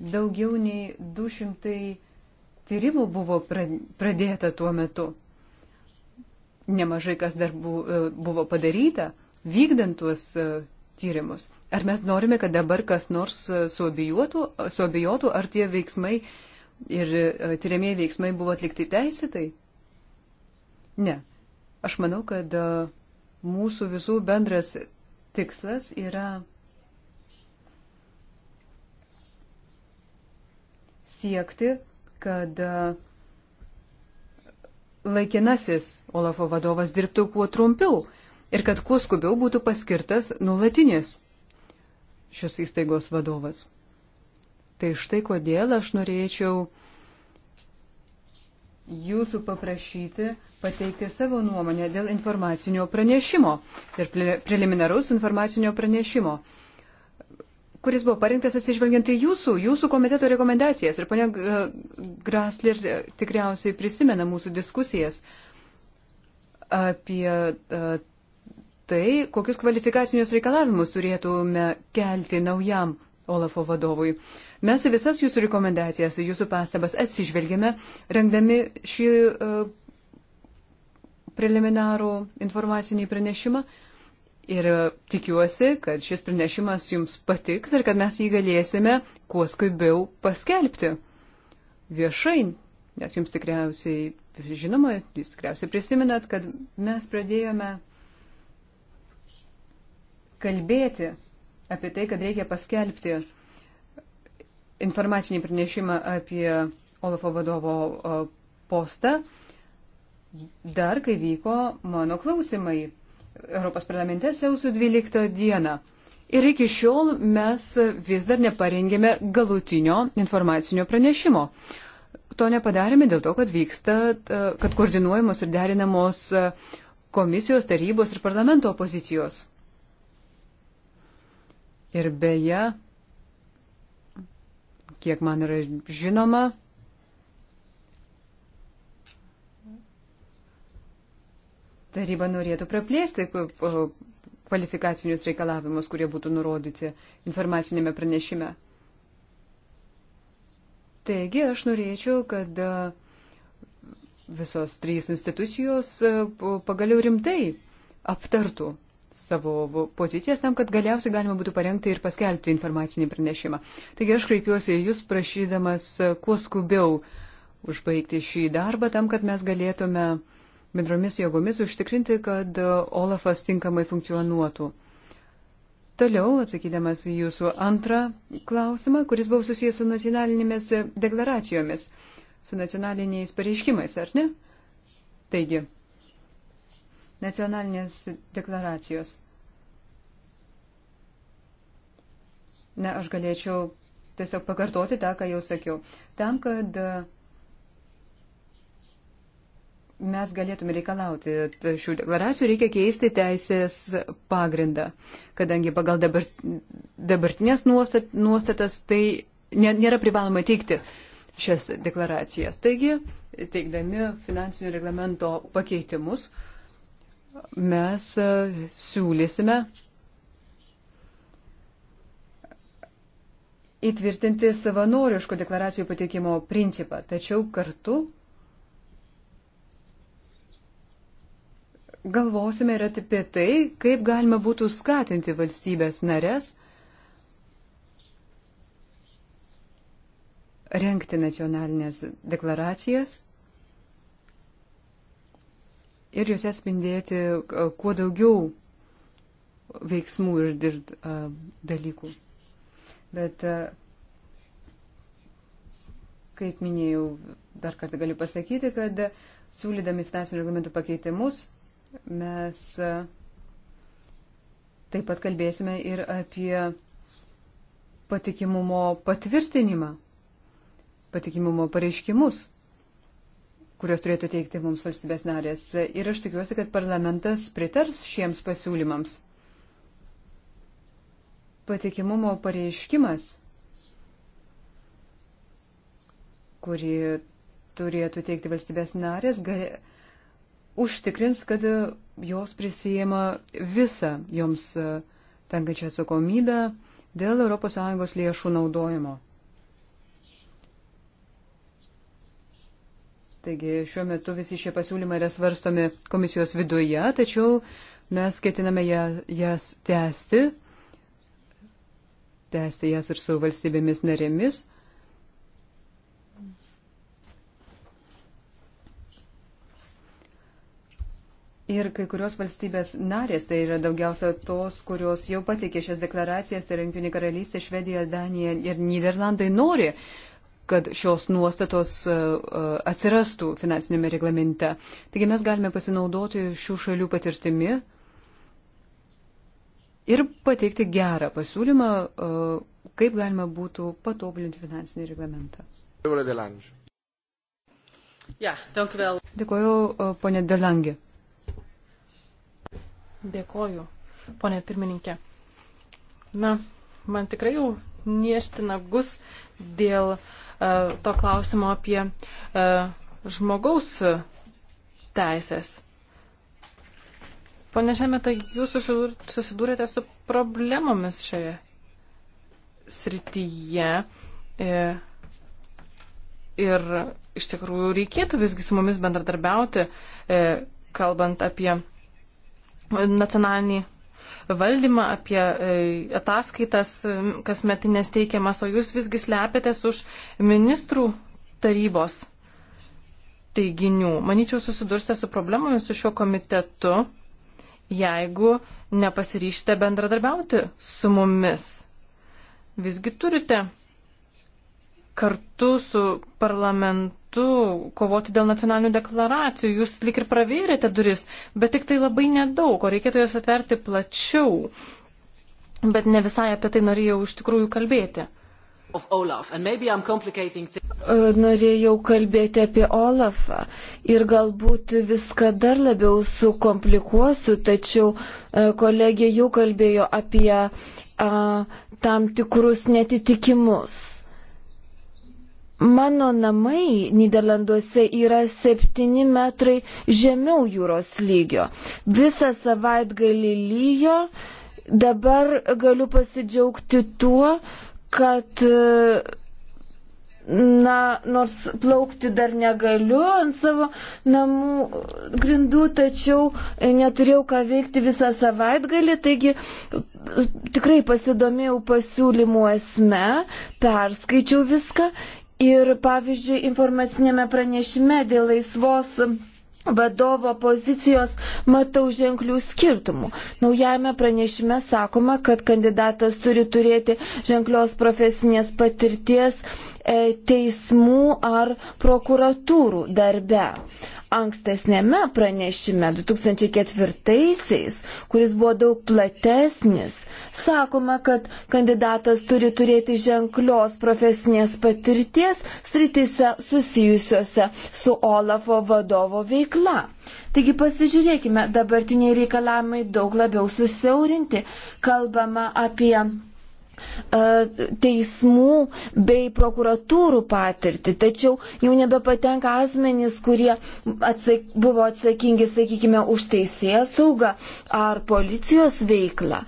Daugiau nei 200 tyrimų buvo pradėta tuo metu. Nemažai kas dar buvo padaryta, vykdant tuos tyrimus. Ar mes norime, kad dabar kas nors e, suabijotų, e, suabijotų ar tie veiksmai ir e, tyriamieji veiksmai buvo atlikti teisėtai? Ne. Aš manau, kad mūsų visų bendras tikslas yra siekti, kad laikinasis Olafo vadovas dirbtų kuo trumpiau ir kad kuo skubiau būtų paskirtas nulatinis šios įstaigos vadovas. Tai štai kodėl aš norėčiau jūsų paprašyti pateikti savo nuomonę dėl informacinio pranešimo ir preliminarus informacinio pranešimo, kuris buvo parinktas atsižvelgiant į jūsų, jūsų komiteto rekomendacijas. Ir ponia Grasler tikriausiai prisimena mūsų diskusijas apie tai, kokius kvalifikacinius reikalavimus turėtume kelti naujam Olafo vadovui. Mes visas jūsų rekomendacijas, jūsų pastabas atsižvelgėme, rengdami šį uh, preliminarų informacinį pranešimą. Ir e, tikiuosi, kad šis pranešimas jums patiks ir kad mes jį galėsime kuo skubiau paskelbti viešai, nes jums tikriausiai žinoma, jūs tikriausiai prisiminat, kad mes pradėjome kalbėti apie tai, kad reikia paskelbti informacinį pranešimą apie Olafo vadovo postą, dar kai vyko mano klausimai Europos parlamente sausio 12 dieną. Ir iki šiol mes vis dar neparengėme galutinio informacinio pranešimo. To nepadarėme dėl to, kad vyksta, kad koordinuojamos ir derinamos komisijos, tarybos ir parlamento pozicijos. Ir beje, kiek man yra žinoma, taryba norėtų praplėsti kvalifikacinius reikalavimus, kurie būtų nurodyti informacinėme pranešime. Taigi aš norėčiau, kad e, visos trys institucijos e, pagaliau rimtai aptartų savo pozicijas tam, kad galiausiai galima būtų parengti ir paskelbti informacinį pranešimą. Taigi aš kreipiuosi į Jūs prašydamas e, kuo skubiau užbaigti šį darbą tam, kad mes galėtume bendromis jėgomis užtikrinti, kad e, Olafas tinkamai funkcionuotų. Toliau, atsakydamas į Jūsų antrą klausimą, kuris buvo susijęs su nacionalinėmis e, deklaracijomis, su nacionaliniais pareiškimais, ar ne? Taigi, nacionalinės deklaracijos. Na, aš galėčiau tiesiog pakartoti tą, ką jau sakiau. Tam, kad mes galėtume reikalauti šių deklaracijų, reikia keisti teisės pagrindą, kadangi pagal dabart, dabartinės nuostat, nuostatas tai nėra privaloma teikti šias deklaracijas. Taigi, teikdami finansinio reglamento pakeitimus, uh, mes e, siūlysime įtvirtinti savanoriškų deklaracijų pateikimo principą, tačiau kartu galvosime ir apie tai, kaip galima būtų skatinti valstybės narės renkti nacionalinės deklaracijas ir juose spindėti kuo daugiau veiksmų ir, ir dalykų. Bet, kaip minėjau, dar kartą galiu pasakyti, kad siūlydami finansinių argumentų pakeitimus mes taip pat kalbėsime ir apie patikimumo patvirtinimą, patikimumo pareiškimus kurios turėtų teikti mums valstybės narės. Ir aš tikiuosi, kad parlamentas pritars šiems pasiūlymams. Patikimumo pareiškimas, kurį turėtų teikti valstybės narės, gali, užtikrins, kad jos prisijėma visą joms e, tenkačią atsakomybę dėl ES lėšų naudojimo. Taigi šiuo metu visi šie pasiūlymai yra svarstomi komisijos viduje, tačiau mes ketiname jas tęsti, tęsti jas ir su valstybėmis narėmis. Ir kai kurios valstybės narės, tai yra daugiausia tos, kurios jau patikė šias deklaracijas, tai yra Junktinė karalystė, Švedija, Danija ir Niderlandai nori kad šios nuostatos e, e, atsirastų finansinėme reglamente. Taigi mes galime pasinaudoti šių šalių patirtimi ir pateikti gerą pasiūlymą, e, kaip galima būtų patobulinti finansinį reglamentą. Dėkuoju, ponė Delangi. Dėkuoju, ponė pirmininkė. Na, man tikrai jau niešti nagus dėl uh, E, to klausimo apie e, žmogaus teisės. Pone Žemėta, jūs susidūrėte su problemomis šioje srityje. E, ir iš tikrųjų reikėtų visgi su mumis bendradarbiauti, kalbant apie nacionalinį valdymą, apie e, ataskaitas e, kasmetinės teikiamas, o jūs visgi slepiatės už ministrų tarybos teiginių. Manyčiau, susidursite su problemomis su šiuo komitetu, jeigu nepasiryšite bendradarbiauti su mumis. Visgi turite kartu su parlamentu metu kovoti dėl nacionalinių deklaracijų. Jūs lik ir pravėrėte duris, bet tik tai labai nedaug, o reikėtų jas atverti plačiau. Bet ne visai apie tai norėjau iš tikrųjų kalbėti. Olaf, e, Norėjau kalbėti apie Olafą ir galbūt viską dar labiau sukomplikuosiu, tačiau e, kolegė jau kalbėjo apie a, tam tikrus netitikimus. Mano namai Niderlanduose yra 7 metrai žemiau jūros lygio. Visą savaitgalį lyjo, dabar galiu pasidžiaugti tuo, kad na, nors plaukti dar negaliu ant savo namų grindų, tačiau neturėjau ką veikti visą savaitgalį, taigi tikrai pasidomėjau pasiūlymų esme, perskaičiau viską Ir pavyzdžiui, informacinėme pranešime dėl laisvos vadovo pozicijos matau ženklių skirtumų. Naujame pranešime sakoma, kad kandidatas turi turėti ženklios profesinės patirties e, teismų ar prokuratūrų darbe ankstesnėme pranešime 2004-aisiais, kuris buvo daug platesnis, sakoma, kad kandidatas turi turėti ženklios profesinės patirties sritise susijusiuose su Olafo vadovo veikla. Taigi pasižiūrėkime, dabartiniai reikalavimai daug labiau susiaurinti, kalbama apie E, teismų bei prokuratūrų patirtį, tačiau jau nebepatenka asmenys, kurie atsak, buvo atsakingi, sakykime, už teisėją saugą ar policijos veiklą.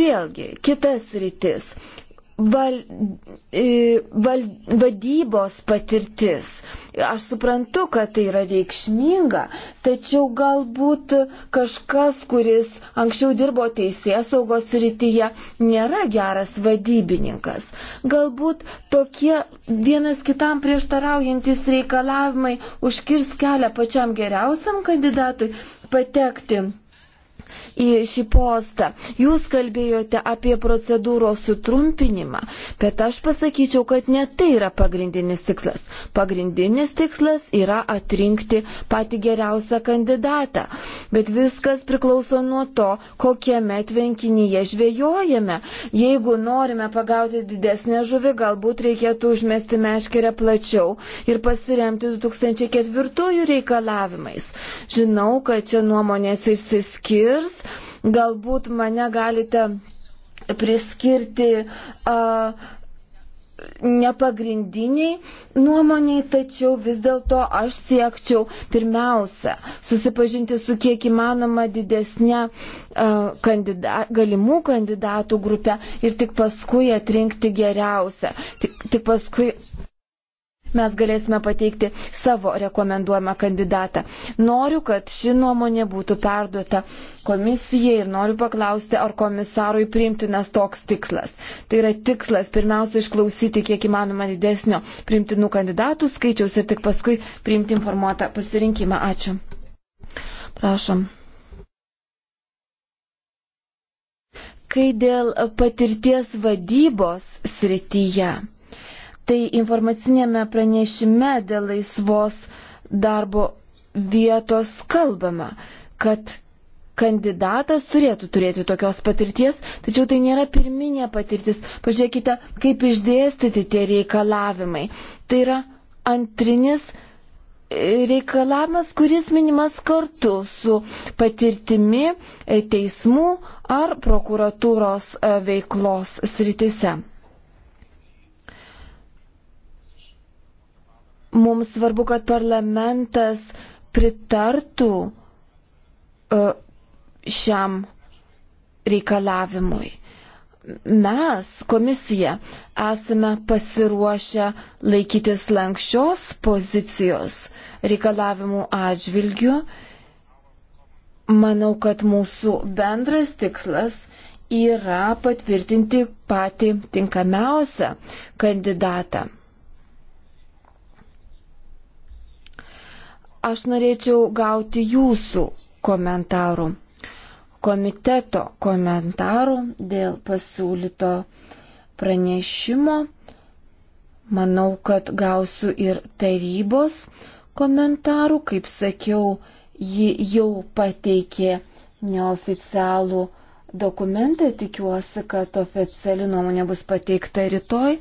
Vėlgi, kitas rytis val, e, val, vadybos patirtis. Aš suprantu, kad tai yra reikšminga, tačiau galbūt kažkas, kuris anksčiau dirbo teisės saugos rytyje, nėra geras vadybininkas. Galbūt tokie vienas kitam prieštaraujantis reikalavimai užkirs kelią pačiam geriausiam kandidatui patekti į šį postą. Jūs kalbėjote apie procedūros sutrumpinimą, bet aš pasakyčiau, kad ne tai yra pagrindinis tikslas. Pagrindinis tikslas yra atrinkti patį geriausią kandidatą. Bet viskas priklauso nuo to, kokiame tvenkinyje žvejojame. Jeigu norime pagauti didesnę žuvį, galbūt reikėtų užmesti meškerę plačiau ir pasiremti 2004 reikalavimais. Žinau, kad čia nuomonės išsiskirs, Galbūt mane galite priskirti uh, nepagrindiniai nuomoniai, tačiau vis dėlto aš siekčiau pirmiausia susipažinti su kiek įmanoma didesnė kandida, galimų kandidatų grupė ir tik paskui atrinkti geriausią. Tik, tik paskui mes galėsime pateikti savo rekomenduojamą kandidatą. Noriu, kad ši nuomonė būtų perduota komisijai ir noriu paklausti, ar komisarui priimtinas toks tikslas. Tai yra tikslas pirmiausia išklausyti kiek įmanoma didesnio priimtinų kandidatų skaičiaus ir tik paskui priimti informuotą pasirinkimą. Ačiū. Prašom. Kai dėl patirties vadybos srityje Tai informacinėme pranešime dėl laisvos darbo vietos kalbama, kad kandidatas turėtų turėti tokios patirties, tačiau tai nėra pirminė patirtis. Pažiūrėkite, kaip išdėstyti tie reikalavimai. Tai yra antrinis e, reikalavimas, kuris minimas kartu su patirtimi e, teismų ar prokuratūros e, veiklos sritise. Mums svarbu, kad parlamentas pritartų e, šiam reikalavimui. Mes, komisija, esame pasiruošę laikytis lankščios pozicijos reikalavimų atžvilgių. Manau, kad mūsų bendras tikslas yra patvirtinti patį tinkamiausią kandidatą. Aš norėčiau gauti jūsų komentarų, komiteto komentarų dėl pasiūlyto pranešimo. Manau, kad gausiu ir tarybos komentarų. Kaip sakiau, ji jau pateikė neoficialų dokumentą, tikiuosi, kad oficiali nuomonė bus pateikta rytoj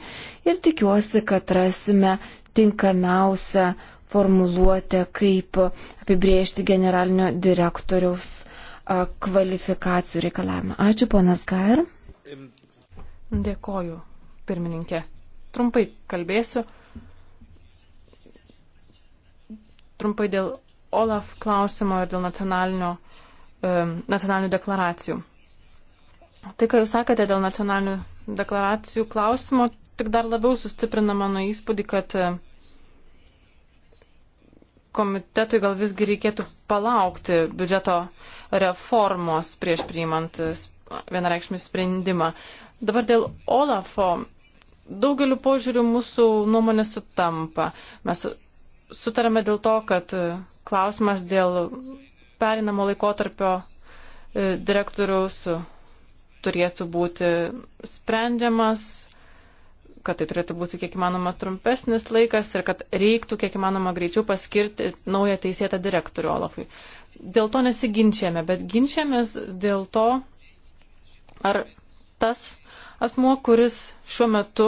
ir tikiuosi, kad rasime tinkamiausią formuluotę, kaip apibriežti generalinio direktoriaus kvalifikacijų reikalavimą. Ačiū, ponas Gair. Dėkoju, pirmininkė. Trumpai kalbėsiu. Trumpai dėl Olaf klausimo ir dėl nacionalinio, um, nacionalinių deklaracijų. Tai, ką jūs sakėte dėl nacionalinių deklaracijų klausimo, tik dar labiau sustiprina mano įspūdį, kad uh, komitetui gal visgi reikėtų palaukti biudžeto reformos prieš priimant vienareikšmį sprendimą. Dabar dėl Olafo daugeliu požiūrių mūsų nuomonė sutampa. Mes sutarėme dėl to, kad e, klausimas dėl perinamo laikotarpio e, direktoriaus turėtų būti sprendžiamas kad tai turėtų būti kiek įmanoma trumpesnis laikas ir kad reiktų kiek įmanoma greičiau paskirti naują teisėtą direktorių Olafui. Dėl to nesiginčiame, bet ginčiamės dėl to, ar tas asmuo, kuris šiuo metu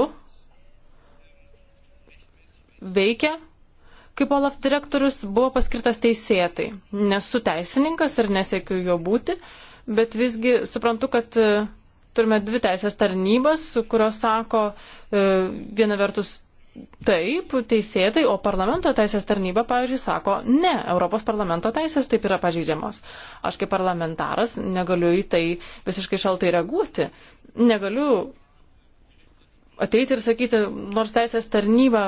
veikia kaip Olaf direktorius, buvo paskirtas teisėtai. Nesu teisininkas ir nesiekiu jo būti, bet visgi suprantu, kad turime dvi teisės tarnybas, kurios sako e, viena vertus taip, teisėtai, o parlamento teisės tarnyba, pavyzdžiui, sako, ne, Europos parlamento teisės taip yra pažydžiamos. Aš kaip parlamentaras negaliu į tai visiškai šaltai reaguoti. Negaliu ateiti ir sakyti, nors teisės tarnyba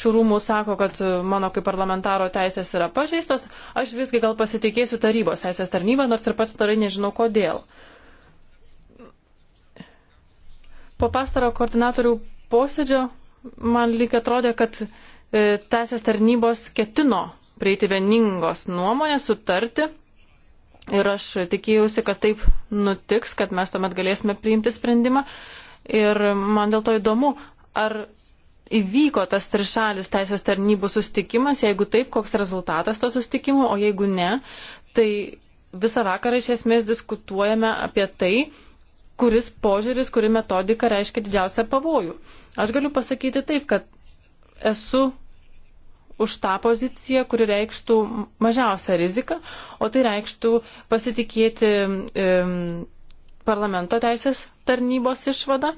šių rūmų sako, kad mano kaip parlamentaro teisės yra pažeistos, aš visgi gal pasitikėsiu tarybos teisės tarnybą, nors ir pats tarai nežinau kodėl. Uh, Po pastaro koordinatorių posėdžio man lyg atrodė, kad e, teisės tarnybos ketino prieiti vieningos nuomonės, sutarti. Ir aš tikėjausi, kad taip nutiks, kad mes tuomet galėsime priimti sprendimą. Ir man dėl to įdomu, ar įvyko tas trišalis teisės tarnybų sustikimas, jeigu taip, koks rezultatas to sustikimo, o jeigu ne, tai visą vakarą iš esmės diskutuojame apie tai, kuris požiūris, kuri metodika reiškia didžiausią pavojų. Aš galiu pasakyti taip, kad esu už tą poziciją, kuri reikštų mažiausią riziką, o tai reikštų pasitikėti e, parlamento teisės tarnybos išvada.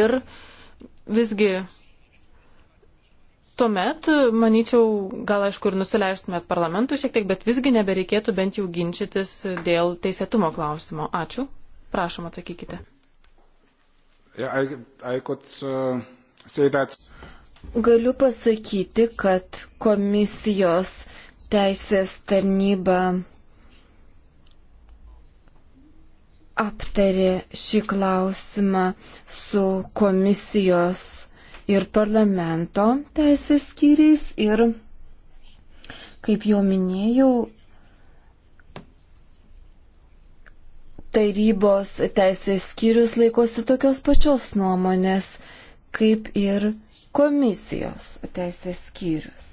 Ir visgi tuomet, manyčiau, gal aišku ir nusileistumėt parlamentui šiek tiek, bet visgi nebereikėtų bent jau ginčytis dėl teisėtumo klausimo. Ačiū. Prašom atsakykite. Yeah, I, I could, uh, Galiu pasakyti, kad komisijos teisės tarnyba aptarė šį klausimą su komisijos ir parlamento teisės skyriais ir, kaip jau minėjau, tarybos teisės skyrius laikosi tokios pačios nuomonės kaip ir komisijos teisės skyrius.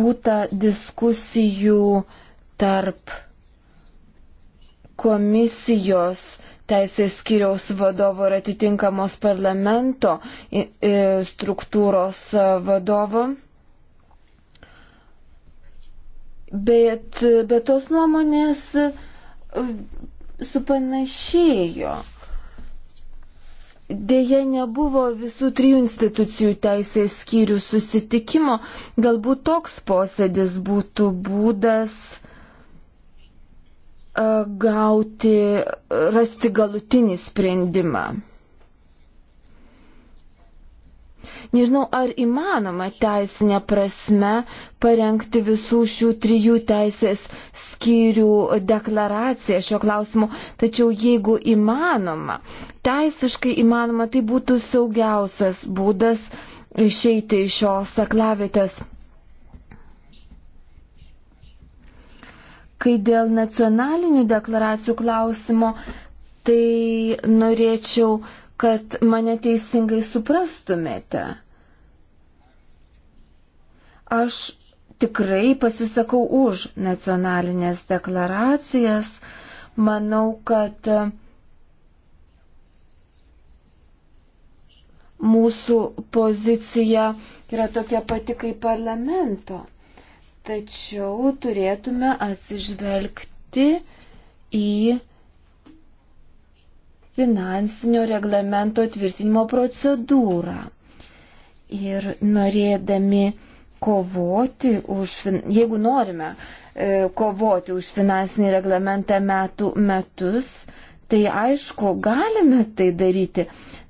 Būta diskusijų tarp komisijos teisės skyriaus vadovo ir atitinkamos parlamento struktūros vadovo bet, bet tos nuomonės e, supanašėjo. Deja, nebuvo visų trijų institucijų teisės skyrių susitikimo. Galbūt toks posėdis būtų būdas e, gauti, rasti galutinį sprendimą. Nežinau, ar įmanoma teisinė prasme parengti visų šių trijų teisės skyrių deklaraciją šio klausimu, tačiau jeigu įmanoma, teisiškai įmanoma, tai būtų saugiausias būdas išeiti iš šios aklavitės. Kai dėl nacionalinių deklaracijų klausimo, tai norėčiau kad mane teisingai suprastumėte. Aš tikrai pasisakau už nacionalinės deklaracijas. Manau, kad mūsų pozicija yra tokia pati kaip parlamento. Tačiau turėtume atsižvelgti į finansinio reglamento tvirtinimo procedūrą. Ir norėdami kovoti už, jeigu norime e, kovoti už finansinį reglamentą metų metus, tai aišku, galime tai daryti,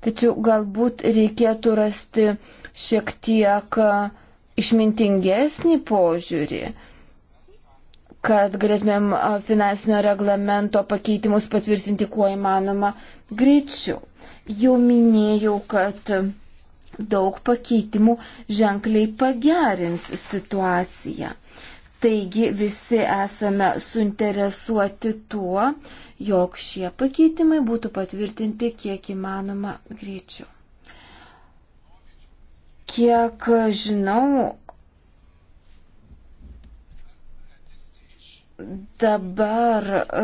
tačiau galbūt reikėtų rasti šiek tiek išmintingesnį požiūrį kad galėtumėm finansinio reglamento pakeitimus patvirtinti kuo įmanoma greičiau. Jau minėjau, kad daug pakeitimų ženkliai pagerins situaciją. Taigi visi esame suinteresuoti tuo, jog šie pakeitimai būtų patvirtinti kiek įmanoma greičiau. Kiek žinau, Dabar e,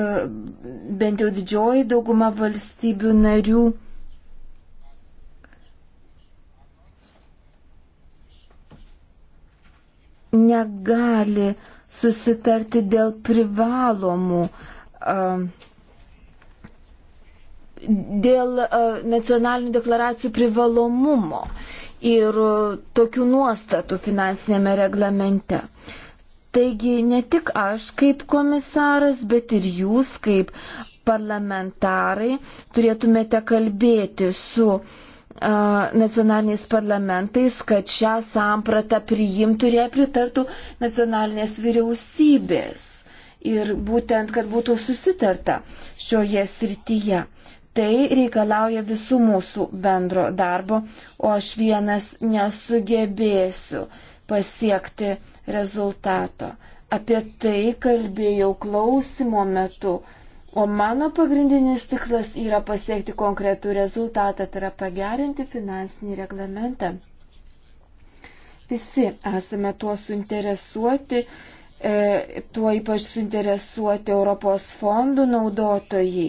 bent jau didžioji dauguma valstybių narių negali susitarti dėl privalomų, e, dėl e, nacionalinių deklaracijų privalomumo ir tokių nuostatų finansinėme reglamente. Taigi ne tik aš kaip komisaras, bet ir jūs kaip parlamentarai turėtumėte kalbėti su uh, nacionaliniais parlamentais, kad šią sampratą priimtų ir ją pritartų nacionalinės vyriausybės. Ir būtent, kad būtų susitarta šioje srityje. Tai reikalauja visų mūsų bendro darbo, o aš vienas nesugebėsiu pasiekti uh, rezultato. Apie tai kalbėjau klausimo metu, o mano pagrindinis tikslas yra pasiekti konkretų rezultatą, tai yra pagerinti finansinį reglamentą. Visi esame tuo suinteresuoti, e, tuo ypač suinteresuoti Europos fondų naudotojai,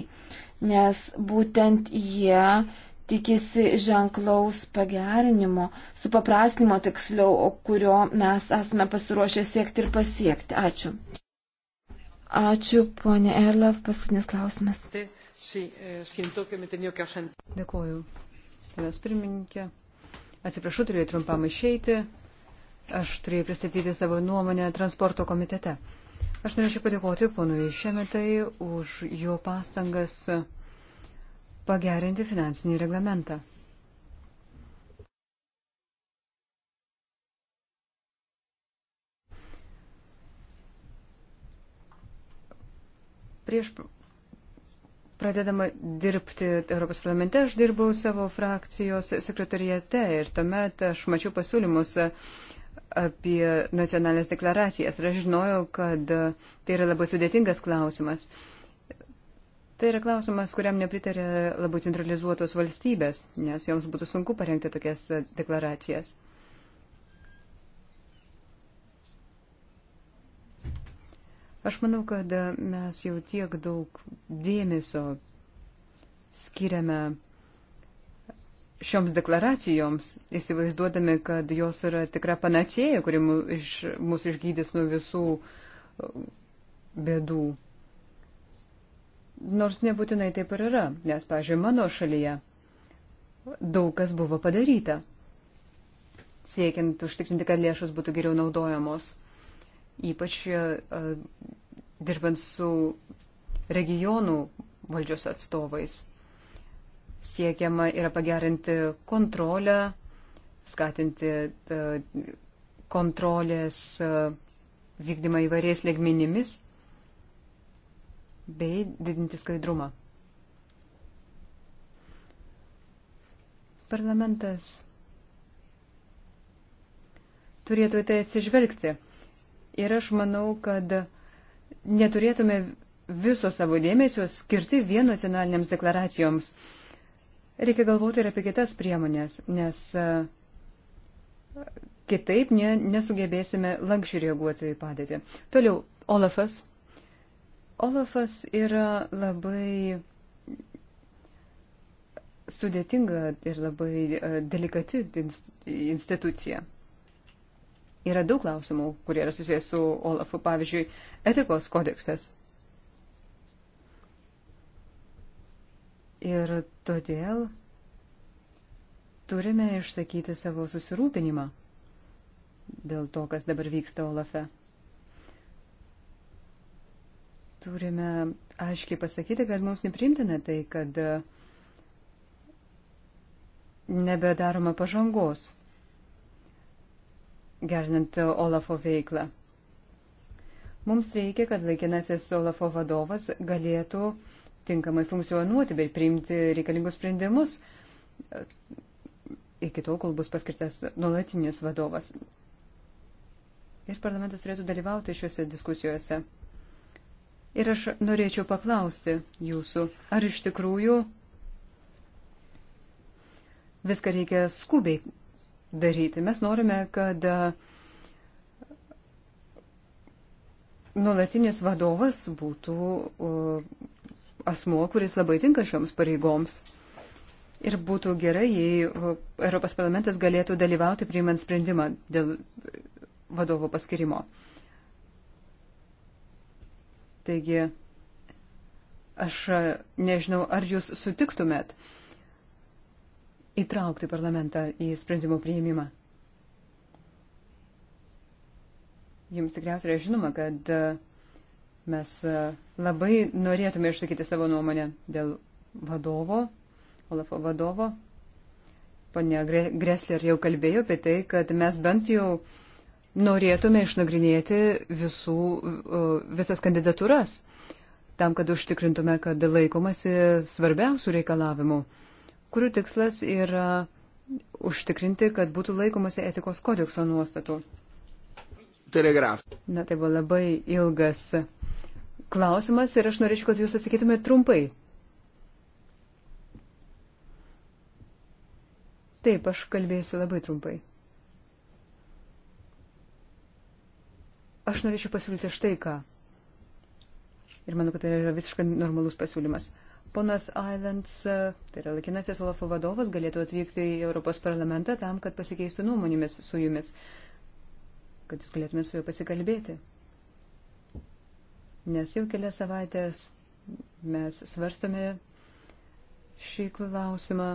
nes būtent jie tikisi ženklaus pagerinimo, supaprastinimo tiksliau, kurio mes esame pasiruošę siekti ir pasiekti. Ačiū. Ačiū, ponė Erlav, paskutinis klausimas. Eh, Dėkuoju. Vienas pirmininkė. Atsiprašau, turėjau trumpam išeiti. Aš turėjau pristatyti savo nuomonę transporto komitete. Aš norėčiau padėkoti ponui Šemetai už jo pastangas pagerinti finansinį reglamentą. Prieš pradedama dirbti Europos parlamente, aš dirbau savo frakcijos sekretorijate ir tuomet aš mačiau pasiūlymus apie nacionalinės deklaracijas ir aš žinojau, kad tai yra labai sudėtingas klausimas. Tai yra klausimas, kuriam nepritarė labai centralizuotos valstybės, nes joms būtų sunku parengti tokias e, deklaracijas. Aš manau, kad e, mes jau tiek daug dėmesio skiriame šioms deklaracijoms, įsivaizduodami, kad jos yra tikra panacėja, kuri mūsų išgydys nuo visų e, bėdų. Nors nebūtinai taip ir yra, nes, pažiūrėjau, mano šalyje daug kas buvo padaryta, siekiant užtikrinti, kad lėšos būtų geriau naudojamos, ypač uh, dirbant su regionų valdžios atstovais. Siekiama yra pagerinti kontrolę, skatinti uh, kontrolės uh, vykdymą įvairiais legminimis bei didinti skaidrumą. Parlamentas turėtų į tai atsižvelgti. Ir aš manau, kad neturėtume viso savo dėmesio skirti vien nacionaliniams deklaracijoms. Reikia galvoti ir apie kitas priemonės, nes e, kitaip ne, nesugebėsime lankščiai reaguoti į padėtį. Toliau, Olafas Olafas yra labai sudėtinga ir labai e, delikati institucija. Yra daug klausimų, kurie yra susijęs su Olafu, pavyzdžiui, etikos kodeksas. Ir todėl turime išsakyti savo susirūpinimą dėl to, kas dabar vyksta Olafe turime aiškiai pasakyti, kad mums neprimtina tai, kad nebedaroma pažangos, gerinant Olafo veiklą. Mums reikia, kad laikinasis Olafo vadovas galėtų tinkamai funkcionuoti bei priimti reikalingus sprendimus iki tol, kol bus paskirtas nuolatinis vadovas. Ir parlamentas turėtų dalyvauti šiuose diskusijuose. Ir aš norėčiau paklausti jūsų, ar iš tikrųjų viską reikia skubiai daryti. Mes norime, kad uh, nulatinis vadovas būtų uh, asmuo, kuris labai tinka šioms pareigoms. Ir būtų gerai, jei uh, Europos parlamentas galėtų dalyvauti priimant sprendimą dėl vadovo paskirimo. Taigi, aš e, nežinau, ar jūs sutiktumėt įtraukti parlamentą į sprendimo prieimimą. Jums tikriausiai yra žinoma, kad e, mes e, labai norėtume išsakyti savo nuomonę dėl vadovo, Olafo vadovo. Pane Gresler jau kalbėjo apie tai, kad mes bent jau uh, norėtume išnagrinėti visų, e, visas kandidatūras, tam, kad užtikrintume, kad laikomasi svarbiausių reikalavimų, kurių tikslas yra užtikrinti, kad būtų laikomasi etikos kodekso nuostatų. Telegraf. Na, tai buvo labai ilgas klausimas ir aš norėčiau, kad jūs atsakytumėte trumpai. Taip, aš kalbėsiu labai trumpai. Aš norėčiau pasiūlyti štai ką. Ir manau, kad tai yra visiškai normalus pasiūlymas. Ponas Islands, e, tai yra laikinasis Olafo vadovas, galėtų atvykti į Europos parlamentą tam, kad pasikeistų nuomonėmis su jumis, kad jūs galėtumėte su juo pasikalbėti. Nes jau kelias savaitės mes svarstame šį klausimą.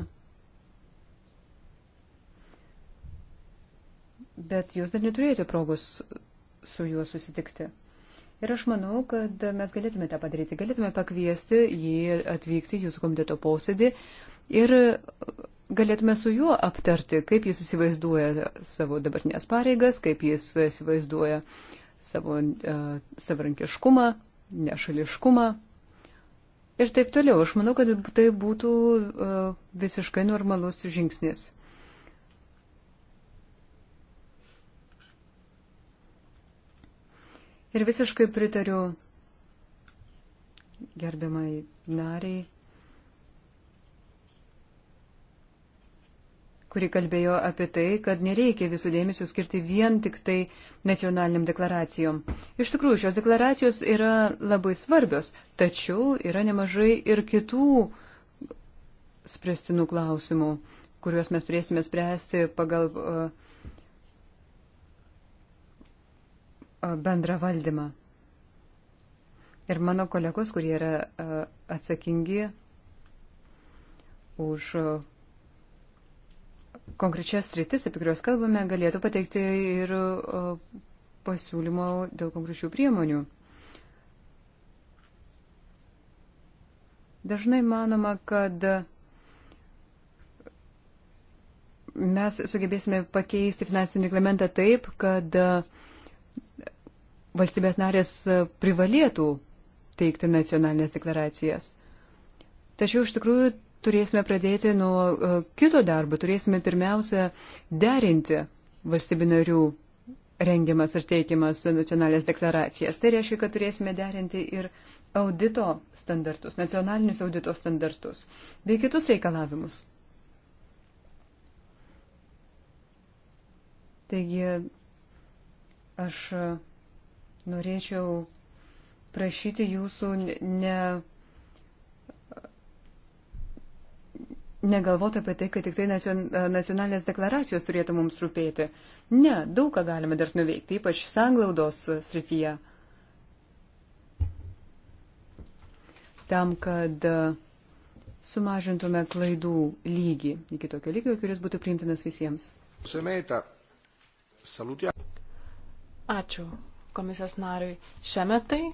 Bet jūs dar neturėjote progos su juo susitikti. Ir aš manau, kad mes galėtume tą padaryti. Galėtume pakviesti jį atvykti jūsų komiteto posėdį ir galėtume su juo aptarti, kaip jis įsivaizduoja savo dabartinės pareigas, kaip jis įsivaizduoja savo uh, savarankiškumą, nešališkumą ir taip toliau. Aš manau, kad tai būtų uh, visiškai normalus žingsnis. Ir visiškai pritariu gerbiamai nariai, kuri kalbėjo apie tai, kad nereikia visų dėmesio skirti vien tik tai nacionaliniam deklaracijom. Iš tikrųjų, šios deklaracijos yra labai svarbios, tačiau yra nemažai ir kitų spręstinų klausimų, kuriuos mes turėsime spręsti pagal uh, bendrą valdymą. Ir mano kolegos, kurie yra atsakingi už konkrečias strytis, apie kuriuos kalbame, galėtų pateikti ir pasiūlymo dėl konkrečių priemonių. Dažnai manoma, kad mes sugebėsime pakeisti finansinį reglamentą taip, kad uh, valstybės narės privalėtų teikti nacionalinės deklaracijas. Tačiau iš tikrųjų turėsime pradėti nuo e, kito darbo, turėsime pirmiausia derinti valstybių narių rengiamas ir teikiamas nacionalinės deklaracijas. Tai reiškia, kad turėsime derinti ir audito standartus, nacionalinius audito standartus bei kitus reikalavimus. Taigi aš Norėčiau prašyti jūsų ne, negalvoti apie tai, kad tik tai nacionalinės deklaracijos turėtų mums rūpėti. Ne, daug ką galime dar nuveikti, ypač sanglaudos srityje. Tam, kad sumažintume klaidų lygį iki tokio lygio, kuris būtų priimtinas visiems. Ačiū komisijos nariui Šemetai.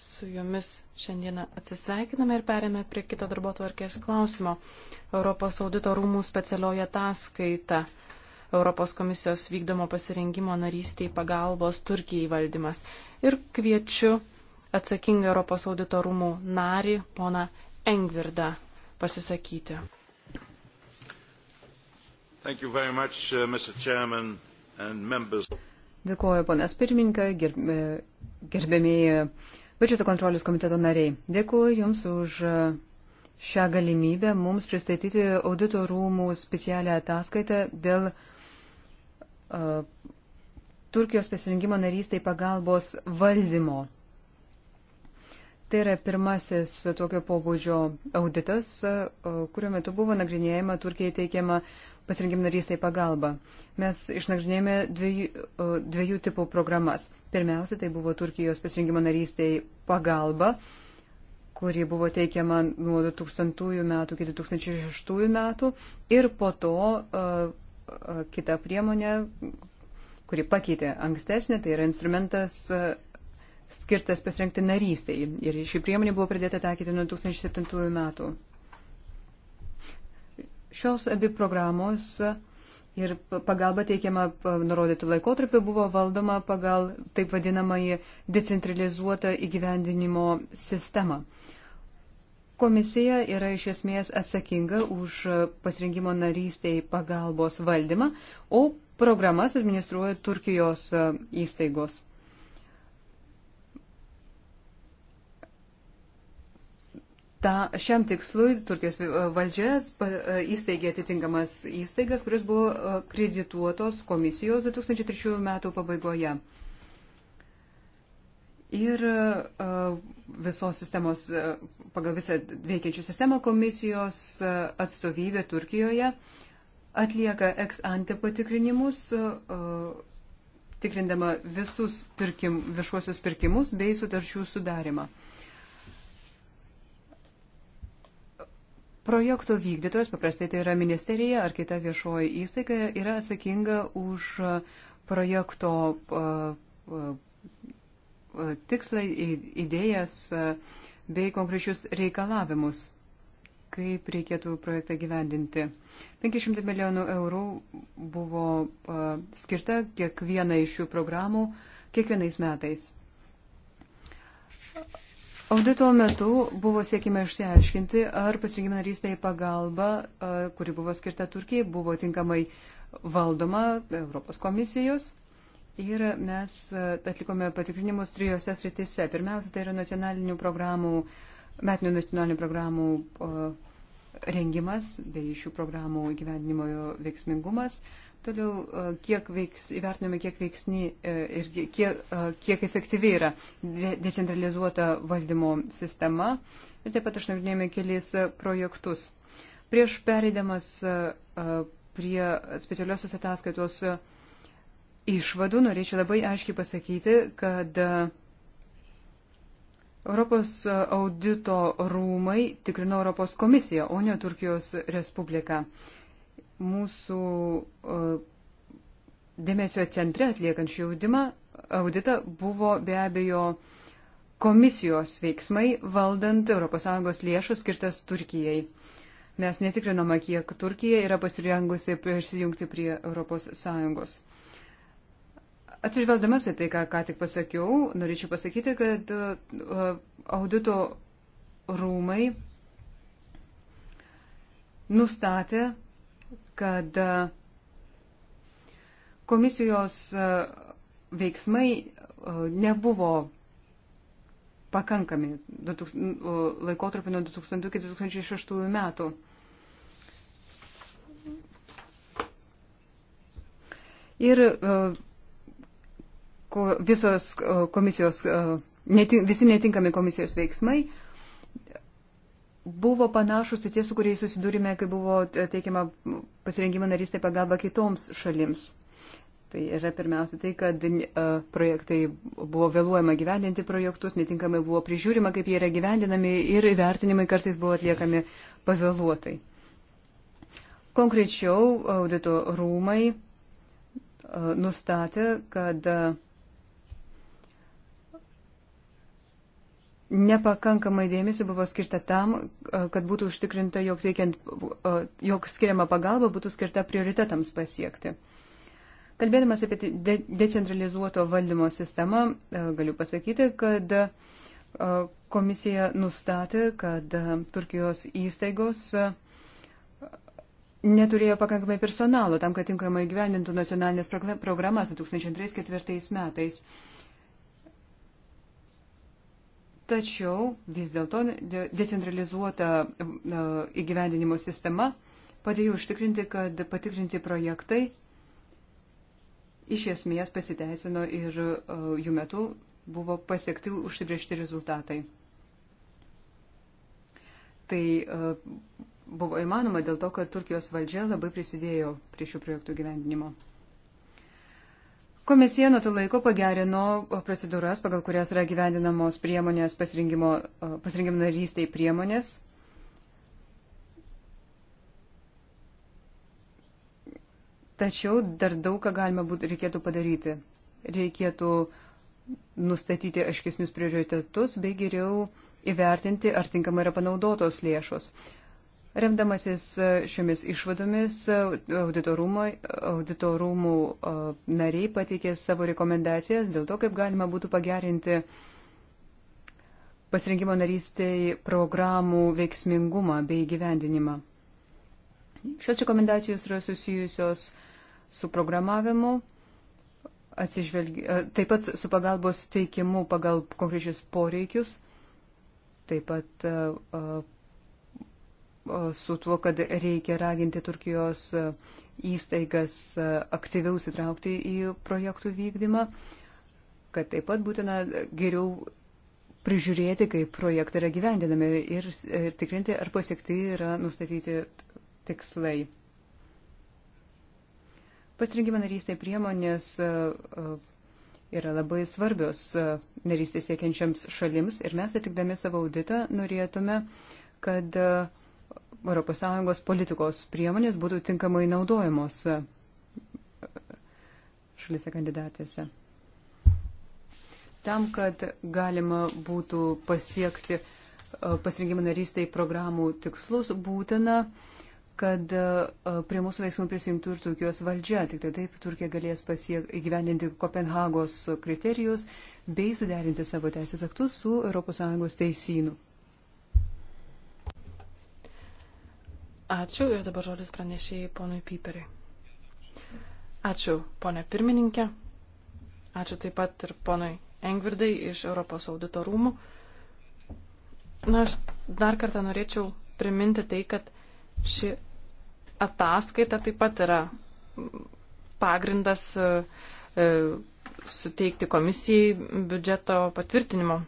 Su jumis šiandieną atsisveikiname ir perėmė prie kito darbo tvarkės klausimo. Europos audito rūmų specialioje ataskaita. Europos komisijos vykdomo pasirengimo narystiai pagalbos Turkijai valdymas. Ir kviečiu atsakingą Europos audito rūmų narį, pona Engvirdą, pasisakyti. Much, uh, Chairman, Dėkuoju, ponas pirmininkai, gerbėmėjai e, biudžeto kontrolės komiteto nariai. Dėkuoju Jums už e, šią galimybę mums pristatyti audito rūmų specialią ataskaitą dėl uh, Turkijos pasirinkimo narystai pagalbos valdymo. Tai yra pirmasis tokio pobūdžio auditas, uh, kurio metu buvo nagrinėjama Turkijai teikiama pasirinkimų narystai pagalba. Mes išnagrinėjome dviejų, dviejų tipų programas. Pirmiausia, tai buvo Turkijos pasirinkimo narystai pagalba, kuri buvo teikiama nuo 2000 metų iki 2006 metų. Ir po to uh, uh, kita priemonė, kuri pakeitė ankstesnį, tai yra instrumentas. Uh, skirtas pasirinkti narystai. Ir ši priemonė buvo pradėta taikyti nuo 2007 metų. Šios abi programos ir pagalba teikiama nurodytų laikotarpių buvo valdoma pagal taip vadinamąjį decentralizuotą įgyvendinimo sistemą. Komisija yra iš esmės atsakinga už pasirinkimo narystėj pagalbos valdymą, o programas administruoja Turkijos e, įstaigos. Ta, šiam tikslui Turkijos e, valdžias e, įsteigė atitinkamas įstaigas, kuris buvo e, kredituotos komisijos 2003 metų pabaigoje. Ir visos sistemos, pagal visą veikiančią sistemą komisijos atstovybė Turkijoje atlieka ex ante patikrinimus, tikrindama visus pirkim, viešuosius pirkimus bei sutarčių sudarimą. Projektų vykdytojas, paprastai tai yra ministerija ar kita viešoji įstaiga, yra atsakinga už uh, projekto uh, uh, tikslai, idėjas bei konkrečius reikalavimus, kaip reikėtų projektą gyvendinti. 500 milijonų eurų buvo skirta kiekvienai iš šių programų kiekvienais metais. Audito metu buvo siekime išsiaiškinti, ar pasirinkimo narystė į pagalbą, kuri buvo skirta Turkijai, buvo tinkamai valdoma Europos komisijos. Ir mes atlikome patikrinimus trijose sritise. Pirmiausia, tai yra nacionalinių programų, metinių nacionalinių programų rengimas bei šių programų įgyvendinimo veiksmingumas. Toliau, e, kiek veiks, įvertiname, kiek veiksni e, ir e, kiek, kiek efektyviai yra decentralizuota valdymo sistema. Ir taip pat išnagrinėjome kelis projektus. Prieš pereidamas prie specialiosios ataskaitos išvadų, norėčiau labai aiškiai pasakyti, kad Europos audito rūmai tikrino Europos komisiją, o ne Turkijos Respubliką mūsų e, dėmesio centre atliekant šį audimą, auditą buvo be abejo komisijos veiksmai valdant ES lėšas skirtas Turkijai. Mes netikrinome, kiek Turkija yra pasirengusi prisijungti prie ES. Atsižvelgdamas į tai, ką, ką tik pasakiau, norėčiau pasakyti, kad uh, audito rūmai nustatė, kad e, komisijos e, veiksmai e, nebuvo pakankami laikotarpį nuo 2000 iki 2006 metų. Ir visos komisijos, neti, visi netinkami komisijos veiksmai buvo panašus į tie, su kuriais susidūrime, kai buvo e, teikiama pasirengimo narystė pagalba kitoms šalims. Tai yra pirmiausia tai, kad e, projektai buvo vėluojama gyvendinti projektus, netinkamai buvo prižiūrima, kaip jie yra gyvendinami ir vertinimai kartais buvo atliekami pavėluotai. Konkrečiau audito rūmai e, nustatė, kad nepakankamai dėmesio buvo skirta tam, kad būtų užtikrinta, jog, teikiant, jog skiriama pagalba būtų skirta prioritetams pasiekti. Kalbėdamas apie de decentralizuoto valdymo sistemą, galiu pasakyti, kad komisija nustatė, kad Turkijos įstaigos neturėjo pakankamai personalo tam, kad tinkamai gyvenintų nacionalinės programas 2002-2004 metais. Tačiau vis dėlto decentralizuota e, įgyvendinimo sistema padėjo užtikrinti, kad patikrinti projektai iš esmės pasiteisino ir e, jų metu buvo pasiekti užsibriežti rezultatai. Tai e, buvo įmanoma dėl to, kad Turkijos valdžia labai prisidėjo prie šių projektų gyvendinimo. Komisija nuo to laiko pagerino procedūras, pagal kurias yra gyvendinamos priemonės pasirinkimo, pasirinkimo narystiai priemonės. Tačiau dar daug ką galima būtų, reikėtų padaryti. Reikėtų nustatyti aiškesnius prioritetus bei geriau įvertinti, ar tinkamai yra panaudotos lėšos. Uh, Remdamasis e, šiomis išvadomis, e, auditorumų e, nariai pateikė savo rekomendacijas dėl to, kaip galima būtų pagerinti pasirinkimo narystėj programų veiksmingumą bei gyvendinimą. Šios rekomendacijos yra susijusios su programavimu, taip pat su pagalbos teikimu pagal konkrečius poreikius, taip pat uh, su tuo, kad reikia raginti Turkijos e, įstaigas e, aktyviau sitraukti į projektų vykdymą, kad taip pat būtina geriau prižiūrėti, kaip projektai yra gyvendinami ir e, tikrinti, ar pasiekti yra nustatyti tikslai. Pasirinkimo narystė priemonės yra labai svarbios narystės siekiančiams šalims ir mes atlikdami savo auditą norėtume, kad uh, ES politikos priemonės būtų tinkamai naudojamos e, šalise kandidatėse. Tam, kad galima būtų pasiekti e, pasirinkimo narystai programų tikslus, būtina, kad e, prie mūsų veiksmų prisijungtų ir Turkijos valdžia. Tik tai taip Turkija galės pasiek, įgyvendinti Kopenhagos kriterijus bei suderinti savo teisės aktus su ES teisynu. Ačiū ir dabar žodis pranešėjai ponui Piperiui. Ačiū, ponė pirmininkė. Ačiū taip pat ir ponui Engvirdai iš Europos audito rūmų. Na, aš dar kartą norėčiau priminti tai, kad ši ataskaita taip pat yra pagrindas e, e, suteikti komisijai biudžeto patvirtinimo,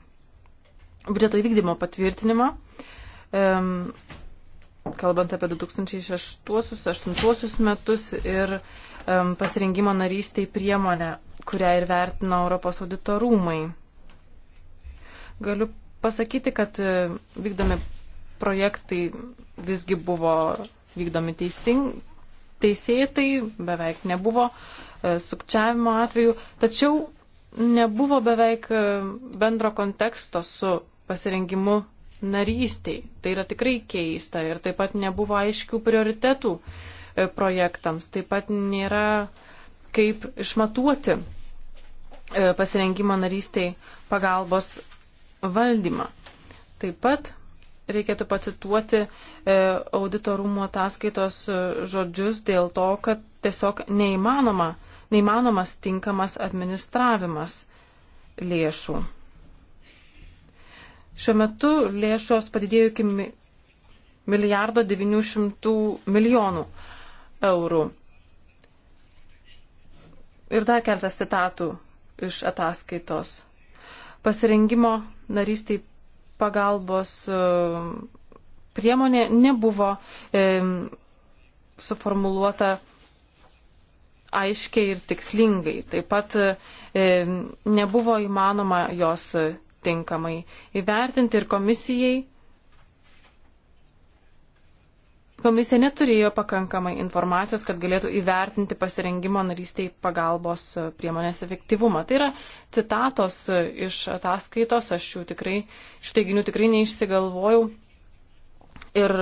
biudžeto įvykdymo patvirtinimą kalbant apie 2006-2008 metus ir um, pasirinkimo narystiai priemonę, kurią ir vertino Europos audito rūmai. Galiu pasakyti, kad e, vykdomi projektai visgi buvo vykdomi teising, teisėtai, beveik nebuvo e, sukčiavimo atveju, tačiau nebuvo beveik e, bendro konteksto su pasirengimu narystiai. Tai yra tikrai keista ir taip pat nebuvo aiškių prioritetų e, projektams, taip pat nėra kaip išmatuoti e, pasirengimo narystiai pagalbos valdymą. Taip pat reikėtų pacituoti e, auditorumo ataskaitos žodžius dėl to, kad tiesiog neįmanoma, neįmanomas tinkamas administravimas lėšų. Šiuo metu lėšos padidėjo iki milijardo 900 milijonų eurų. Ir dar keltas citatų iš ataskaitos. Pasirengimo narystiai pagalbos e, priemonė nebuvo e, suformuluota aiškiai ir tikslingai. Taip pat e, nebuvo įmanoma jos tinkamai įvertinti ir komisijai. Komisija neturėjo pakankamai informacijos, kad galėtų įvertinti pasirengimo narystiai pagalbos priemonės efektyvumą. Tai yra citatos iš ataskaitos, aš jų tikrai, šių teiginių tikrai neišsigalvojau. Ir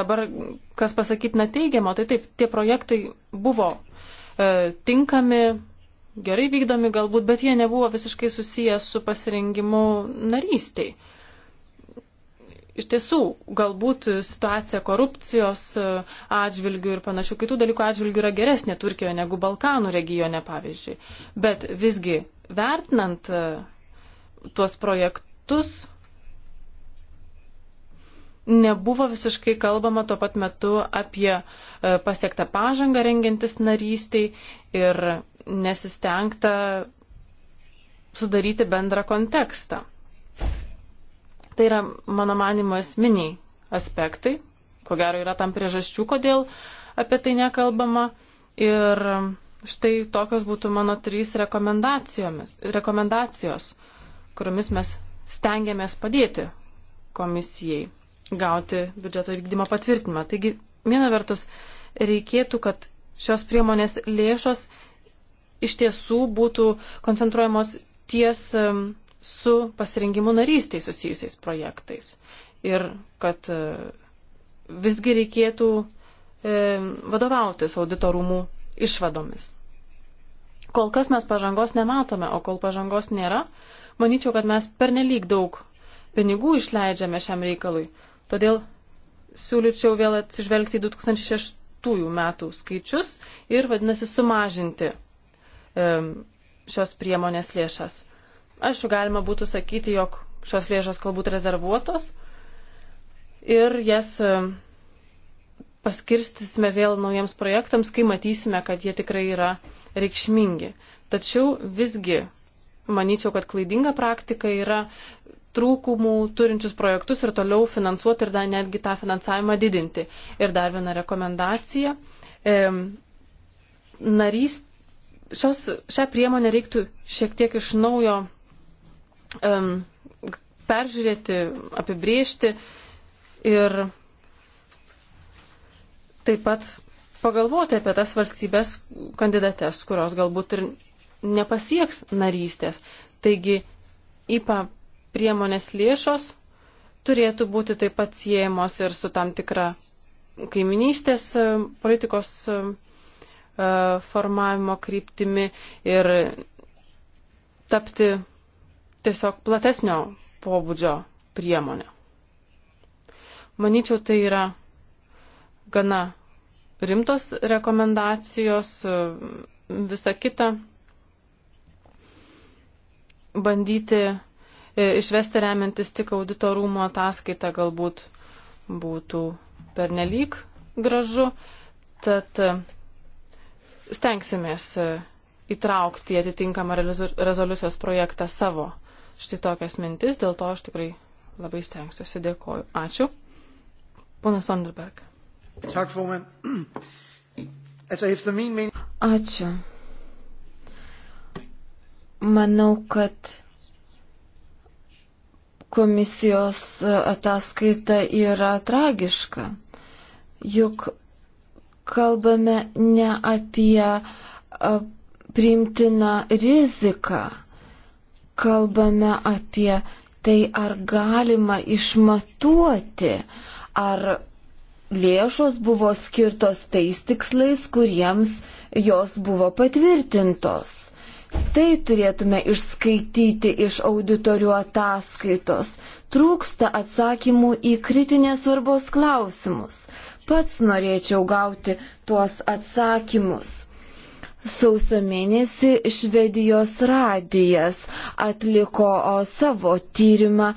dabar, kas pasakyti neteigiamo, tai taip, tie projektai buvo e, tinkami, gerai vykdomi galbūt, bet jie nebuvo visiškai susijęs su pasirengimu narystiai. Iš tiesų, galbūt situacija korupcijos atžvilgių ir panašių kitų dalykų atžvilgių yra geresnė Turkijoje negu Balkanų regione, pavyzdžiui. Bet visgi, vertinant e, tuos projektus, nebuvo visiškai kalbama tuo pat metu apie e, pasiektą pažangą rengiantis narystiai ir nesistengta sudaryti bendrą kontekstą. Tai yra, mano manimo, esminiai aspektai. Ko gero yra tam priežasčių, kodėl apie tai nekalbama. Ir štai tokios būtų mano trys rekomendacijos, kuriomis mes stengiamės padėti komisijai gauti biudžeto vykdymo patvirtinimą. Taigi, viena vertus, reikėtų, kad šios priemonės lėšos iš tiesų būtų koncentruojamos ties su pasirengimu narystiai susijusiais projektais. Ir kad e, visgi reikėtų e, vadovautis auditorumų išvadomis. Kol kas mes pažangos nematome, o kol pažangos nėra, manyčiau, kad mes pernelyg daug pinigų išleidžiame šiam reikalui. Todėl siūlyčiau vėl atsižvelgti į 2006 metų skaičius ir vadinasi sumažinti šios priemonės lėšas. Aišku, galima būtų sakyti, jog šios lėšos galbūt rezervuotos ir jas paskirstysime vėl naujiems projektams, kai matysime, kad jie tikrai yra reikšmingi. Tačiau visgi manyčiau, kad klaidinga praktika yra trūkumų turinčius projektus ir toliau finansuoti ir dar netgi tą finansavimą didinti. Ir dar viena rekomendacija. E, narys, šios, šią priemonę reiktų šiek tiek iš naujo um, peržiūrėti, apibriežti ir taip pat pagalvoti apie tas valstybės kandidates, kurios galbūt ir nepasieks narystės. Taigi IPA priemonės lėšos turėtų būti taip pat siejamos ir su tam tikra kaiminystės politikos E, formavimo kryptimi ir tapti tiesiog platesnio pobūdžio priemonė. Maničiau, tai yra gana rimtos rekomendacijos, visa kita. Bandyti e, išvesti remiantis tik auditorumo ataskaitą galbūt būtų pernelyg gražu. Tad stengsimės e, įtraukti atitinkamą rezoliucijos projektą savo. Štai tokias mintis, dėl to aš tikrai labai stengsiuosi. Dėkoju. Ačiū. Ponas Sonderberg. Ačiū. Manau, kad komisijos ataskaita yra tragiška. Juk kalbame ne apie priimtiną riziką, kalbame apie tai, ar galima išmatuoti, ar lėšos buvo skirtos tais tikslais, kuriems jos buvo patvirtintos. Tai turėtume išskaityti iš auditorių ataskaitos. Trūksta atsakymų į kritinės svarbos klausimus pats norėčiau gauti tuos atsakymus. Sausio mėnesį Švedijos radijas atliko savo tyrimą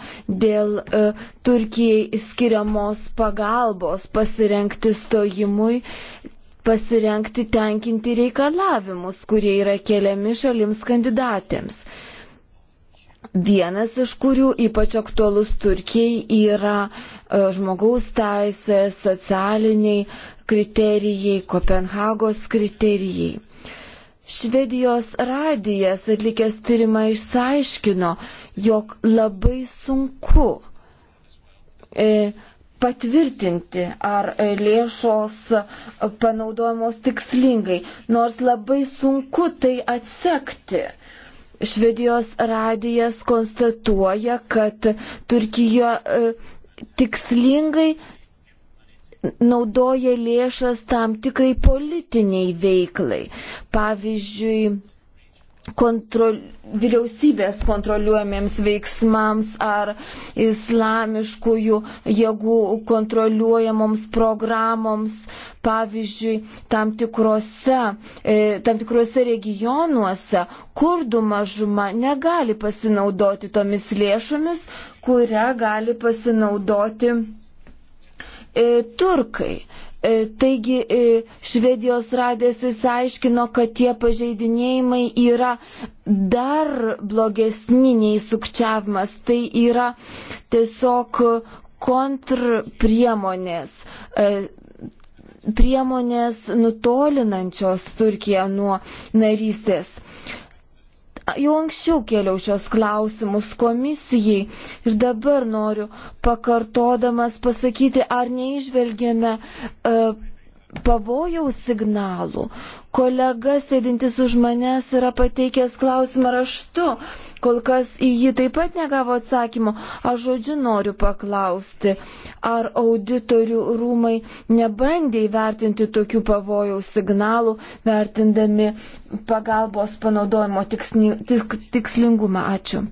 dėl e, Turkijai skiriamos pagalbos pasirenkti stojimui, pasirenkti tenkinti reikalavimus, kurie yra keliami šalims kandidatėms. Vienas iš kurių ypač aktualus Turkijai yra e, žmogaus teisės, socialiniai kriterijai, Kopenhagos kriterijai. Švedijos radijas atlikęs tyrimą išsiaiškino, jog labai sunku e, patvirtinti, ar e, lėšos panaudojamos tikslingai, nors labai sunku tai atsekti. E, Švedijos radijas konstatuoja, kad Turkija e, tikslingai naudoja lėšas tam tikrai politiniai veiklai. Pavyzdžiui, kontrol, vyriausybės kontroliuojamiems veiksmams ar islamiškųjų jėgų kontroliuojamoms programoms, pavyzdžiui, tam tikrose, e, tam tikrose regionuose kurdų mažuma negali pasinaudoti tomis lėšomis, kurią gali pasinaudoti e, turkai. E, taigi e, Švedijos radės įsiaiškino, kad tie pažeidinėjimai yra dar blogesni nei sukčiavimas. Tai yra tiesiog kontrpriemonės e, priemonės nutolinančios Turkiją nuo narystės jau anksčiau kėliau šios klausimus komisijai ir dabar noriu pakartodamas pasakyti, ar neižvelgėme uh, e, pavojaus signalų. Kolega sėdintis už manęs yra pateikęs klausimą raštu, kol kas į jį taip pat negavo atsakymo. Aš žodžiu noriu paklausti, ar auditorių rūmai nebandė įvertinti tokių pavojaus signalų, vertindami pagalbos panaudojimo tiksni, tik, tikslingumą. Ačiū.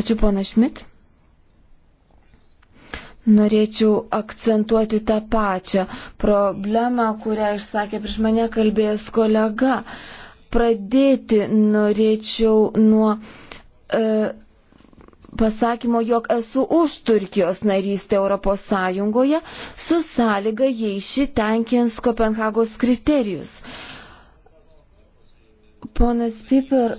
Ačiū, pana Šmit. Norėčiau akcentuoti tą pačią problemą, kurią išsakė prieš mane kalbėjęs kolega. Pradėti norėčiau nuo e, pasakymo, jog esu už Turkijos narystę Europos Sąjungoje su sąlyga, jei ši tenkins Kopenhagos kriterijus. Ponas Piper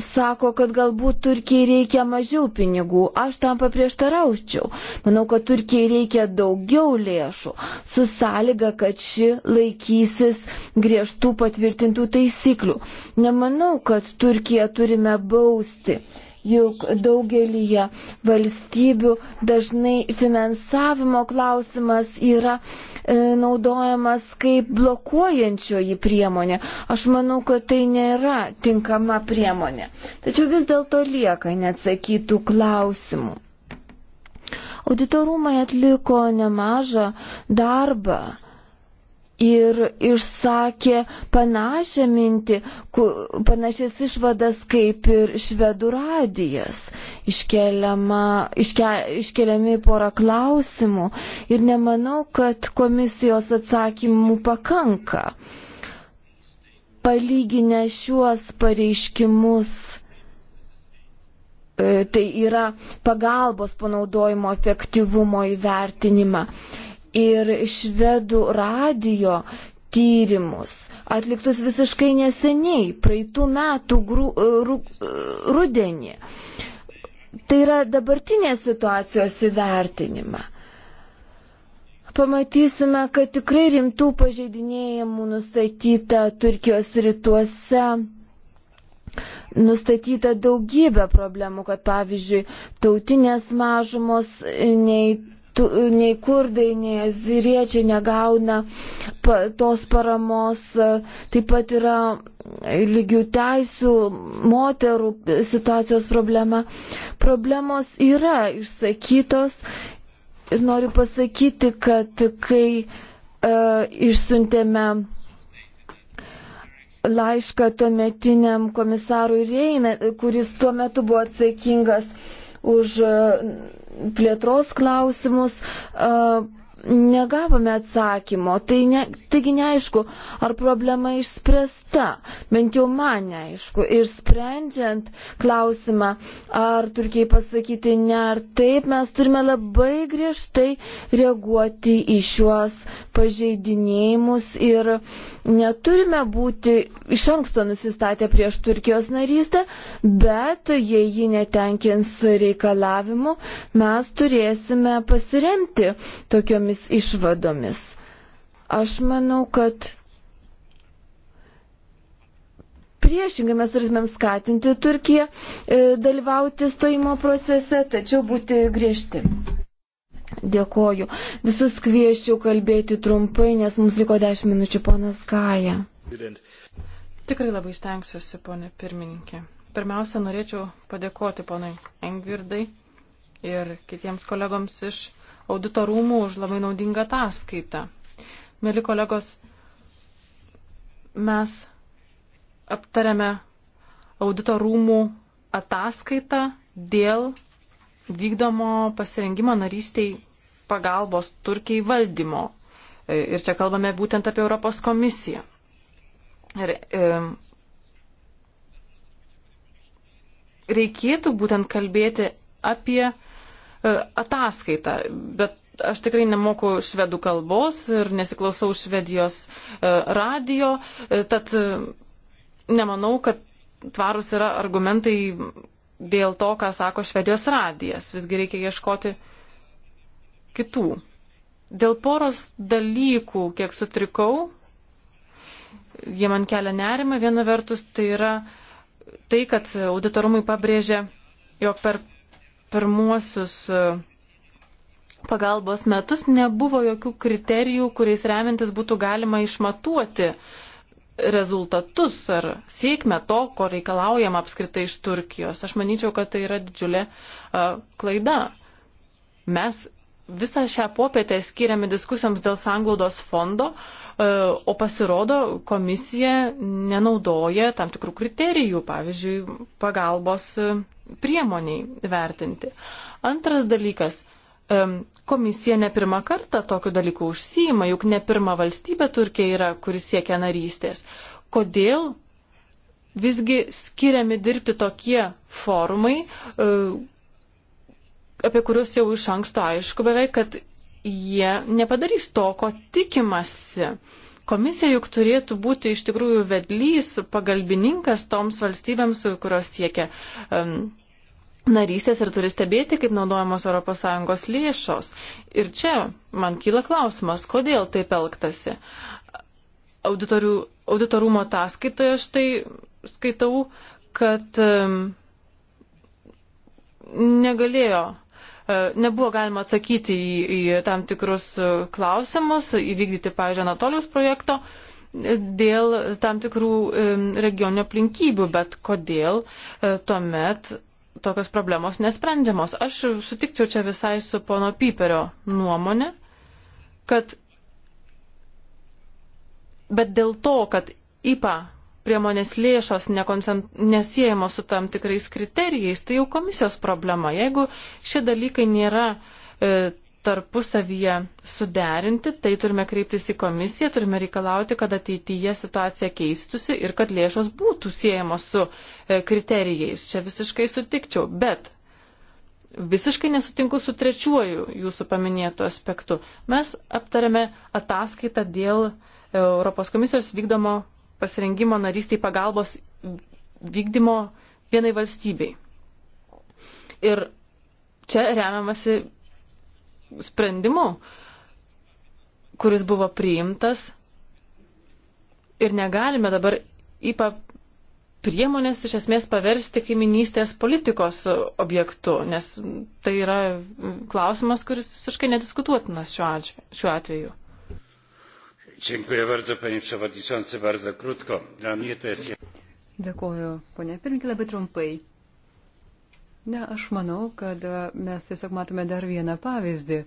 sako, kad galbūt Turkijai reikia mažiau pinigų. Aš tam paprieštaraučiau. Manau, kad Turkijai reikia daugiau lėšų, su sąlyga, kad ši laikysis griežtų patvirtintų taisyklių. Nemanau, kad Turkiją turime bausti juk daugelyje valstybių dažnai finansavimo klausimas yra e, naudojamas kaip blokuojančioji priemonė. Aš manau, kad tai nėra tinkama priemonė. Tačiau vis dėlto lieka neatsakytų klausimų. Auditorumai atliko nemažą darbą ir išsakė panašią mintį, panašias išvadas kaip ir švedų radijas. Iškeliama, iške, iškeliami porą klausimų ir nemanau, kad komisijos atsakymų pakanka. Palyginę šiuos pareiškimus e, tai yra pagalbos panaudojimo efektyvumo įvertinimą ir švedų radio tyrimus, atliktus visiškai neseniai, praeitų metų gru, ru, rudenį. Tai yra dabartinės situacijos įvertinimą. Pamatysime, kad tikrai rimtų pažeidinėjimų nustatyta Turkijos rytuose nustatyta daugybė problemų, kad pavyzdžiui, tautinės mažumos nei tu, nei kurdai, nei aziriečiai negauna pa, tos paramos. Taip pat yra lygių teisų, moterų situacijos problema. Problemos yra išsakytos ir noriu pasakyti, kad kai e, išsiuntėme laišką tuometiniam komisarui Reinai, kuris tuo metu buvo atsakingas už plėtros klausimus. Uh, negavome atsakymo, tai ne, taigi neaišku, ar problema išspręsta, bent jau man neaišku. Ir sprendžiant klausimą, ar Turkijai pasakyti ne ar taip, mes turime labai griežtai reaguoti į šiuos pažeidinėjimus ir neturime būti iš anksto nusistatę prieš Turkijos narystę, bet jei ji netenkins reikalavimų, mes turėsime pasiremti tokiomis tomis išvadomis. Aš manau, kad priešingai mes turėtumėm skatinti Turkiją e, dalyvauti stojimo procese, tačiau būti griežti. Dėkoju. Visus kvieščiau kalbėti trumpai, nes mums liko 10 minučių, ponas Kaja. Tikrai labai stengsiuosi, ponė pirmininkė. Pirmiausia, norėčiau padėkoti ponai Engvirdai ir kitiems kolegoms iš auditorumų už labai naudingą ataskaitą. Mėly kolegos, mes aptarėme auditorumų ataskaitą dėl vykdomo pasirengimo narystiai pagalbos Turkiai valdymo. E, ir čia kalbame būtent apie Europos komisiją. Ir e, reikėtų būtent kalbėti apie E, ataskaitą, bet aš tikrai nemoku švedų kalbos ir nesiklausau švedijos e, radio, e, tad nemanau, kad tvarus yra argumentai dėl to, ką sako švedijos radijas. Visgi reikia ieškoti kitų. Dėl poros dalykų, kiek sutrikau, jie man kelia nerimą. Viena vertus tai yra tai, kad auditorumai pabrėžė, jog per pirmuosius e, pagalbos metus nebuvo jokių kriterijų, kuriais remintis būtų galima išmatuoti rezultatus ar sėkmę to, ko reikalaujama apskritai iš Turkijos. Aš manyčiau, kad tai yra didžiulė uh, klaida. Mes visą šią popietę skiriame diskusijoms dėl sanglaudos fondo, uh, o pasirodo, komisija nenaudoja tam tikrų kriterijų, pavyzdžiui, pagalbos uh, priemoniai vertinti. Antras dalykas. Komisija ne pirmą kartą tokiu dalyku užsijima, juk ne pirma valstybė Turkija yra, kuris siekia narystės. Kodėl visgi skiriami dirbti tokie forumai, e, apie kuriuos jau iš anksto aišku beveik, kad jie nepadarys to, ko tikimasi Komisija juk turėtų būti iš tikrųjų vedlys, pagalbininkas toms valstybėms, kurios siekia um, narystės ir turi stebėti, kaip naudojamos ES lėšos. Ir čia man kyla klausimas, kodėl taip elgtasi. Auditorių, auditorumo ataskaitoje aš tai skaitau, kad um, negalėjo E, nebuvo galima atsakyti į, į tam tikrus e, klausimus, įvykdyti, pavyzdžiui, Anatolijos projekto e, dėl tam tikrų regionio aplinkybių, bet kodėl tuomet tokios problemos nesprendžiamos. Aš sutikčiau čia visai su pono Piperio nuomonė, kad bet dėl to, kad IPA priemonės lėšos nesiejamos su tam tikrais kriterijais, tai jau komisijos problema. Jeigu šie dalykai nėra e, tarpusavyje suderinti, tai turime kreiptis į komisiją, turime reikalauti, kad ateityje situacija keistusi ir kad lėšos būtų siejamos su e, kriterijais. Čia visiškai sutikčiau, bet visiškai nesutinku su trečiuoju jūsų paminėtu aspektu. Mes aptarėme ataskaitą dėl e, Europos komisijos vykdomo pasirengimo narystiai pagalbos vykdymo vienai valstybei. Ir čia remiamasi sprendimu, kuris buvo priimtas ir negalime dabar ypa priemonės iš esmės paversti kaiminystės politikos objektu, nes tai yra klausimas, kuris visiškai nediskutuotinas šiuo atveju. Dziękuję bardzo, panie przewodniczący, bardzo krótko. Dla mnie to jest... Dėkuoju, ponė pirmininkė, labai trumpai. Na, aš manau, kad mes tiesiog matome dar vieną pavyzdį,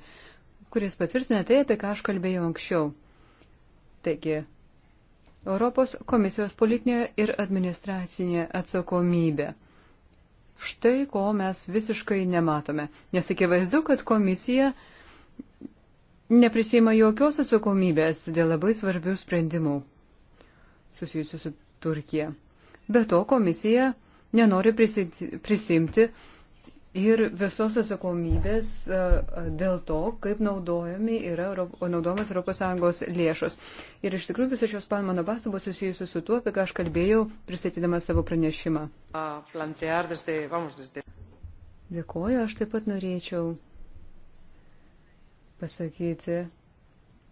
kuris patvirtina tai, apie ką aš kalbėjau anksčiau. Taigi, Europos komisijos politinė ir administracinė atsakomybė. Štai ko mes visiškai nematome, nes akivaizdu, kad komisija neprisima jokios atsakomybės dėl labai svarbių sprendimų susijusių su Turkija. Be to, komisija nenori prisimti ir visos atsakomybės dėl to, kaip naudojami yra, naudojamas ES lėšos. Ir iš tikrųjų visos šios mano pastabos susijusios su tuo, apie ką aš kalbėjau, pristatydama savo pranešimą. Dėkoju, aš taip pat norėčiau pasakyti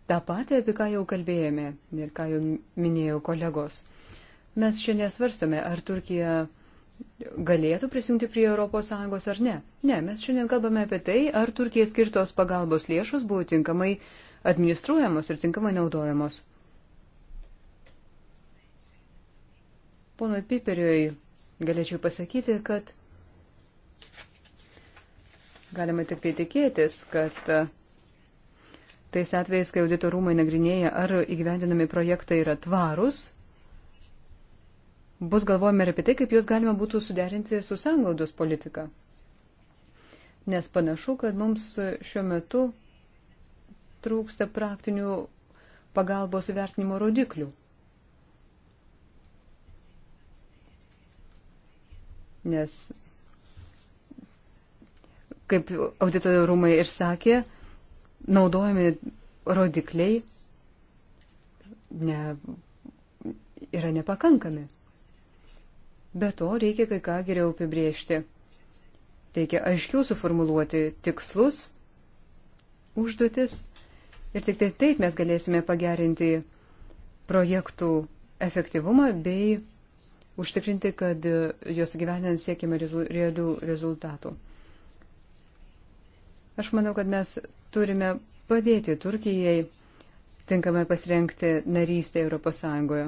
tą patį, apie ką jau kalbėjome ir ką jau minėjau kolegos. Mes šiandien svarstome, ar Turkija galėtų prisijungti prie ES ar ne. Ne, mes šiandien kalbame apie tai, ar Turkijai skirtos pagalbos lėšos buvo tinkamai administruojamos ir tinkamai naudojamos. Ponui Piperiui galėčiau pasakyti, kad galima tik tai tikėtis, kad tais atvejais, kai auditorumai nagrinėja, ar įgyvendinami projektai yra tvarus, bus galvojama ir apie tai, kaip juos galima būtų suderinti su sanglaudos politika. Nes panašu, kad mums šiuo metu trūksta praktinių pagalbos įvertinimo rodiklių. Nes, kaip audito rūmai ir sakė, naudojami rodikliai ne, yra nepakankami. Be to reikia kai ką geriau apibriežti. Reikia aiškiau suformuluoti tikslus, užduotis ir tik tai taip mes galėsime pagerinti projektų efektyvumą bei užtikrinti, kad juos gyvenant siekime realių rezultatų. Aš manau, kad mes turime padėti Turkijai tinkamai pasirengti narystę Europos Sąjungoje.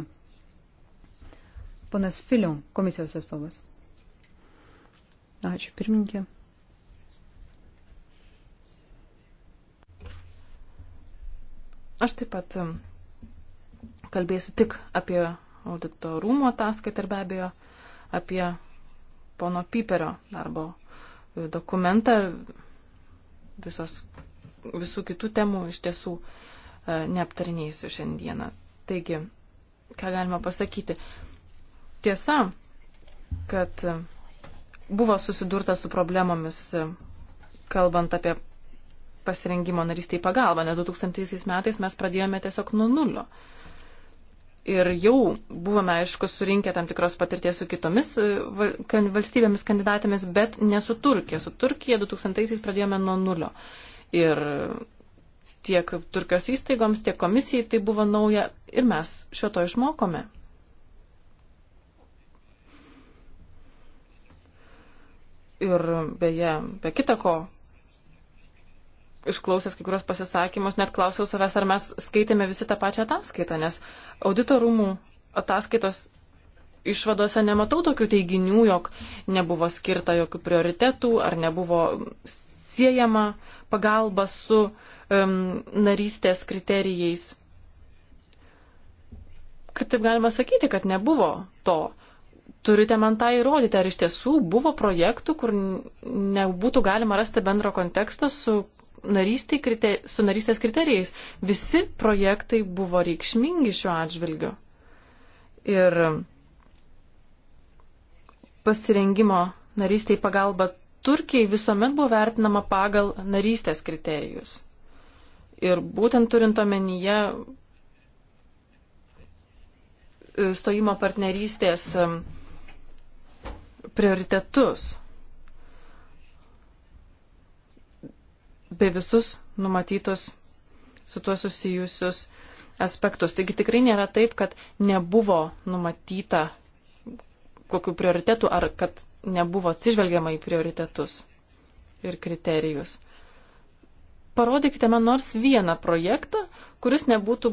Ponas Filiu, komisijos atstovas. Ačiū, pirmininkė. Aš taip pat um, kalbėsiu tik apie audito rūmo ataskaitą ir be abejo apie pono Piperio darbo e, dokumentą. Visos visų kitų temų iš tiesų e, neaptarnėsiu šiandieną. Taigi, ką galima pasakyti? Tiesa, kad e, buvo susidurta su problemomis, e, kalbant apie pasirengimo narystiai pagalbą, nes 2000 metais mes pradėjome tiesiog nuo nulio. Ir jau buvome, aišku, surinkę tam tikros patirties su kitomis valstybėmis kandidatėmis, bet ne su Turkija. Su Turkija 2000-aisiais pradėjome nuo nulio ir tiek Turkijos įstaigoms, tiek komisijai tai buvo nauja ir mes šio to išmokome. Ir beje, be kita ko, išklausęs kai kurios pasisakymus, net klausiau savęs, ar mes skaitėme visi tą pačią ataskaitą, nes auditorumų ataskaitos išvadose nematau tokių teiginių, jog nebuvo skirta jokių prioritetų ar nebuvo siejama uh, pagalba su um, narystės kriterijais. Kaip taip galima sakyti, kad nebuvo to? Turite man tą įrodyti, ar iš tiesų buvo projektų, kur nebūtų galima rasti bendro konteksto su, kriter... su narystės kriterijais. Visi projektai buvo reikšmingi šiuo atžvilgiu. Ir pasirengimo narystiai pagalba Turkijai visuomet buvo vertinama pagal narystės kriterijus. Ir būtent turint omenyje e, stojimo partnerystės e, prioritetus bei visus numatytus su tuo susijusius aspektus. Taigi tikrai nėra taip, kad nebuvo numatyta kokių prioritetų ar kad nebuvo atsižvelgiama į prioritetus ir kriterijus. Parodykite man nors vieną projektą, kuris nebūtų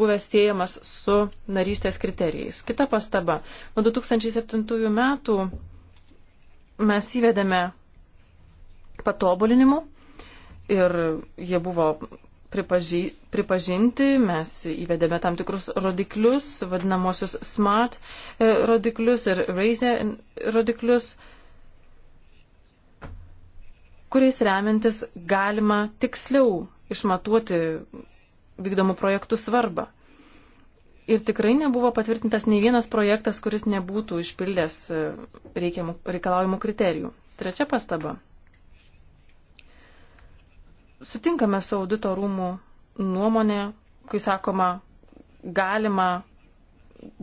buvęs siejamas su narystės kriterijais. Kita pastaba. Nuo 2007 metų mes įvedėme patobulinimų ir jie buvo pripaži, pripažinti, mes įvedėme tam tikrus rodiklius, vadinamosius smart e, rodiklius ir raise rodiklius, kuriais remiantis galima tiksliau išmatuoti vykdomų projektų svarbą. Ir tikrai nebuvo patvirtintas nei vienas projektas, kuris nebūtų išpildęs e, reikiamų reikalaujimų kriterijų. Trečia pastaba sutinkame su audito rūmų nuomonė, kai sakoma, galima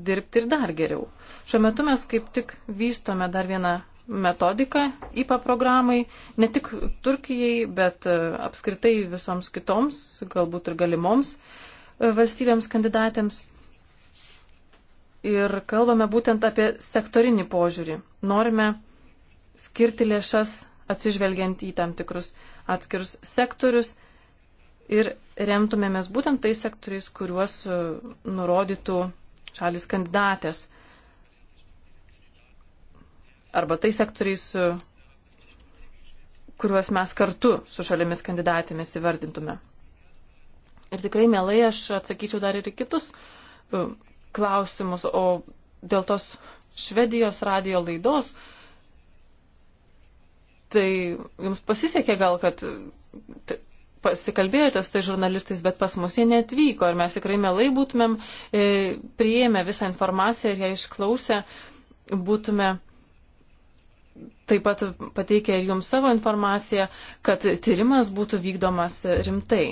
dirbti ir dar geriau. Šiuo metu mes kaip tik vystome dar vieną metodiką IPA programai, ne tik Turkijai, bet e, apskritai visoms kitoms, galbūt ir galimoms e, valstybėms kandidatėms. Ir kalbame būtent apie sektorinį požiūrį. Norime skirti lėšas atsižvelgiant į tam tikrus atskirus sektorius ir remtumėmės būtent tais sektoriais, kuriuos e, nurodytų šalis kandidatės. Arba tais sektoriais, e, kuriuos mes kartu su šalimis kandidatėmis įvardintume. Ir tikrai mielai aš atsakyčiau dar ir kitus e, klausimus, o dėl tos Švedijos radio laidos uh, Tai jums pasisekė gal, kad pasikalbėjote su tai žurnalistais, bet pas mus jie netvyko ir mes tikrai melai būtumėm e, prieėmę visą informaciją ir ją išklausę, būtume taip pat pateikę ir jums savo informaciją, kad tyrimas būtų vykdomas rimtai.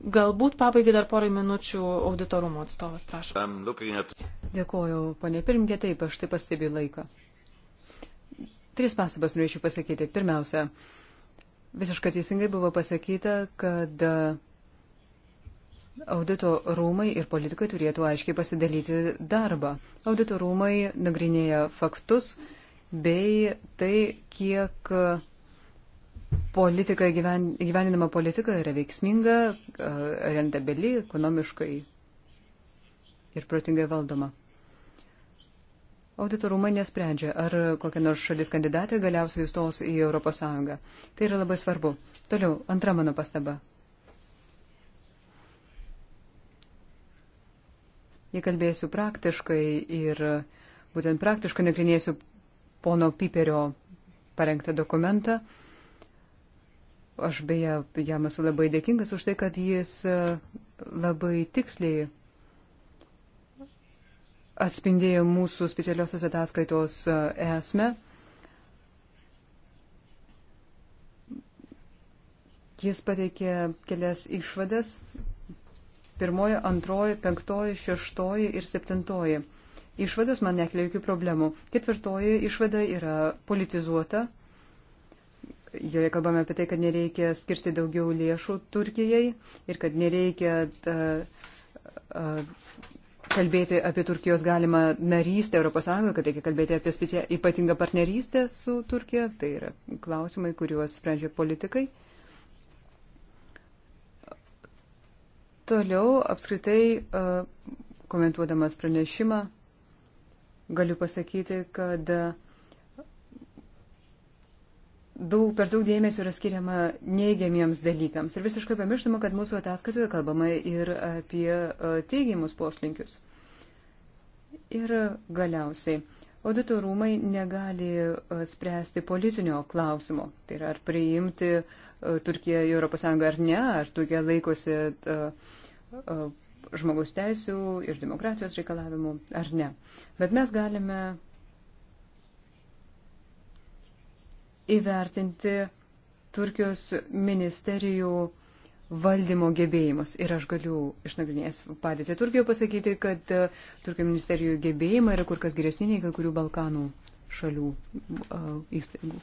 Galbūt pabaigai dar porai minučių auditorumo atstovas, prašau. At... Dėkoju, ponė pirmgė, taip, aš tai pastebiu laiką. Tris pasabas norėčiau pasakyti. Pirmiausia, visiškai teisingai buvo pasakyta, kad uh, audito rūmai ir politikai turėtų aiškiai pasidalyti darbą. Audito rūmai nagrinėja faktus bei tai, kiek uh, politika, gyven, gyveninama politika yra veiksminga, uh, rentabili, ekonomiškai ir protingai valdoma auditorumai nesprendžia, ar kokia nors šalis kandidatė galiausiai įstos į ES. Tai yra labai svarbu. Toliau, antra mano pastaba. Jei kalbėsiu praktiškai ir būtent praktiškai nagrinėsiu pono Piperio parengtą dokumentą, aš beje jam esu labai dėkingas už tai, kad jis e, labai tiksliai atspindėjo mūsų specialiosios ataskaitos e, esmę. Jis pateikė kelias išvadas. Pirmoji, antroji, penktoji, šeštoji ir septintoji. Išvados man nekelia jokių problemų. Ketvirtoji išvada yra politizuota. Joje kalbame apie tai, kad nereikia skirti daugiau lėšų Turkijai ir kad nereikia uh, uh, kalbėti apie Turkijos galimą narystę Europos Sąjungoje, kad reikia kalbėti apie specia... ypatingą partnerystę su Turkija. Tai yra klausimai, kuriuos sprendžia politikai. Toliau apskritai uh, komentuodamas pranešimą galiu pasakyti, kad uh, daug, per daug dėmesio yra skiriama neigiamiems dalykams. Ir visiškai pamirštama, kad mūsų ataskaitoje kalbama ir apie e, teigiamus poslinkius. Ir galiausiai, audito rūmai negali e, spręsti politinio klausimo. Tai yra, ar priimti e, Turkiją į ES ar ne, ar Turkija laikosi žmogaus teisų ir demokratijos reikalavimų ar ne. Bet mes galime įvertinti Turkijos ministerijų valdymo gebėjimus. Ir aš galiu išnagrinės padėti Turkijoje pasakyti, kad e, Turkijos ministerijų gebėjimai yra kur kas geresni nei kai kurių Balkanų šalių uh, įstaigų.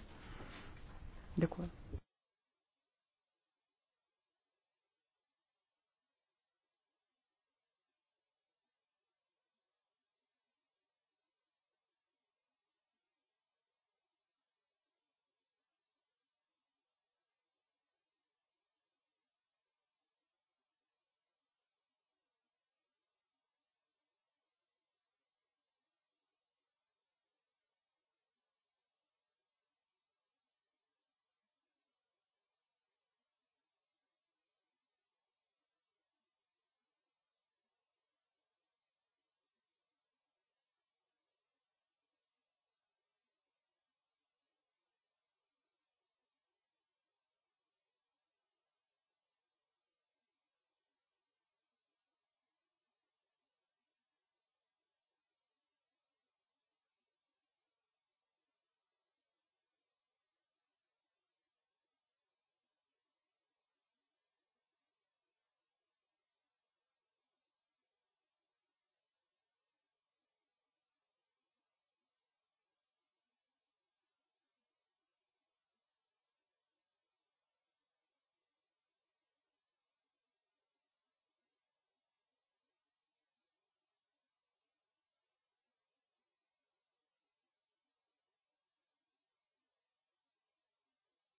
Dėkuoju.